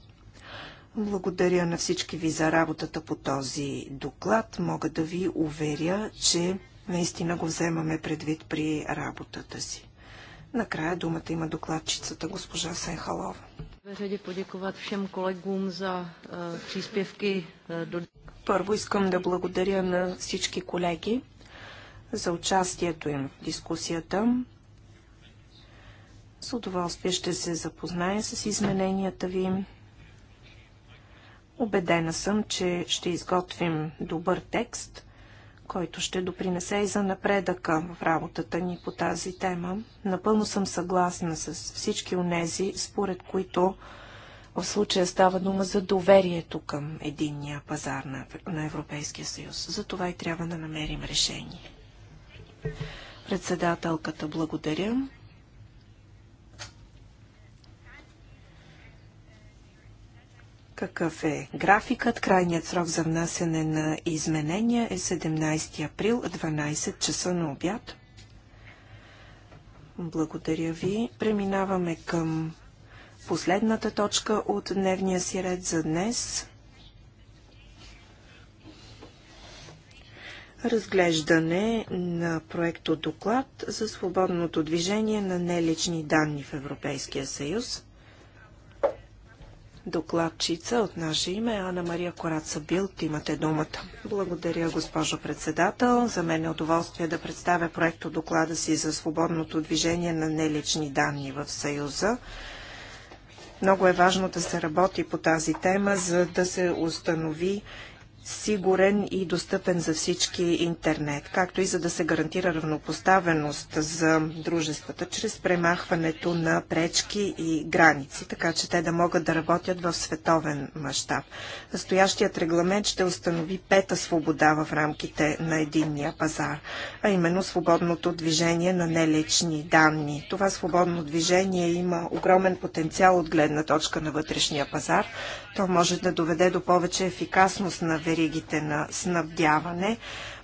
Благодаря на всички ви за работата по този доклад. Мога да ви уверя, че наистина го вземаме предвид при работата си. Накрая думата има докладчицата госпожа Сенхалова. Е, е, Първо искам да благодаря на всички колеги за участието им в дискусията. С удоволствие ще се запознаем с измененията ви. Обедена съм, че ще изготвим добър текст, който ще допринесе и за напредъка в работата ни по тази тема. Напълно съм съгласна с всички онези, според които в случая става дума за доверието към единния пазар на Европейския съюз. За това и трябва да намерим решение. Председателката благодаря. Какъв е графикът? Крайният срок за внасяне на изменения е 17 април, 12 часа на обяд. Благодаря ви. Преминаваме към последната точка от дневния си ред за днес. разглеждане на проекто доклад за свободното движение на нелични данни в Европейския съюз докладчица от наше име Ана Мария Кораца Билт. Имате думата. Благодаря, госпожо председател. За мен е удоволствие да представя проекто доклада си за свободното движение на нелични данни в Съюза. Много е важно да се работи по тази тема, за да се установи сигурен и достъпен за всички интернет, както и за да се гарантира равнопоставеност за дружествата чрез премахването на пречки и граници, така че те да могат да работят в световен мащаб. Настоящият регламент ще установи пета свобода в рамките на единния пазар, а именно свободното движение на нелични данни. Това свободно движение има огромен потенциал от гледна точка на вътрешния пазар, то може да доведе до повече ефикасност на веригите на снабдяване,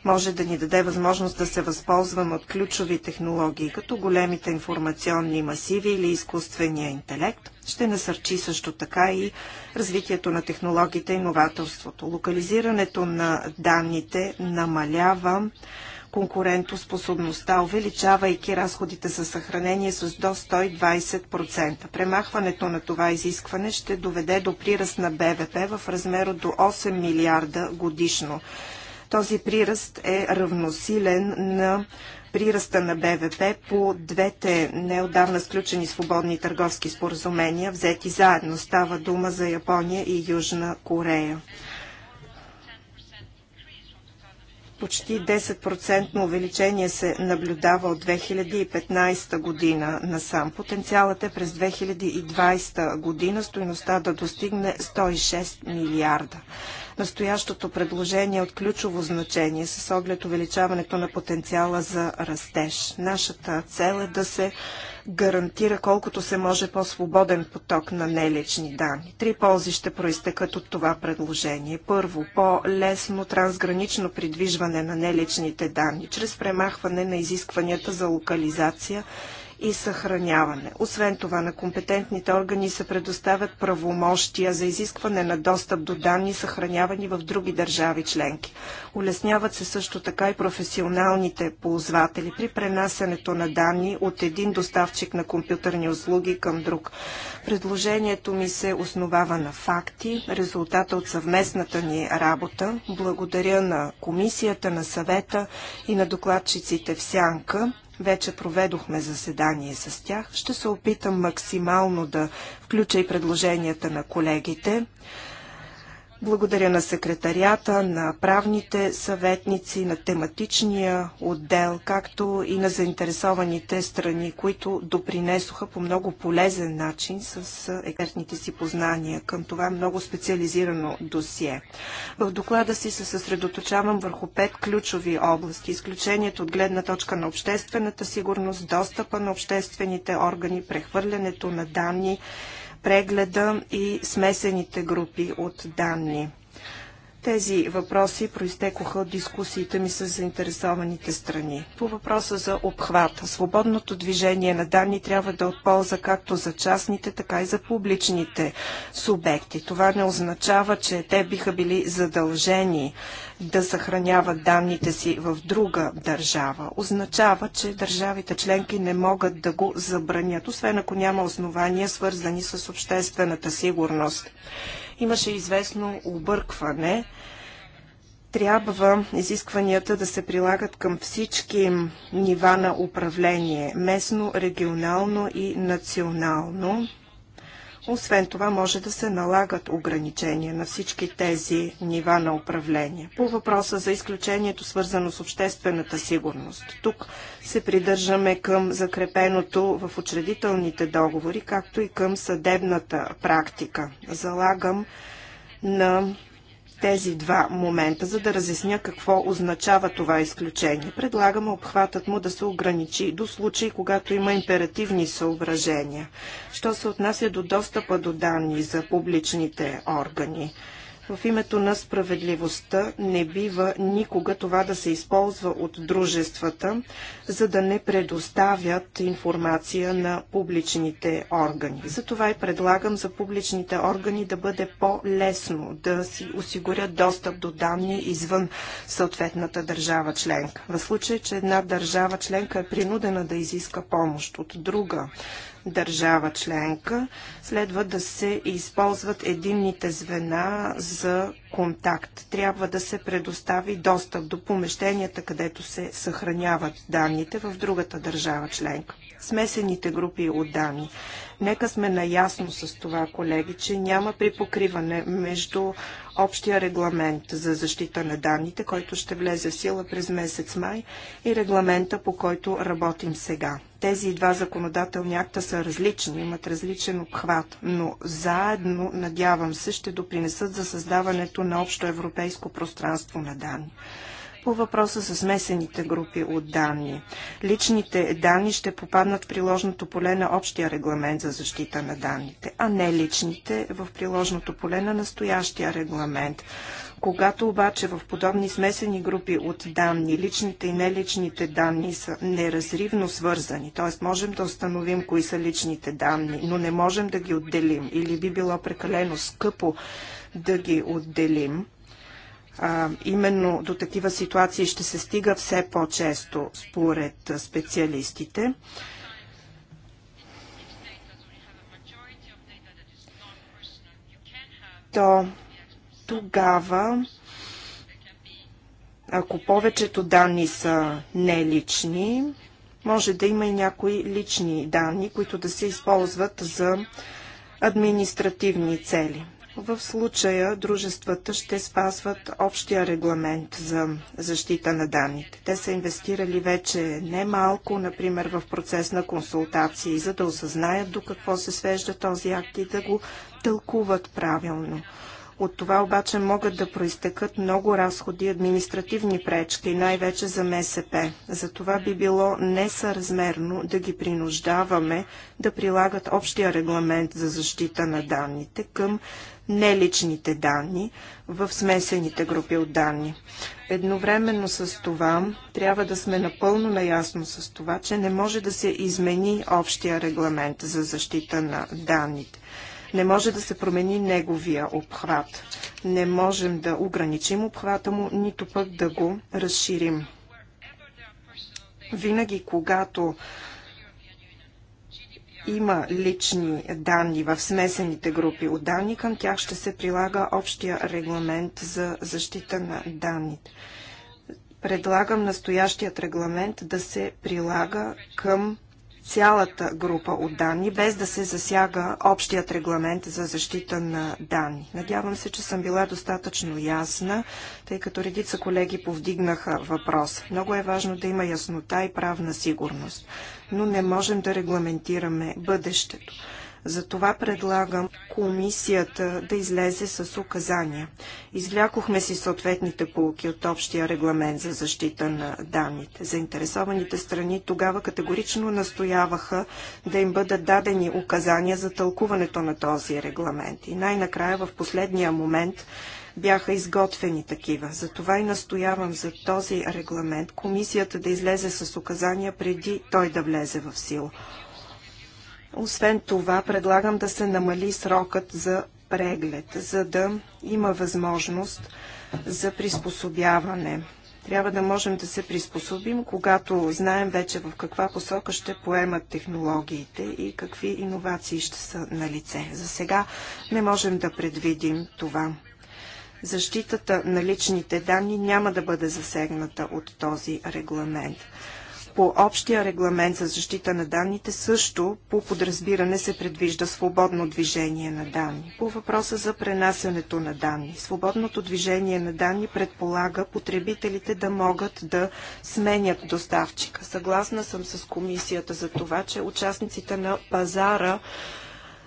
може да ни даде възможност да се възползваме от ключови технологии, като големите информационни масиви или изкуствения интелект. Ще насърчи също така и развитието на технологиите и новаторството. Локализирането на данните намалява конкурентоспособността, увеличавайки разходите за съхранение с до 120%. Премахването на това изискване ще доведе до приръст на БВП в размер до 8 милиарда годишно. Този приръст е равносилен на приръста на БВП по двете неодавна сключени свободни търговски споразумения, взети заедно. Става дума за Япония и Южна Корея. Почти 10% увеличение се наблюдава от 2015 година на сам. Потенциалът е през 2020 година стоеността да достигне 106 милиарда. Настоящото предложение е от ключово значение с оглед увеличаването на потенциала за растеж. Нашата цел е да се гарантира колкото се може по-свободен поток на нелични данни. Три ползи ще проистекат от това предложение. Първо, по-лесно трансгранично придвижване на неличните данни, чрез премахване на изискванията за локализация и съхраняване. Освен това, на компетентните органи се предоставят правомощия за изискване на достъп до данни, съхранявани в други държави членки. Улесняват се също така и професионалните ползватели при пренасянето на данни от един доставчик на компютърни услуги към друг. Предложението ми се основава на факти, резултата от съвместната ни работа. Благодаря на комисията, на съвета и на докладчиците в Сянка. Вече проведохме заседание с тях. Ще се опитам максимално да включа и предложенията на колегите. Благодаря на секретарията, на правните съветници, на тематичния отдел, както и на заинтересованите страни, които допринесоха по много полезен начин с експертните си познания към това много специализирано досие. В доклада си се съсредоточавам върху пет ключови области. Изключението от гледна точка на обществената сигурност, достъпа на обществените органи, прехвърлянето на данни, прегледа и смесените групи от данни. Тези въпроси проистекоха от дискусиите ми с заинтересованите страни. По въпроса за обхват, свободното движение на данни трябва да отполза както за частните, така и за публичните субекти. Това не означава, че те биха били задължени да съхраняват данните си в друга държава, означава, че държавите членки не могат да го забранят, освен ако няма основания, свързани с обществената сигурност. Имаше известно объркване. Трябва изискванията да се прилагат към всички нива на управление – местно, регионално и национално – освен това, може да се налагат ограничения на всички тези нива на управление. По въпроса за изключението, свързано с обществената сигурност, тук се придържаме към закрепеното в учредителните договори, както и към съдебната практика. Залагам на тези два момента, за да разясня какво означава това изключение. Предлагаме обхватът му да се ограничи до случаи, когато има императивни съображения. Що се отнася до достъпа до данни за публичните органи? В името на справедливостта не бива никога това да се използва от дружествата, за да не предоставят информация на публичните органи. Затова и предлагам за публичните органи да бъде по-лесно да си осигурят достъп до данни извън съответната държава членка. В случай, че една държава членка е принудена да изиска помощ от друга държава членка, следва да се използват единните звена за контакт. Трябва да се предостави достъп до помещенията, където се съхраняват данните в другата държава членка. Смесените групи от данни. Нека сме наясно с това, колеги, че няма припокриване между общия регламент за защита на данните, който ще влезе в сила през месец май и регламента, по който работим сега. Тези два законодателни акта са различни, имат различен обхват, но заедно, надявам се, ще допринесат за създаването на общо европейско пространство на данни по въпроса за смесените групи от данни. Личните данни ще попаднат в приложното поле на общия регламент за защита на данните, а не личните в приложното поле на настоящия регламент. Когато обаче в подобни смесени групи от данни, личните и неличните данни са неразривно свързани, т.е. можем да установим кои са личните данни, но не можем да ги отделим или би било прекалено скъпо да ги отделим, а, именно до такива ситуации ще се стига все по-често според специалистите. То тогава, ако повечето данни са нелични, може да има и някои лични данни, които да се използват за административни цели. В случая дружествата ще спазват общия регламент за защита на данните. Те са инвестирали вече немалко, например в процес на консултации, за да осъзнаят до какво се свежда този акт и да го тълкуват правилно. От това обаче могат да проистекат много разходи и административни пречки, най-вече за МСП. това би било несъразмерно да ги принуждаваме да прилагат общия регламент за защита на данните към неличните данни в смесените групи от данни. Едновременно с това трябва да сме напълно наясно с това, че не може да се измени общия регламент за защита на данните не може да се промени неговия обхват. Не можем да ограничим обхвата му, нито пък да го разширим. Винаги, когато има лични данни в смесените групи от данни, към тях ще се прилага общия регламент за защита на данните. Предлагам настоящият регламент да се прилага към цялата група от данни, без да се засяга общият регламент за защита на данни. Надявам се, че съм била достатъчно ясна, тъй като редица колеги повдигнаха въпрос. Много е важно да има яснота и правна сигурност, но не можем да регламентираме бъдещето. Затова предлагам комисията да излезе с указания. Извлякохме си съответните полки от общия регламент за защита на данните. Заинтересованите страни тогава категорично настояваха да им бъдат дадени указания за тълкуването на този регламент. И най-накрая в последния момент бяха изготвени такива. Затова и настоявам за този регламент комисията да излезе с указания преди той да влезе в сила. Освен това, предлагам да се намали срокът за преглед, за да има възможност за приспособяване. Трябва да можем да се приспособим, когато знаем вече в каква посока ще поемат технологиите и какви иновации ще са на лице. За сега не можем да предвидим това. Защитата на личните данни няма да бъде засегната от този регламент. По общия регламент за защита на данните също по подразбиране се предвижда свободно движение на данни. По въпроса за пренасенето на данни. Свободното движение на данни предполага потребителите да могат да сменят доставчика. Съгласна съм с комисията за това, че участниците на пазара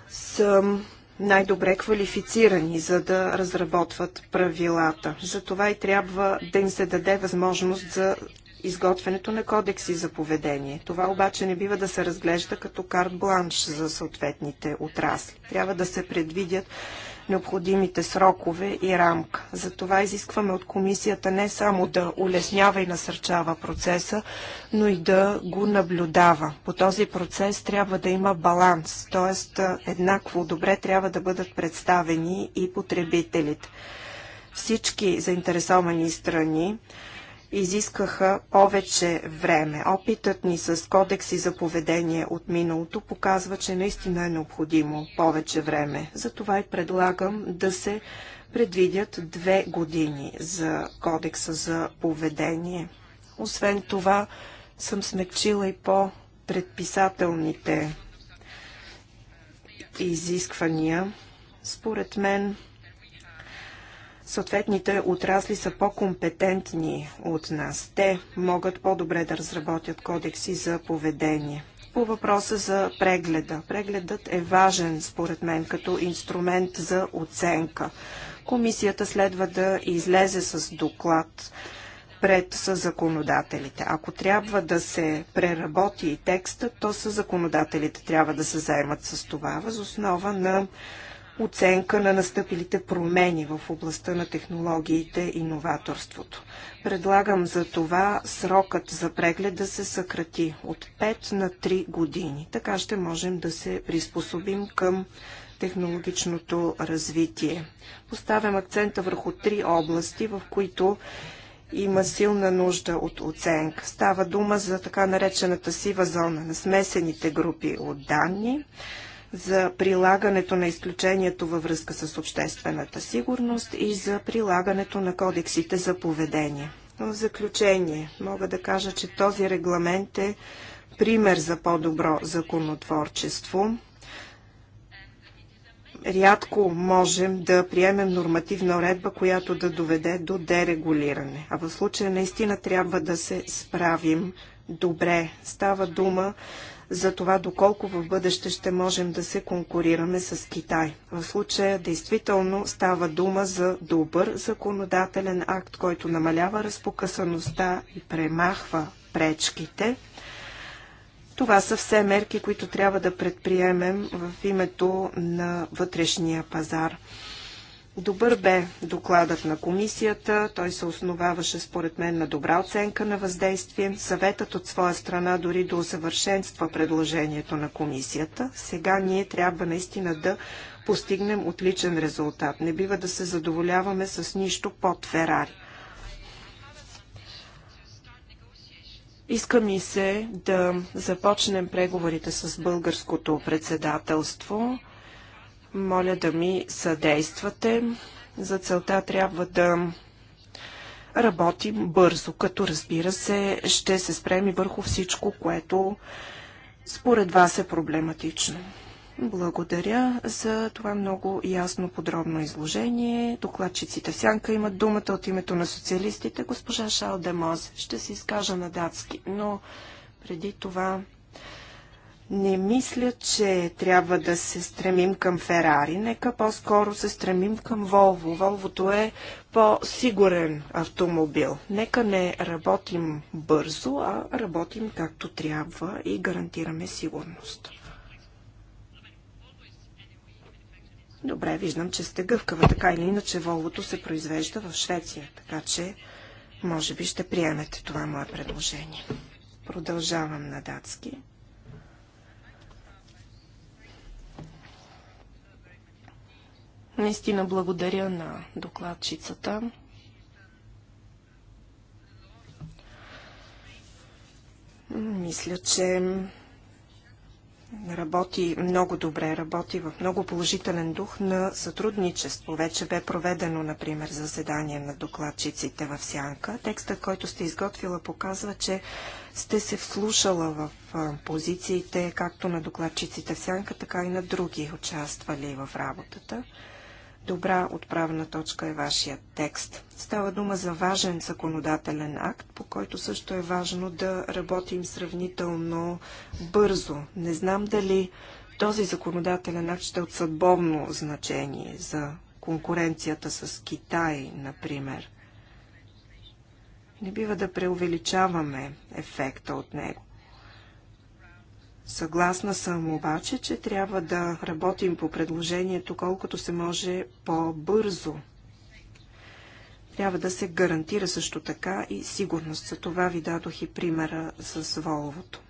са най-добре квалифицирани, за да разработват правилата. Затова и трябва да им се даде възможност за изготвянето на кодекси за поведение. Това обаче не бива да се разглежда като карт-бланш за съответните отрасли. Трябва да се предвидят необходимите срокове и рамка. Затова изискваме от комисията не само да улеснява и насърчава процеса, но и да го наблюдава. По този процес трябва да има баланс, т.е. еднакво добре трябва да бъдат представени и потребителите. Всички заинтересовани страни изискаха повече време. Опитът ни с кодекси за поведение от миналото показва, че наистина е необходимо повече време. Затова и предлагам да се предвидят две години за кодекса за поведение. Освен това, съм смекчила и по предписателните изисквания. Според мен, съответните отрасли са по-компетентни от нас. Те могат по-добре да разработят кодекси за поведение. По въпроса за прегледа. Прегледът е важен, според мен, като инструмент за оценка. Комисията следва да излезе с доклад пред със законодателите. Ако трябва да се преработи текста, то със законодателите трябва да се заемат с това, възоснова на оценка на настъпилите промени в областта на технологиите и новаторството. Предлагам за това срокът за преглед да се съкрати от 5 на 3 години. Така ще можем да се приспособим към технологичното развитие. Поставям акцента върху три области, в които има силна нужда от оценка. Става дума за така наречената сива зона на смесените групи от данни, за прилагането на изключението във връзка с обществената сигурност и за прилагането на кодексите за поведение. В заключение, мога да кажа, че този регламент е пример за по-добро законотворчество. Рядко можем да приемем нормативна уредба, която да доведе до дерегулиране. А в случая наистина трябва да се справим добре. Става дума за това доколко в бъдеще ще можем да се конкурираме с Китай. В случая действително става дума за добър законодателен акт, който намалява разпокъсаността и премахва пречките. Това са все мерки, които трябва да предприемем в името на вътрешния пазар. Добър бе докладът на комисията. Той се основаваше според мен на добра оценка на въздействие. Съветът от своя страна дори до усъвършенства предложението на комисията. Сега ние трябва наистина да постигнем отличен резултат. Не бива да се задоволяваме с нищо под Ферари. Иска ми се да започнем преговорите с българското председателство. Моля да ми съдействате. За целта трябва да работим бързо, като разбира се ще се спреми върху всичко, което според вас е проблематично. Благодаря за това много ясно подробно изложение. Докладчиците сянка имат думата от името на социалистите. Госпожа Шал Демоз ще се изкажа на датски, но преди това не мисля, че трябва да се стремим към Ферари. Нека по-скоро се стремим към Волво. Волвото е по-сигурен автомобил. Нека не работим бързо, а работим както трябва и гарантираме сигурност. Добре, виждам, че сте гъвкава. Така или иначе, Волвото се произвежда в Швеция, така че може би ще приемете това мое предложение. Продължавам на датски. Наистина благодаря на докладчицата. Мисля, че работи много добре, работи в много положителен дух на сътрудничество. Вече бе проведено, например, заседание на докладчиците в Сянка. Текстът, който сте изготвила, показва, че сте се вслушала в позициите както на докладчиците в Сянка, така и на други, участвали в работата. Добра отправна точка е вашия текст. Става дума за важен законодателен акт, по който също е важно да работим сравнително бързо. Не знам дали този законодателен акт ще е от съдбовно значение за конкуренцията с Китай, например. Не бива да преувеличаваме ефекта от него. Съгласна съм обаче, че трябва да работим по предложението колкото се може по-бързо. Трябва да се гарантира също така и сигурност. За това ви дадох и примера с Воловото.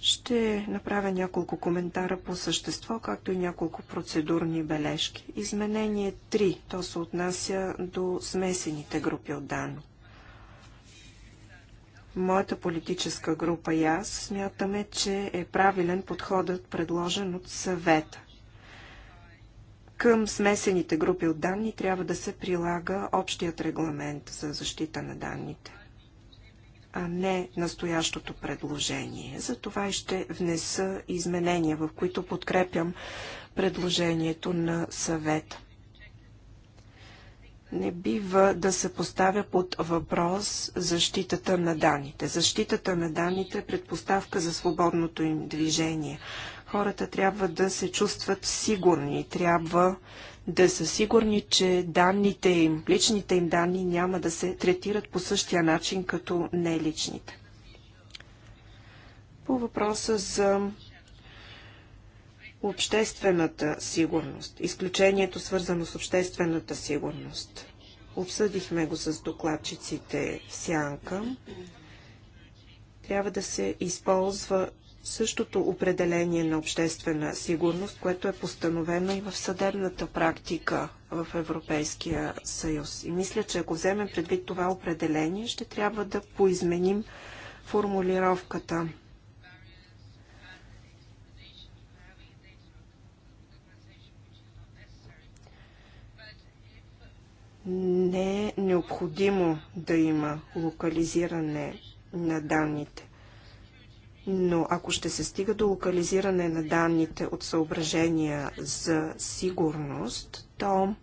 Ще направя няколко коментара по същество, както и няколко процедурни бележки. Изменение 3, то се отнася до смесените групи от данни. Моята политическа група и аз смятаме, че е правилен подходът предложен от съвета. Към смесените групи от данни трябва да се прилага общият регламент за защита на данните, а не настоящото предложение. За това и ще внеса изменения, в които подкрепям предложението на съвета. Не бива да се поставя под въпрос защитата на данните. Защитата на данните е предпоставка за свободното им движение. Хората трябва да се чувстват сигурни, трябва да са сигурни, че данните им, личните им данни няма да се третират по същия начин като неличните. По въпроса за обществената сигурност, изключението свързано с обществената сигурност. Обсъдихме го с докладчиците в Сянка. Трябва да се използва същото определение на обществена сигурност, което е постановено и в съдебната практика в Европейския съюз. И мисля, че ако вземем предвид това определение, ще трябва да поизменим формулировката. не е необходимо да има локализиране на данните. Но ако ще се стига до локализиране на данните от съображения за сигурност, то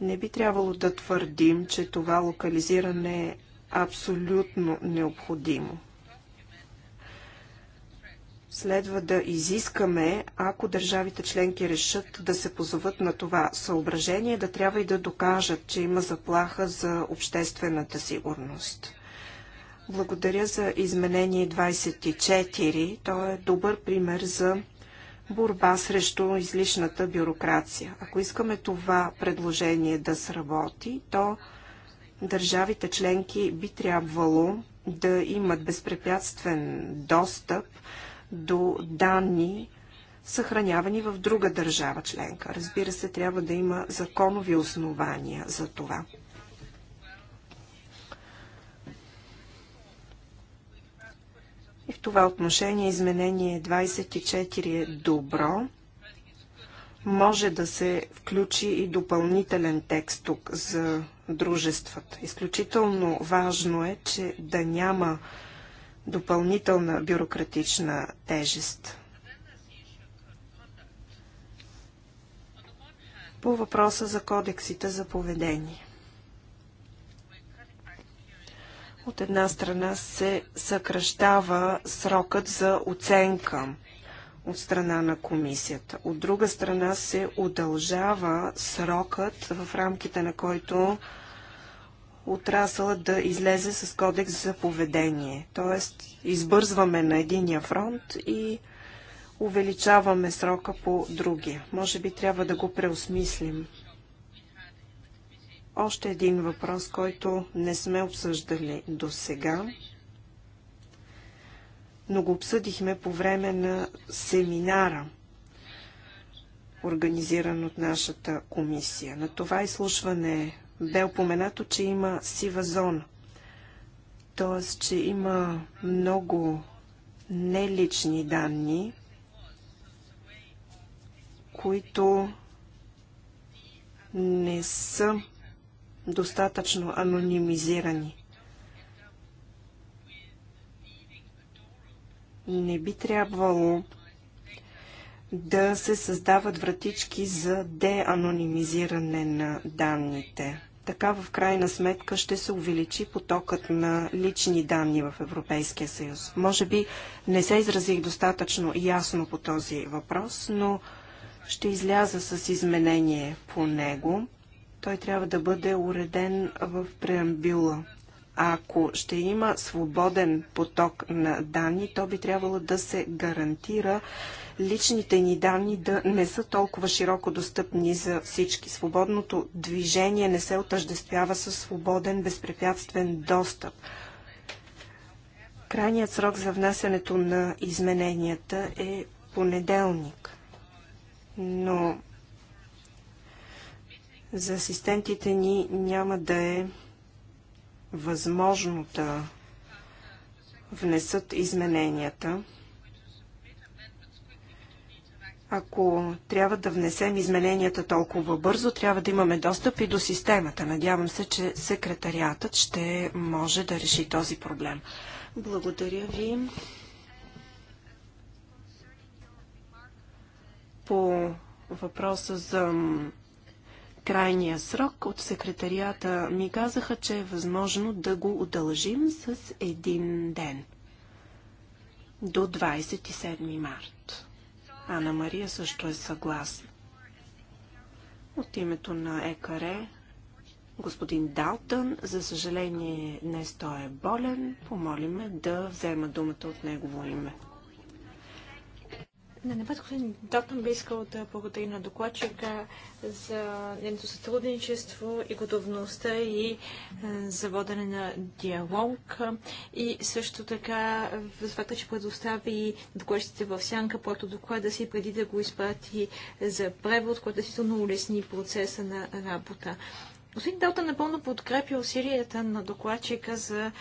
не би трябвало да твърдим, че това локализиране е абсолютно необходимо следва да изискаме, ако държавите членки решат да се позоват на това съображение, да трябва и да докажат, че има заплаха за обществената сигурност. Благодаря за изменение 24. То е добър пример за борба срещу излишната бюрокрация. Ако искаме това предложение да сработи, то държавите членки би трябвало да имат безпрепятствен достъп до данни, съхранявани в друга държава членка. Разбира се, трябва да има законови основания за това. И в това отношение изменение 24 е добро. Може да се включи и допълнителен текст тук за дружествата. Изключително важно е, че да няма допълнителна бюрократична тежест. По въпроса за кодексите за поведение. От една страна се съкръщава срокът за оценка от страна на комисията. От друга страна се удължава срокът, в рамките на който отрасъла да излезе с кодекс за поведение. Тоест, избързваме на единия фронт и увеличаваме срока по другия. Може би трябва да го преосмислим. Още един въпрос, който не сме обсъждали до сега, но го обсъдихме по време на семинара – организиран от нашата комисия. На това изслушване бе упоменато, че има сива зона. Тоест, че има много нелични данни, които не са достатъчно анонимизирани. Не би трябвало да се създават вратички за деанонимизиране на данните. Така в крайна сметка ще се увеличи потокът на лични данни в Европейския съюз. Може би не се изразих достатъчно ясно по този въпрос, но ще изляза с изменение по него. Той трябва да бъде уреден в преамбюла. Ако ще има свободен поток на данни, то би трябвало да се гарантира, личните ни данни да не са толкова широко достъпни за всички. Свободното движение не се отъждествява със свободен, безпрепятствен достъп. Крайният срок за внасянето на измененията е понеделник. Но за асистентите ни няма да е възможно да внесат измененията. Ако трябва да внесем измененията толкова бързо, трябва да имаме достъп и до системата. Надявам се, че секретариатът ще може да реши този проблем. Благодаря ви. По въпроса за крайния срок от секретарията ми казаха, че е възможно да го удължим с един ден до 27 март. Ана Мария също е съгласна. От името на ЕКАРЕ, господин Далтън, за съжаление днес той е болен, помолиме да взема думата от негово име. На напад, господин Дотън, би искал да благодари на докладчика за нейното сътрудничество и готовността и е, за водене на диалог и също така за факта, че предостави докладчиците в сянка проекто доклада си преди да го изпрати за превод, който е действително улесни процеса на работа. Господин далта, напълно подкрепи усилията на докладчика за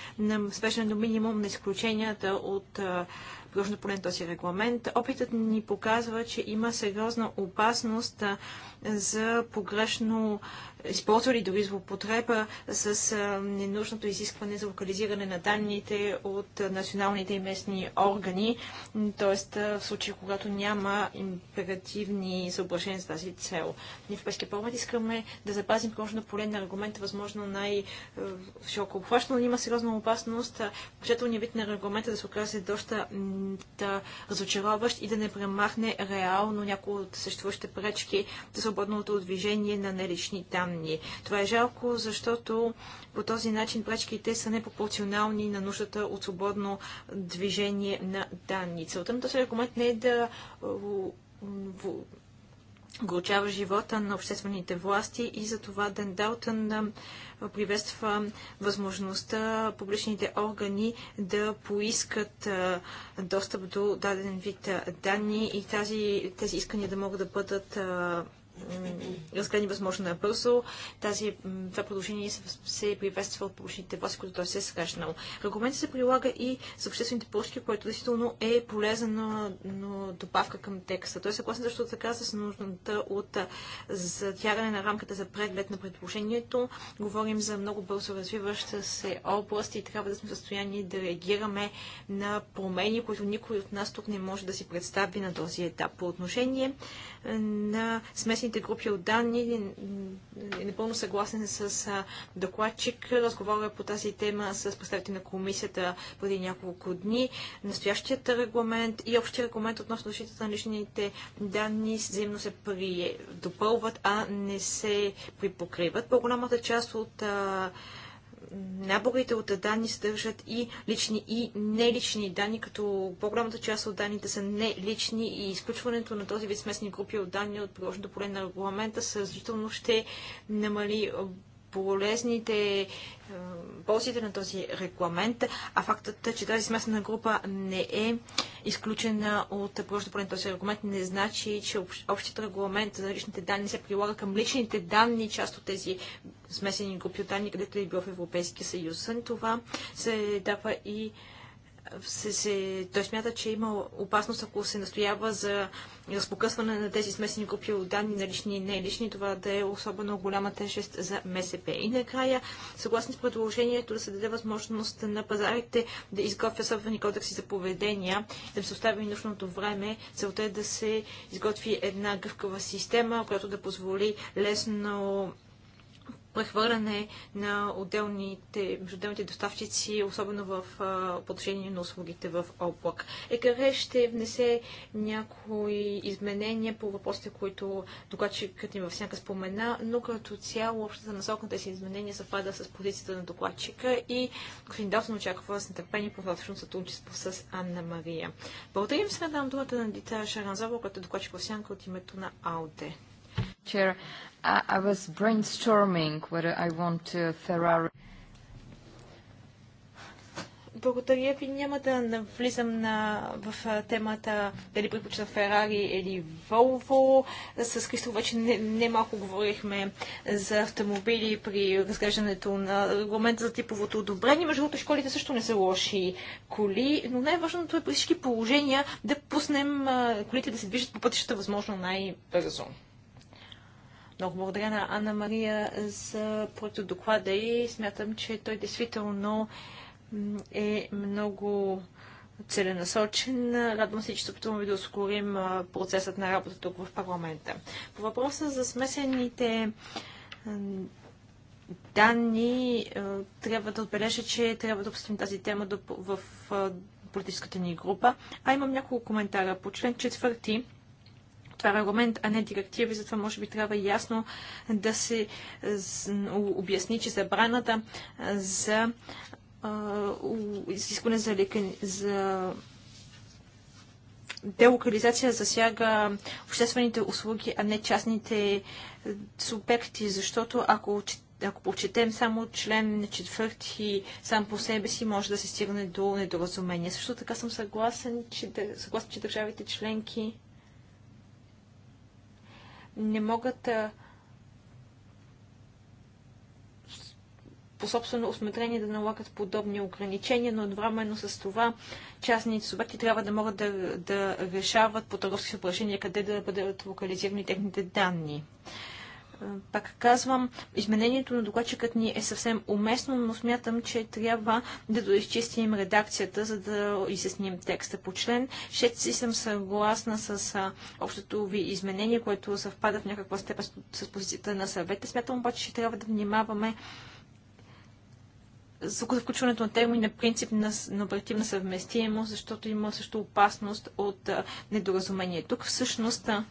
свеждане до минимум на изключенията от е, приложено поле този регламент. Опитът ни показва, че има сериозна опасност за погрешно използвали дори злоупотреба с ненужното изискване за локализиране на данните от националните и местни органи, т.е. в случай, когато няма императивни съображения за тази цел. Ние в Европейския парламент искаме да запазим кожно поле на аргумента, възможно най-широко обхващано, но има сериозна опасност окончателният вид на аргумента да се окаже доста да разочароващ и да не премахне реално някои от съществуващите пречки за свободното движение на налични данни данни. Това е жалко, защото по този начин пречките са непропорционални на нуждата от свободно движение на данни. Целта на този аргумент не е да горчава живота на обществените власти и за това Ден Далтън приветства възможността публичните органи да поискат достъп до даден вид данни и тази, тези искания да могат да бъдат разгледани възможно на бързо Тази, това предложение се, се приветства от публичните власти, които той се е срещнал. Регламентът се прилага и за обществените поръчки, което действително е полезна добавка към текста. Той е съгласен също така с нуждата от затягане на рамката за преглед на предложението. Говорим за много бързо развиваща се област и трябва да сме в състояние да реагираме на промени, които никой от нас тук не може да си представи на този етап. По отношение на смесните групи от данни. Е напълно съгласен с докладчик. Разговаря по тази тема с представители на комисията преди няколко дни. Настоящият регламент и общия регламент относно защитата на личните данни взаимно се при... допълват, а не се припокриват. По-голямата част от а, наборите от данни съдържат и лични и нелични данни, като по-голямата част от данните са нелични и изключването на този вид смесни групи от данни от приложното поле на регламента съзрително ще намали полезните е, ползите на този регламент, а фактът, че тази смесена група не е изключена от прожда по този регламент, не значи, че общият регламент за личните данни се прилага към личните данни, част от тези смесени групи от данни, където е бил в Европейския съюз. това се дава и се, се, той смята, че има опасност, ако се настоява за разпокъсване на тези смесени групи от данни на лични и нелични, това да е особено голяма тежест за МСП. И накрая, съгласно с предложението да се даде възможност на пазарите да изготвят собствени кодекси за поведения, да се остави нужното време, целта е да се изготви една гъвкава система, която да позволи лесно прехвърляне на отделните, отделните доставчици, особено в отношение на услугите в облак. ЕКР ще внесе някои изменения по въпросите, които докладчикът им в всяка спомена, но като цяло общата насоката си изменения съвпада с позицията на докладчика и господин Далсон очаква с нетърпение по сътрудничество с Анна Мария. Благодарим се, дам думата на Дита Шаранзова, като е докладчик в сянка от името на АОТЕ. Chair, I was brainstorming whether I want to Ferrari. Благодаря ви. Няма да навлизам на, в темата дали предпочита Ферари или Волво. С Кристо вече не, не малко говорихме за автомобили при разглеждането на регламента за типовото одобрение. Между другото, школите също не са лоши коли, но най-важното е при всички положения да пуснем колите да се движат по пътищата възможно най-бързо. Много благодаря на Анна Мария за проекто доклада и смятам, че той действително е много целенасочен. Радвам се, че се опитваме да ускорим процесът на работа тук в парламента. По въпроса за смесените данни, трябва да отбележа, че трябва да обсъдим тази тема в политическата ни група. А имам няколко коментара. По член четвърти това е регламент, а не директива и затова може би трябва ясно да се обясни, че забраната за изискване за, за делокализация засяга обществените услуги, а не частните субекти, защото ако ако прочетем само член на четвърти сам по себе си, може да се стигне до недоразумение. Също така съм съгласен, че, съгласен, че държавите членки не могат по собствено осмотрение да налагат подобни ограничения, но едновременно с това частните субекти трябва да могат да, да решават по търговски съображения къде да бъдат локализирани техните данни пак казвам, изменението на докладчикът ни е съвсем уместно, но смятам, че трябва да доизчистим редакцията, за да изясним текста по член. Ще си съм съгласна с общото ви изменение, което съвпада в някаква степен с, позицията на съвета. Смятам обаче, че трябва да внимаваме за включването на на принцип на, на оперативна съвместимост, защото има също опасност от а, недоразумение. Тук всъщност а,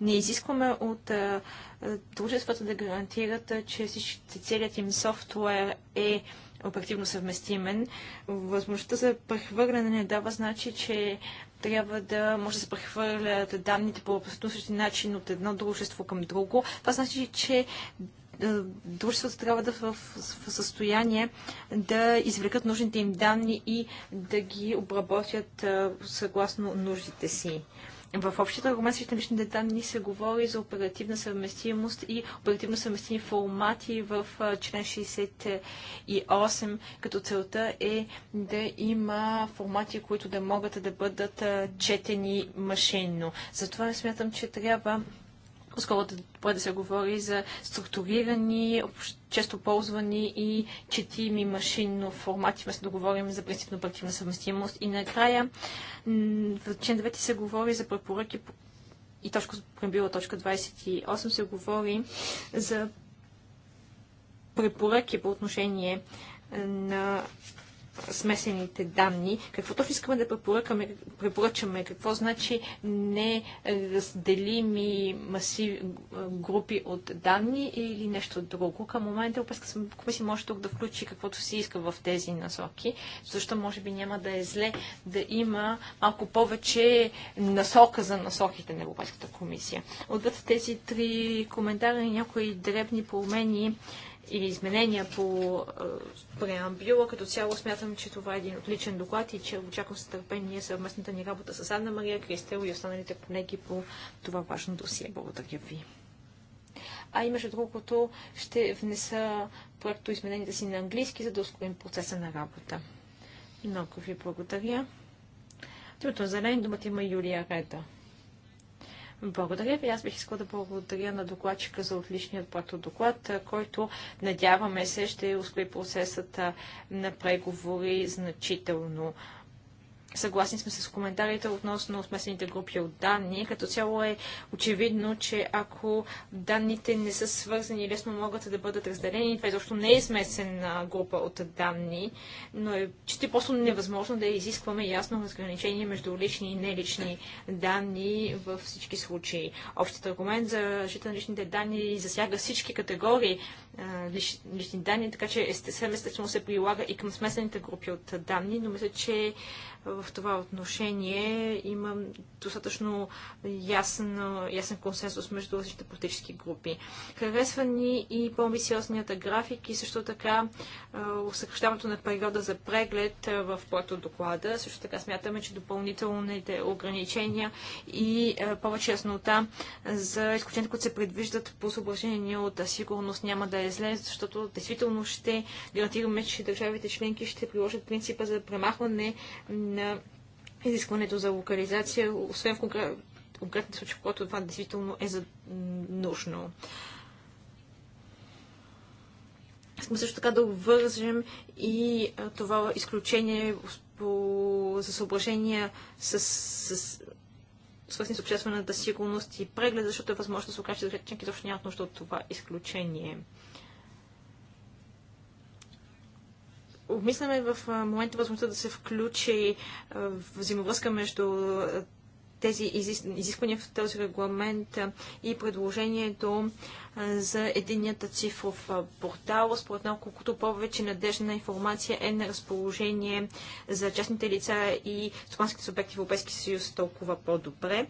не изискваме от дружествата да гарантират, че целият им софтуер е оперативно съвместимен. Възможността за прехвърляне не дава значи, че трябва да може да се прехвърлят данните по абсолютно същи начин от едно дружество към друго. Това значи, че дружеството трябва да в, в състояние да извлекат нужните им данни и да ги обработят съгласно нуждите си. В общите аргументи на личните данни се говори за оперативна съвместимост и оперативно съвместими формати в член 68, като целта е да има формати, които да могат да бъдат четени машинно. Затова смятам, че трябва по-скоро да, да се говори за структурирани, често ползвани и четими машинно формати, вместо да говорим за принципно оперативна съвместимост. И накрая в член 9 се говори за препоръки и точка, прибила точка 28 се говори за препоръки по отношение на смесените данни, какво точно искаме да препоръчаме, какво значи неразделими масив, групи от данни или нещо друго. Към момента Европейска комисия може тук да включи каквото си иска в тези насоки, защото може би няма да е зле да има малко повече насока за насоките на Европейската комисия. Отвъд тези три коментара и някои дребни промени или изменения по е, преамбюла. Като цяло смятам, че това е един отличен доклад и че очаквам с търпение съвместната ни работа с Анна Мария Кристел и останалите колеги по това важно досие. Благодаря ви. А и между другото ще внеса проекто измененията си на английски, за да ускорим процеса на работа. Много ви благодаря. От името на думата има Юлия Реда. Благодаря ви. Аз бих искала да благодаря на докладчика за отличният проект доклад, който надяваме се ще ускори процесът на преговори значително. Съгласни сме с коментарите относно смесените групи от данни. Като цяло е очевидно, че ако данните не са свързани, лесно могат да бъдат разделени. Това изобщо не е смесена група от данни, но е чисто просто невъзможно да изискваме ясно разграничение между лични и нелични данни във всички случаи. Общият аргумент за защита на личните данни засяга всички категории лични данни, така че естествено се прилага и към смесените групи от данни, но мисля, че в това отношение има достатъчно ясен, ясен консенсус между различните политически групи. Харесва ни и по-амбициозният график и също така съкръщаването на периода за преглед в проекто доклада. Също така смятаме, че допълнителните ограничения и повече яснота за изключението, които се предвиждат по съображение от сигурност няма да е зле, защото действително ще гарантираме, че държавите членки ще приложат принципа за премахване на изискването за локализация, освен в конкретен случай, когато това действително е за... нужно. Искам също така да обвържем и това изключение по... за съображения с, с свързани с обществената сигурност и преглед, защото е възможно да се окаже, че членки точно нямат нужда от това изключение. обмисляме в момента възможността да се включи взаимовръзка между тези изисквания в този регламент и предложението за единият цифров портал. Според нас, колкото повече надежна информация е на разположение за частните лица и стопанските субекти в Европейския съюз, толкова по-добре.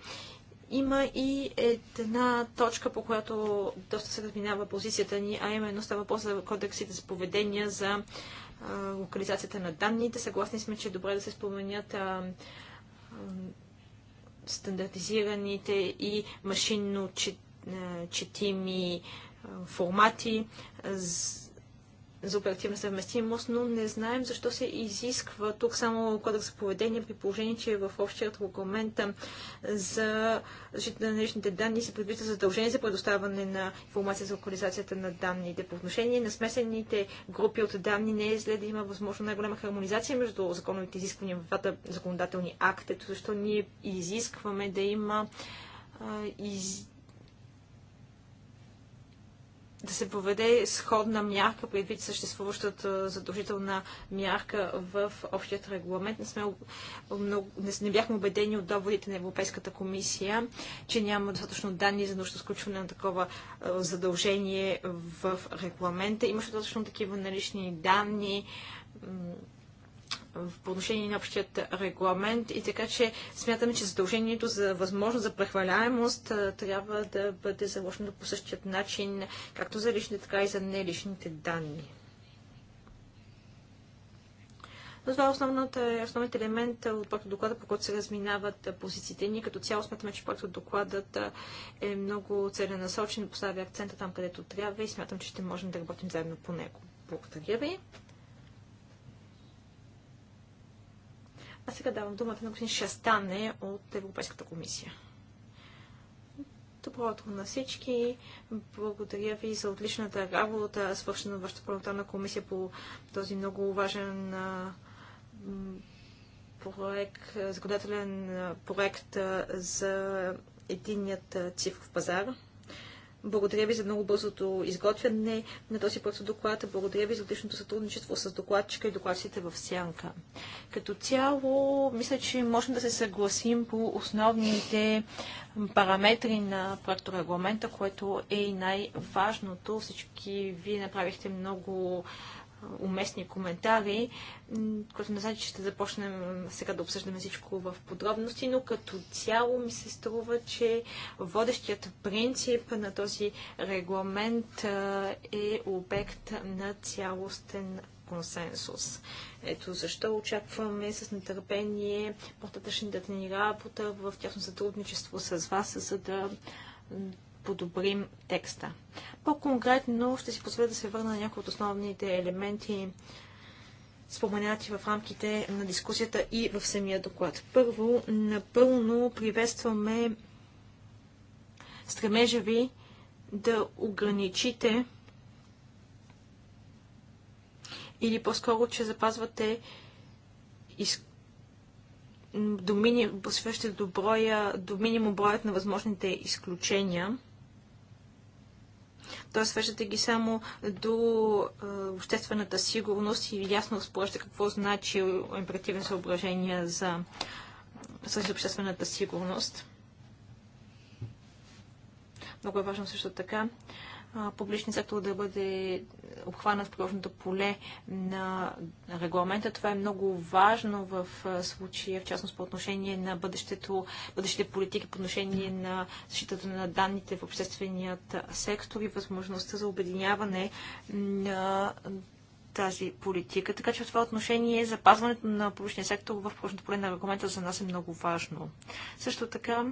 Има и една точка, по която доста се разминава позицията ни, а именно става въпрос за кодексите за поведение за локализацията на данните. Съгласни сме, че е добре да се споменят а, стандартизираните и машинно четими формати. А, за оперативна съвместимост, но не знаем защо се изисква тук само кодекс за поведение при положение, че в общият регламент за защита на личните данни се предвижда задължение за предоставане на информация за локализацията на данните. По отношение на смесените групи от данни не е зле да има възможно най-голяма хармонизация между законовите изисквания в двата законодателни акта, защото защо ние изискваме да има из да се поведе сходна мярка, предвид съществуващата задължителна мярка в общият регламент. Не, сме, много, не, не бяхме убедени от доводите на Европейската комисия, че няма достатъчно данни за нужда сключване на такова задължение в регламента. Имаше достатъчно такива налични данни по отношение на общият регламент и така, че смятаме, че задължението за възможност за прехваляемост трябва да бъде заложено по същият начин, както за личните, така и за неличните данни. Но това е основният елемент от проекта доклада, по който се разминават позициите. Ние като цяло смятаме, че проектът докладът е много целенасочен, поставя акцента там, където трябва и смятам, че ще можем да работим заедно по него. Благодаря ви. А сега давам думата на господин Шастане от Европейската комисия. Добро утро на всички. Благодаря ви за отличната работа, свършена вашата парламентарна комисия по този много важен проект, законодателен проект за единният цифров пазар. Благодаря ви за много бързото изготвяне на този път доклад. Благодаря ви за отличното сътрудничество с докладчика и докладците в Сянка. Като цяло, мисля, че можем да се съгласим по основните параметри на проекторегламента, което е и най-важното. Всички вие направихте много уместни коментари, което не значи, че ще започнем сега да обсъждаме всичко в подробности, но като цяло ми се струва, че водещият принцип на този регламент е обект на цялостен консенсус. Ето защо очакваме с нетърпение по-татъчната ни работа в тясно сътрудничество с вас, за да подобрим текста. По-конкретно ще си позволя да се върна на някои от основните елементи, споменати в рамките на дискусията и в самия доклад. Първо, напълно приветстваме стремежа ви да ограничите или по-скоро, че запазвате из... до, мини... до броя, до минимум броят на възможните изключения. Той свеждате ги само до обществената сигурност и ясно разположите какво значи императивни съображения за, за обществената сигурност. Много е важно също така публичният сектор да бъде обхванат в приложното поле на регламента. Това е много важно в случая, в частност по отношение на бъдещето, бъдещите политики, по отношение на защитата на данните в общественият сектор и възможността за обединяване на тази политика. Така че в това отношение запазването на публичния сектор в прочното поле на регламента за нас е много важно. Също така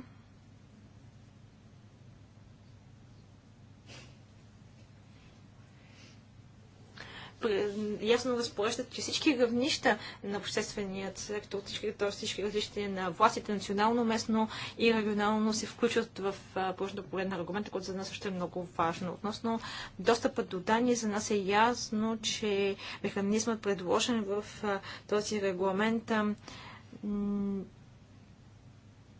ясно разпоръщат, че всички равнища на общественият сектор, всички, т.е. всички различия на властите, национално, местно и регионално се включват в прочно поле на аргумента, който за нас също е много важно. Относно достъпа до данни, за нас е ясно, че механизмът предложен в този регламент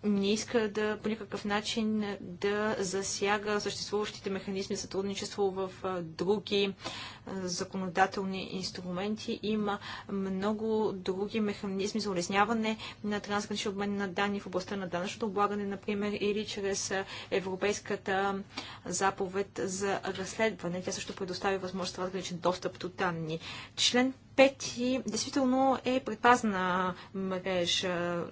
не иска да по никакъв начин да засяга съществуващите механизми за сътрудничество в други законодателни инструменти. Има много други механизми за улесняване на трансграничен обмен на данни в областта на данъчното облагане, например, или чрез Европейската заповед за разследване. Тя също предоставя възможност за разграничен достъп до данни. Член пети действително е предпазна мрежа,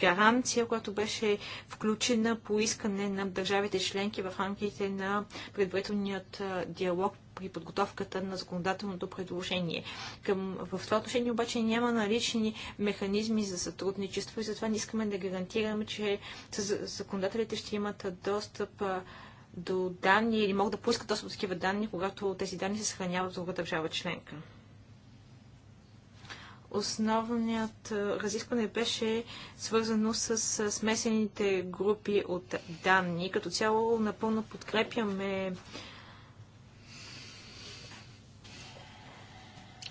гаранция, която беше включена по искане на държавите членки в рамките на предварителният диалог при подготовката на законодателното предложение. Към, в това отношение обаче няма налични механизми за сътрудничество и затова не искаме да гарантираме, че законодателите ще имат достъп до данни или могат да поискат достъп до такива данни, когато тези данни се съхраняват в друга държава членка. Основният разискване беше свързано с смесените групи от данни. Като цяло напълно подкрепяме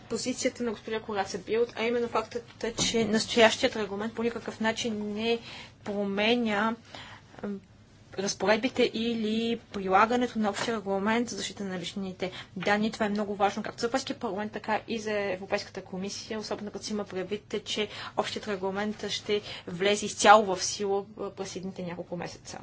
позицията на господин Кораца Билд, а именно фактът, че настоящият регламент по никакъв начин не променя разпоредбите или прилагането на общия регламент за защита на личните данни. Това е много важно както за Европейския парламент, така и за Европейската комисия, особено като си има предвид, че общият регламент ще влезе изцяло в сила през следните няколко месеца.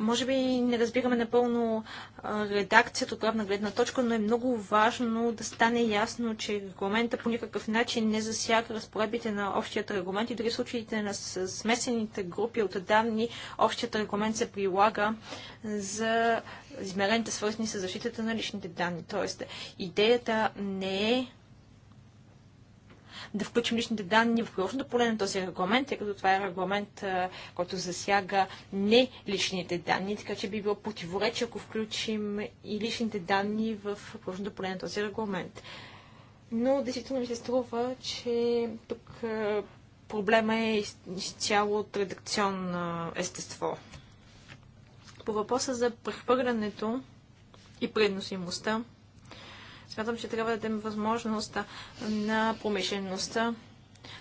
Може би не разбираме напълно редакцията от главна гледна точка, но е много важно да стане ясно, че регламента по никакъв начин не засяга разпоредбите на общият регламент и дори случаите на смесените групи от данни, общият регламент се прилага за измерените свързани с защитата на личните данни. Тоест, идеята не е да включим личните данни в приложното поле на този регламент, тъй като това е регламент, който засяга не личните данни, така че би било противоречие, ако включим и личните данни в приложното поле на този регламент. Но действително ми се струва, че тук проблема е изцяло от редакционно естество. По въпроса за прехвърлянето и преносимостта, Смятам, че трябва да дадем възможност на промишлеността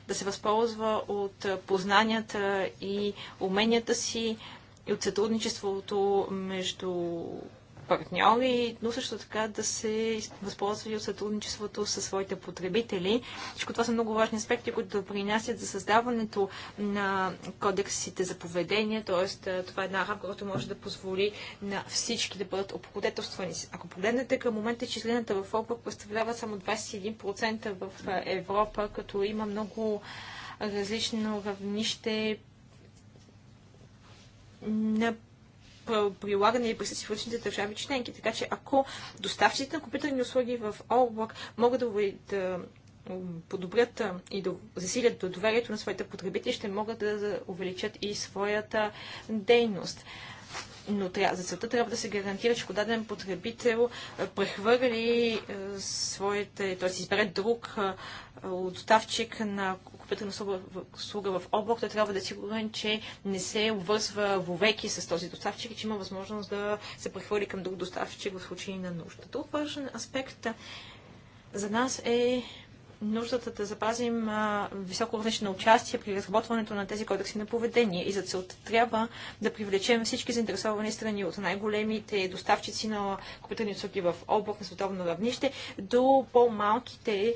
да се възползва от познанията и уменията си и от сътрудничеството между партньори, но също така да се възползва и от сътрудничеството със своите потребители. Всичко това са много важни аспекти, които принасят за създаването на кодексите за поведение, т.е. това е една рамка, която може да позволи на всички да бъдат обходетелствани. Ако погледнете към момента, числената в ОПА представлява само 21% в е, Европа, като има много различно равнище на прилагане и присъствие в различните държави членки. Така че ако доставчиците на компютърни услуги в облак могат да, да подобрят и да засилят доверието на своите потребители, ще могат да увеличат и своята дейност. Но трябва, за целта трябва да се гарантира, че кодаден даден потребител прехвърли своите, т.е. избере друг доставчик на компютърна услуга в облак, той трябва да е сигурен, че не се обвързва вовеки с този доставчик и че има възможност да се прехвърли към друг доставчик в случай на нужда. Друг важен аспект за нас е нуждата да запазим а, високо равнище на участие при разработването на тези кодекси на поведение. И за целта трябва да привлечем всички заинтересовани страни от най-големите доставчици на компютърни услуги в облак на световно равнище до по-малките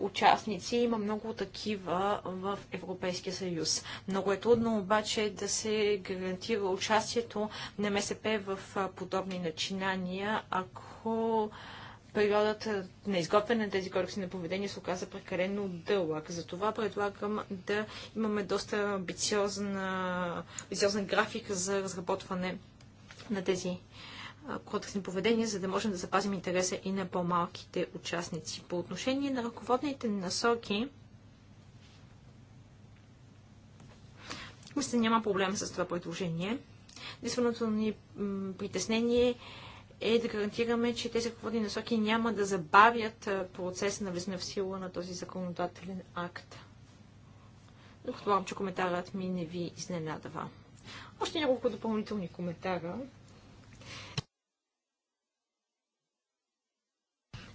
участници. Има много такива в Европейския съюз. Много е трудно обаче да се гарантира участието на МСП в а, подобни начинания, ако периодът на изготвяне на тези кодекси на поведение се оказа прекалено дълъг. Затова предлагам да имаме доста амбициозен график графика за разработване на тези кодексни поведения, за да можем да запазим интереса и на по-малките участници. По отношение на ръководните насоки, мисля, няма проблем с това предложение. Единственото ни притеснение е е да гарантираме, че тези ръководни насоки няма да забавят процеса на влизане в сила на този законодателен акт. Предполагам, че коментарът ми не ви изненадава. Още няколко допълнителни коментара.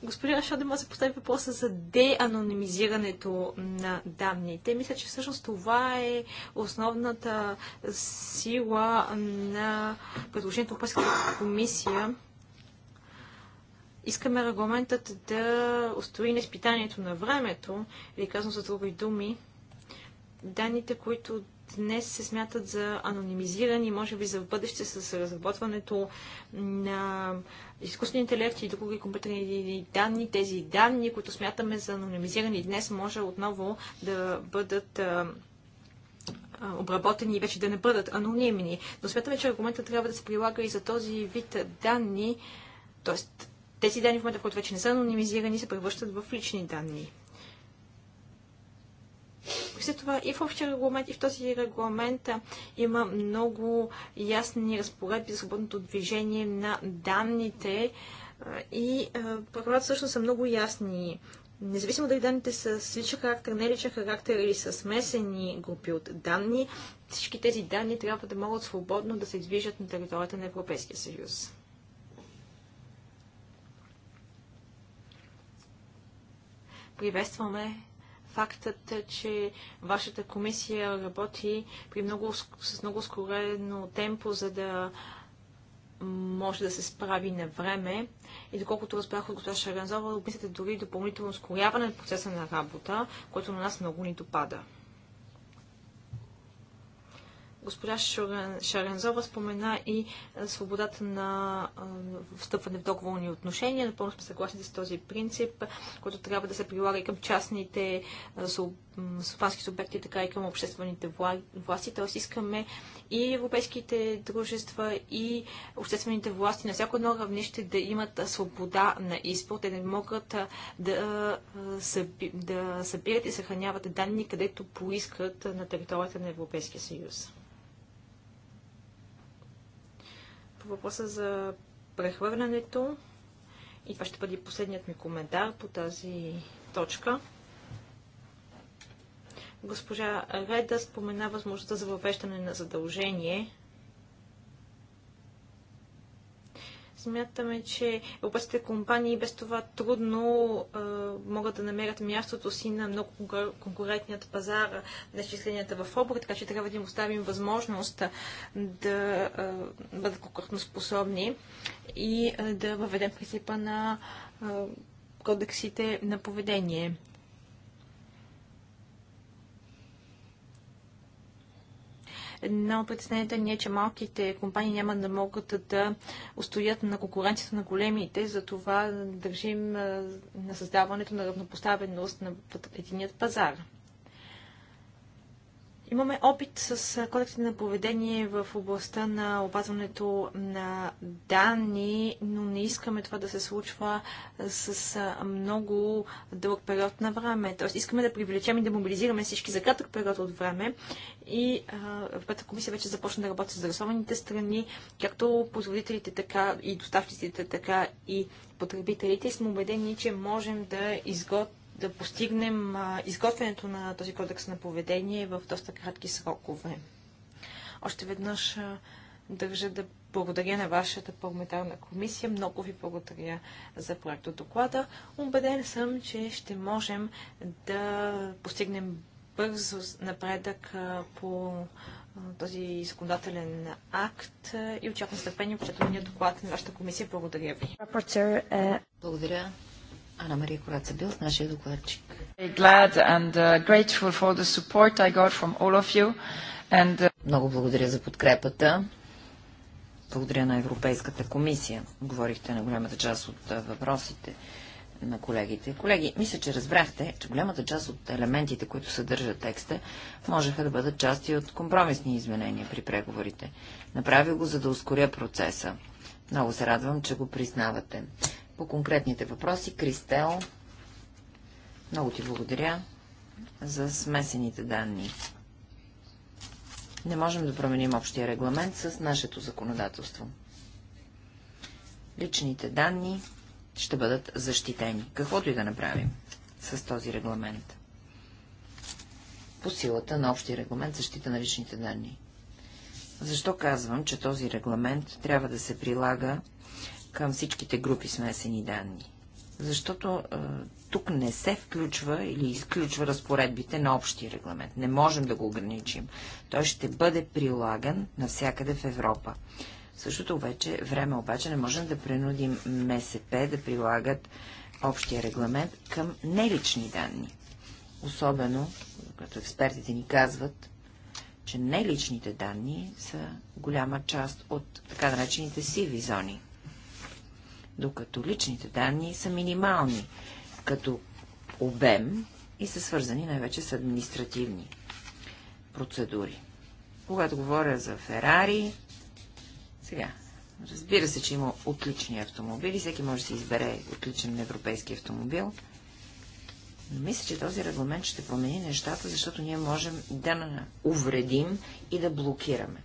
Господин Шадема се постави въпроса за деанонимизирането на данните. Мисля, че всъщност това е основната сила на предложението на Европейската комисия Искаме регламентът да устои на изпитанието на времето, или казвам с други думи, данните, които днес се смятат за анонимизирани, може би за в бъдеще с разработването на изкуствен интелект и други компютърни данни, тези данни, които смятаме за анонимизирани днес, може отново да бъдат обработени и вече да не бъдат анонимни. Но смятаме, че аргументът трябва да се прилага и за този вид данни, т.е. Тези данни в момента, в които вече не са анонимизирани, се превръщат в лични данни. След това и в общия регламент, и в този регламент има много ясни разпоредби за свободното движение на данните и правилата всъщност са много ясни. Независимо дали данните са с личен характер, не личен характер или са смесени групи от данни, всички тези данни трябва да могат свободно да се движат на територията на Европейския съюз. приветстваме фактът, че вашата комисия работи при много, с много скорено темпо, за да може да се справи на време. И доколкото разбрах от госпожа Шаранзова, обмисляте дори допълнително ускоряване на процеса на работа, което на нас много ни допада. Госпожа Шарензова спомена и е, свободата на е, встъпване в договорни отношения. Напълно сме съгласни с този принцип, който трябва да се прилага и към частните е, стопански субекти, така и към обществените власти. Тоест искаме и европейските дружества, и обществените власти на всяко едно равнище да имат свобода на избор. Те не могат да, да събират и съхраняват данни, където поискат на територията на Европейския съюз. въпроса за прехвърлянето. И това ще бъде последният ми коментар по тази точка. Госпожа Реда спомена възможността за въвеждане на задължение Смятаме, че европейските компании без това трудно а, могат да намерят мястото си на много конкурентният пазар на изчисленията в облак, така че трябва да им оставим възможност да а, бъдат конкурентоспособни и а, да въведем принципа на а, кодексите на поведение. но притеснението ни е, че малките компании няма да могат да устоят на конкуренцията на големите, затова държим на създаването на равнопоставеност на единият пазар. Имаме опит с кодексите на поведение в областта на опазването на данни, но не искаме това да се случва с много дълъг период на време. Тоест искаме да привлечем и да мобилизираме всички за кратък период от време. И Европейската комисия вече започна да работи с заинтересованите страни, както производителите, така и доставчиците, така и потребителите. И сме убедени, че можем да изготвим да постигнем изготвянето на този кодекс на поведение в доста кратки срокове. Още веднъж държа да благодаря на вашата парламентарна комисия. Много ви благодаря за проекта доклада. Убеден съм, че ще можем да постигнем бързо напредък по този законодателен акт и очаквам стъпение в доклад на вашата комисия. Благодаря ви. Е, благодаря. Анна Мария Кораца Бил, нашия докладчик. Много благодаря за подкрепата. Благодаря на Европейската комисия. Говорихте на голямата част от uh, въпросите на колегите. Колеги, мисля, че разбрахте, че голямата част от елементите, които съдържат текста, можеха да бъдат части от компромисни изменения при преговорите. Направя го, за да ускоря процеса. Много се радвам, че го признавате по конкретните въпроси. Кристел, много ти благодаря за смесените данни. Не можем да променим общия регламент с нашето законодателство. Личните данни ще бъдат защитени, каквото и да направим с този регламент. По силата на общия регламент защита на личните данни. Защо казвам, че този регламент трябва да се прилага към всичките групи смесени данни. Защото е, тук не се включва или изключва разпоредбите на общия регламент. Не можем да го ограничим. Той ще бъде прилаган навсякъде в Европа. В същото вече, време обаче не можем да принудим МСП да прилагат общия регламент към нелични данни. Особено, като експертите ни казват, че неличните данни са голяма част от така наречените сиви зони докато личните данни са минимални като обем и са свързани най-вече с административни процедури. Когато говоря за Ферари, сега, разбира се, че има отлични автомобили, всеки може да си избере отличен европейски автомобил, но мисля, че този регламент ще промени нещата, защото ние можем да увредим и да блокираме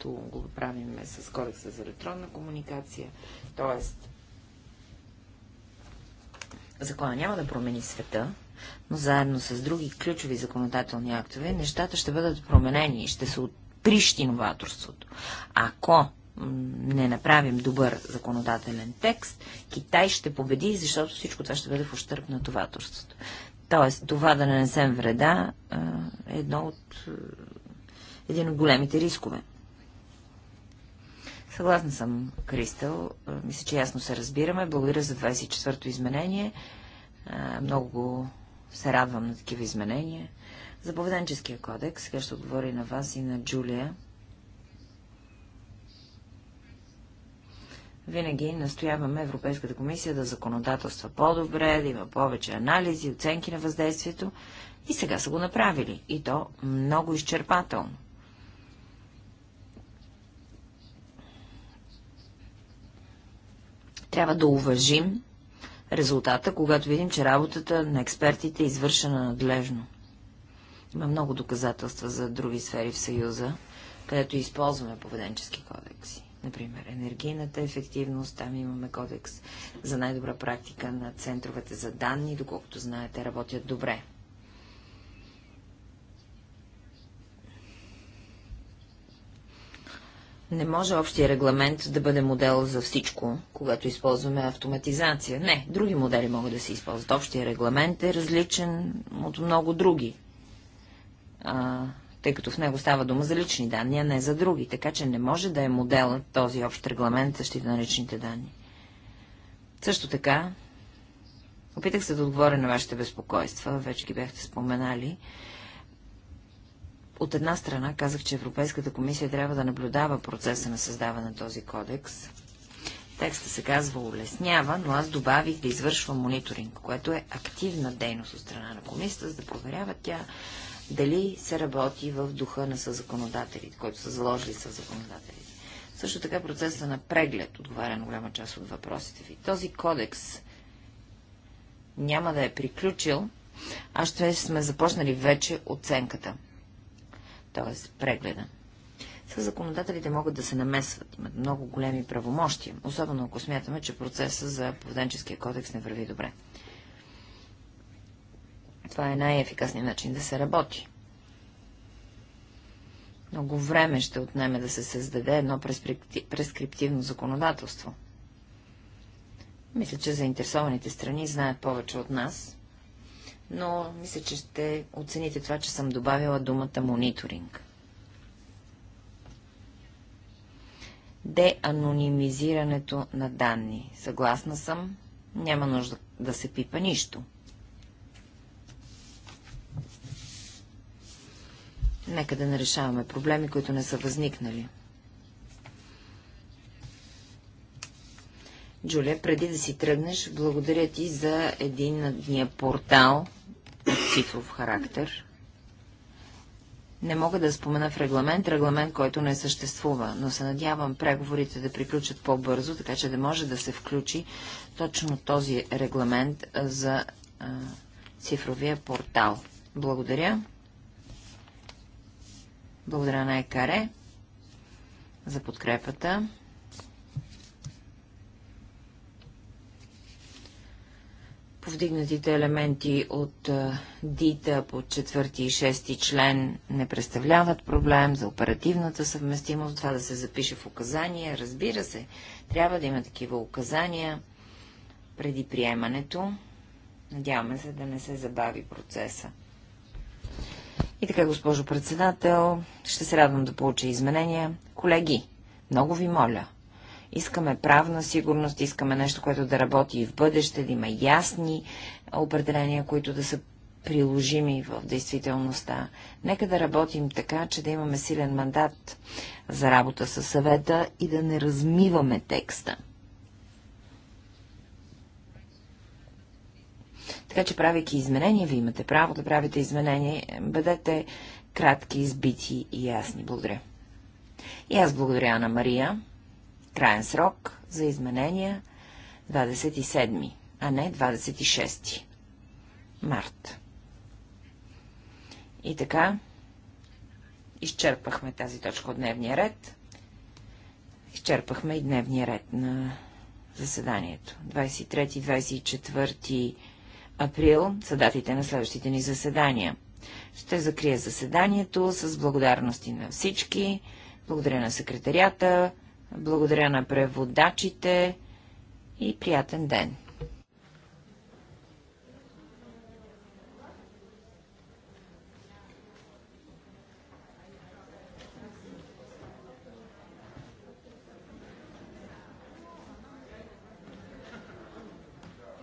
както го правим с кодекса за електронна комуникация, т.е. закона няма да промени света, но заедно с други ключови законодателни актове, нещата ще бъдат променени и ще се отприщи новаторството. Ако не направим добър законодателен текст, Китай ще победи, защото всичко това ще бъде в ущърп на новаторството. Тоест, това да нанесем вреда е едно от, е, един от големите рискове. Съгласна съм, Кристал. Е, мисля, че ясно се разбираме. Благодаря за 24-то изменение. Е, много се радвам на такива изменения. За поведенческия кодекс, сега ще отговори на вас и на Джулия. Винаги настояваме Европейската комисия да законодателства по-добре, да има повече анализи, оценки на въздействието. И сега са го направили. И то много изчерпателно. Трябва да уважим резултата, когато видим, че работата на експертите е извършена надлежно. Има много доказателства за други сфери в Съюза, където използваме поведенчески кодекси. Например, енергийната ефективност, там имаме кодекс за най-добра практика на центровете за данни, доколкото знаете, работят добре. Не може общия регламент да бъде модел за всичко, когато използваме автоматизация. Не, други модели могат да се използват. Общия регламент е различен от много други, а, тъй като в него става дума за лични данни, а не за други. Така че не може да е моделът този общ регламент защита на личните данни. Също така, опитах се да отговоря на вашите безпокойства, вече ги бяхте споменали, от една страна казах, че Европейската комисия трябва да наблюдава процеса на създаване на този кодекс. Текста се казва улеснява, но аз добавих да извършва мониторинг, което е активна дейност от страна на комисията, за да проверява тя дали се работи в духа на съзаконодателите, които са заложили съзаконодателите. Също така процеса на преглед отговаря на голяма част от въпросите ви. Този кодекс няма да е приключил, а ще сме започнали вече оценката т.е. прегледа. Със законодателите могат да се намесват, имат много големи правомощия, особено ако смятаме, че процеса за поведенческия кодекс не върви добре. Това е най-ефикасният начин да се работи. Много време ще отнеме да се създаде едно прескриптивно законодателство. Мисля, че заинтересованите страни знаят повече от нас но мисля, че ще оцените това, че съм добавила думата мониторинг. Деанонимизирането на данни. Съгласна съм, няма нужда да се пипа нищо. Нека да не решаваме проблеми, които не са възникнали. Джулия, преди да си тръгнеш, благодаря ти за един дния портал, от цифров характер. Не мога да спомена в регламент, регламент, който не съществува, но се надявам преговорите да приключат по-бързо, така че да може да се включи точно този регламент за а, цифровия портал. Благодаря. Благодаря на Екаре за подкрепата. повдигнатите елементи от ДИТА по четвърти и шести член не представляват проблем за оперативната съвместимост, това да се запише в указания. Разбира се, трябва да има такива указания преди приемането. Надяваме се да не се забави процеса. И така, госпожо председател, ще се радвам да получа изменения. Колеги, много ви моля, Искаме правна сигурност, искаме нещо, което да работи и в бъдеще, да има ясни определения, които да са приложими в действителността. Нека да работим така, че да имаме силен мандат за работа със съвета и да не размиваме текста. Така че, правейки изменения, вие имате право да правите изменения, бъдете кратки, избити и ясни. Благодаря. И аз благодаря на Мария. Краен срок за изменения 27, а не 26 март. И така, изчерпахме тази точка от дневния ред. Изчерпахме и дневния ред на заседанието. 23-24 април са датите на следващите ни заседания. Ще закрия заседанието с благодарности на всички. Благодаря на секретарията, благодаря на преводачите и приятен ден!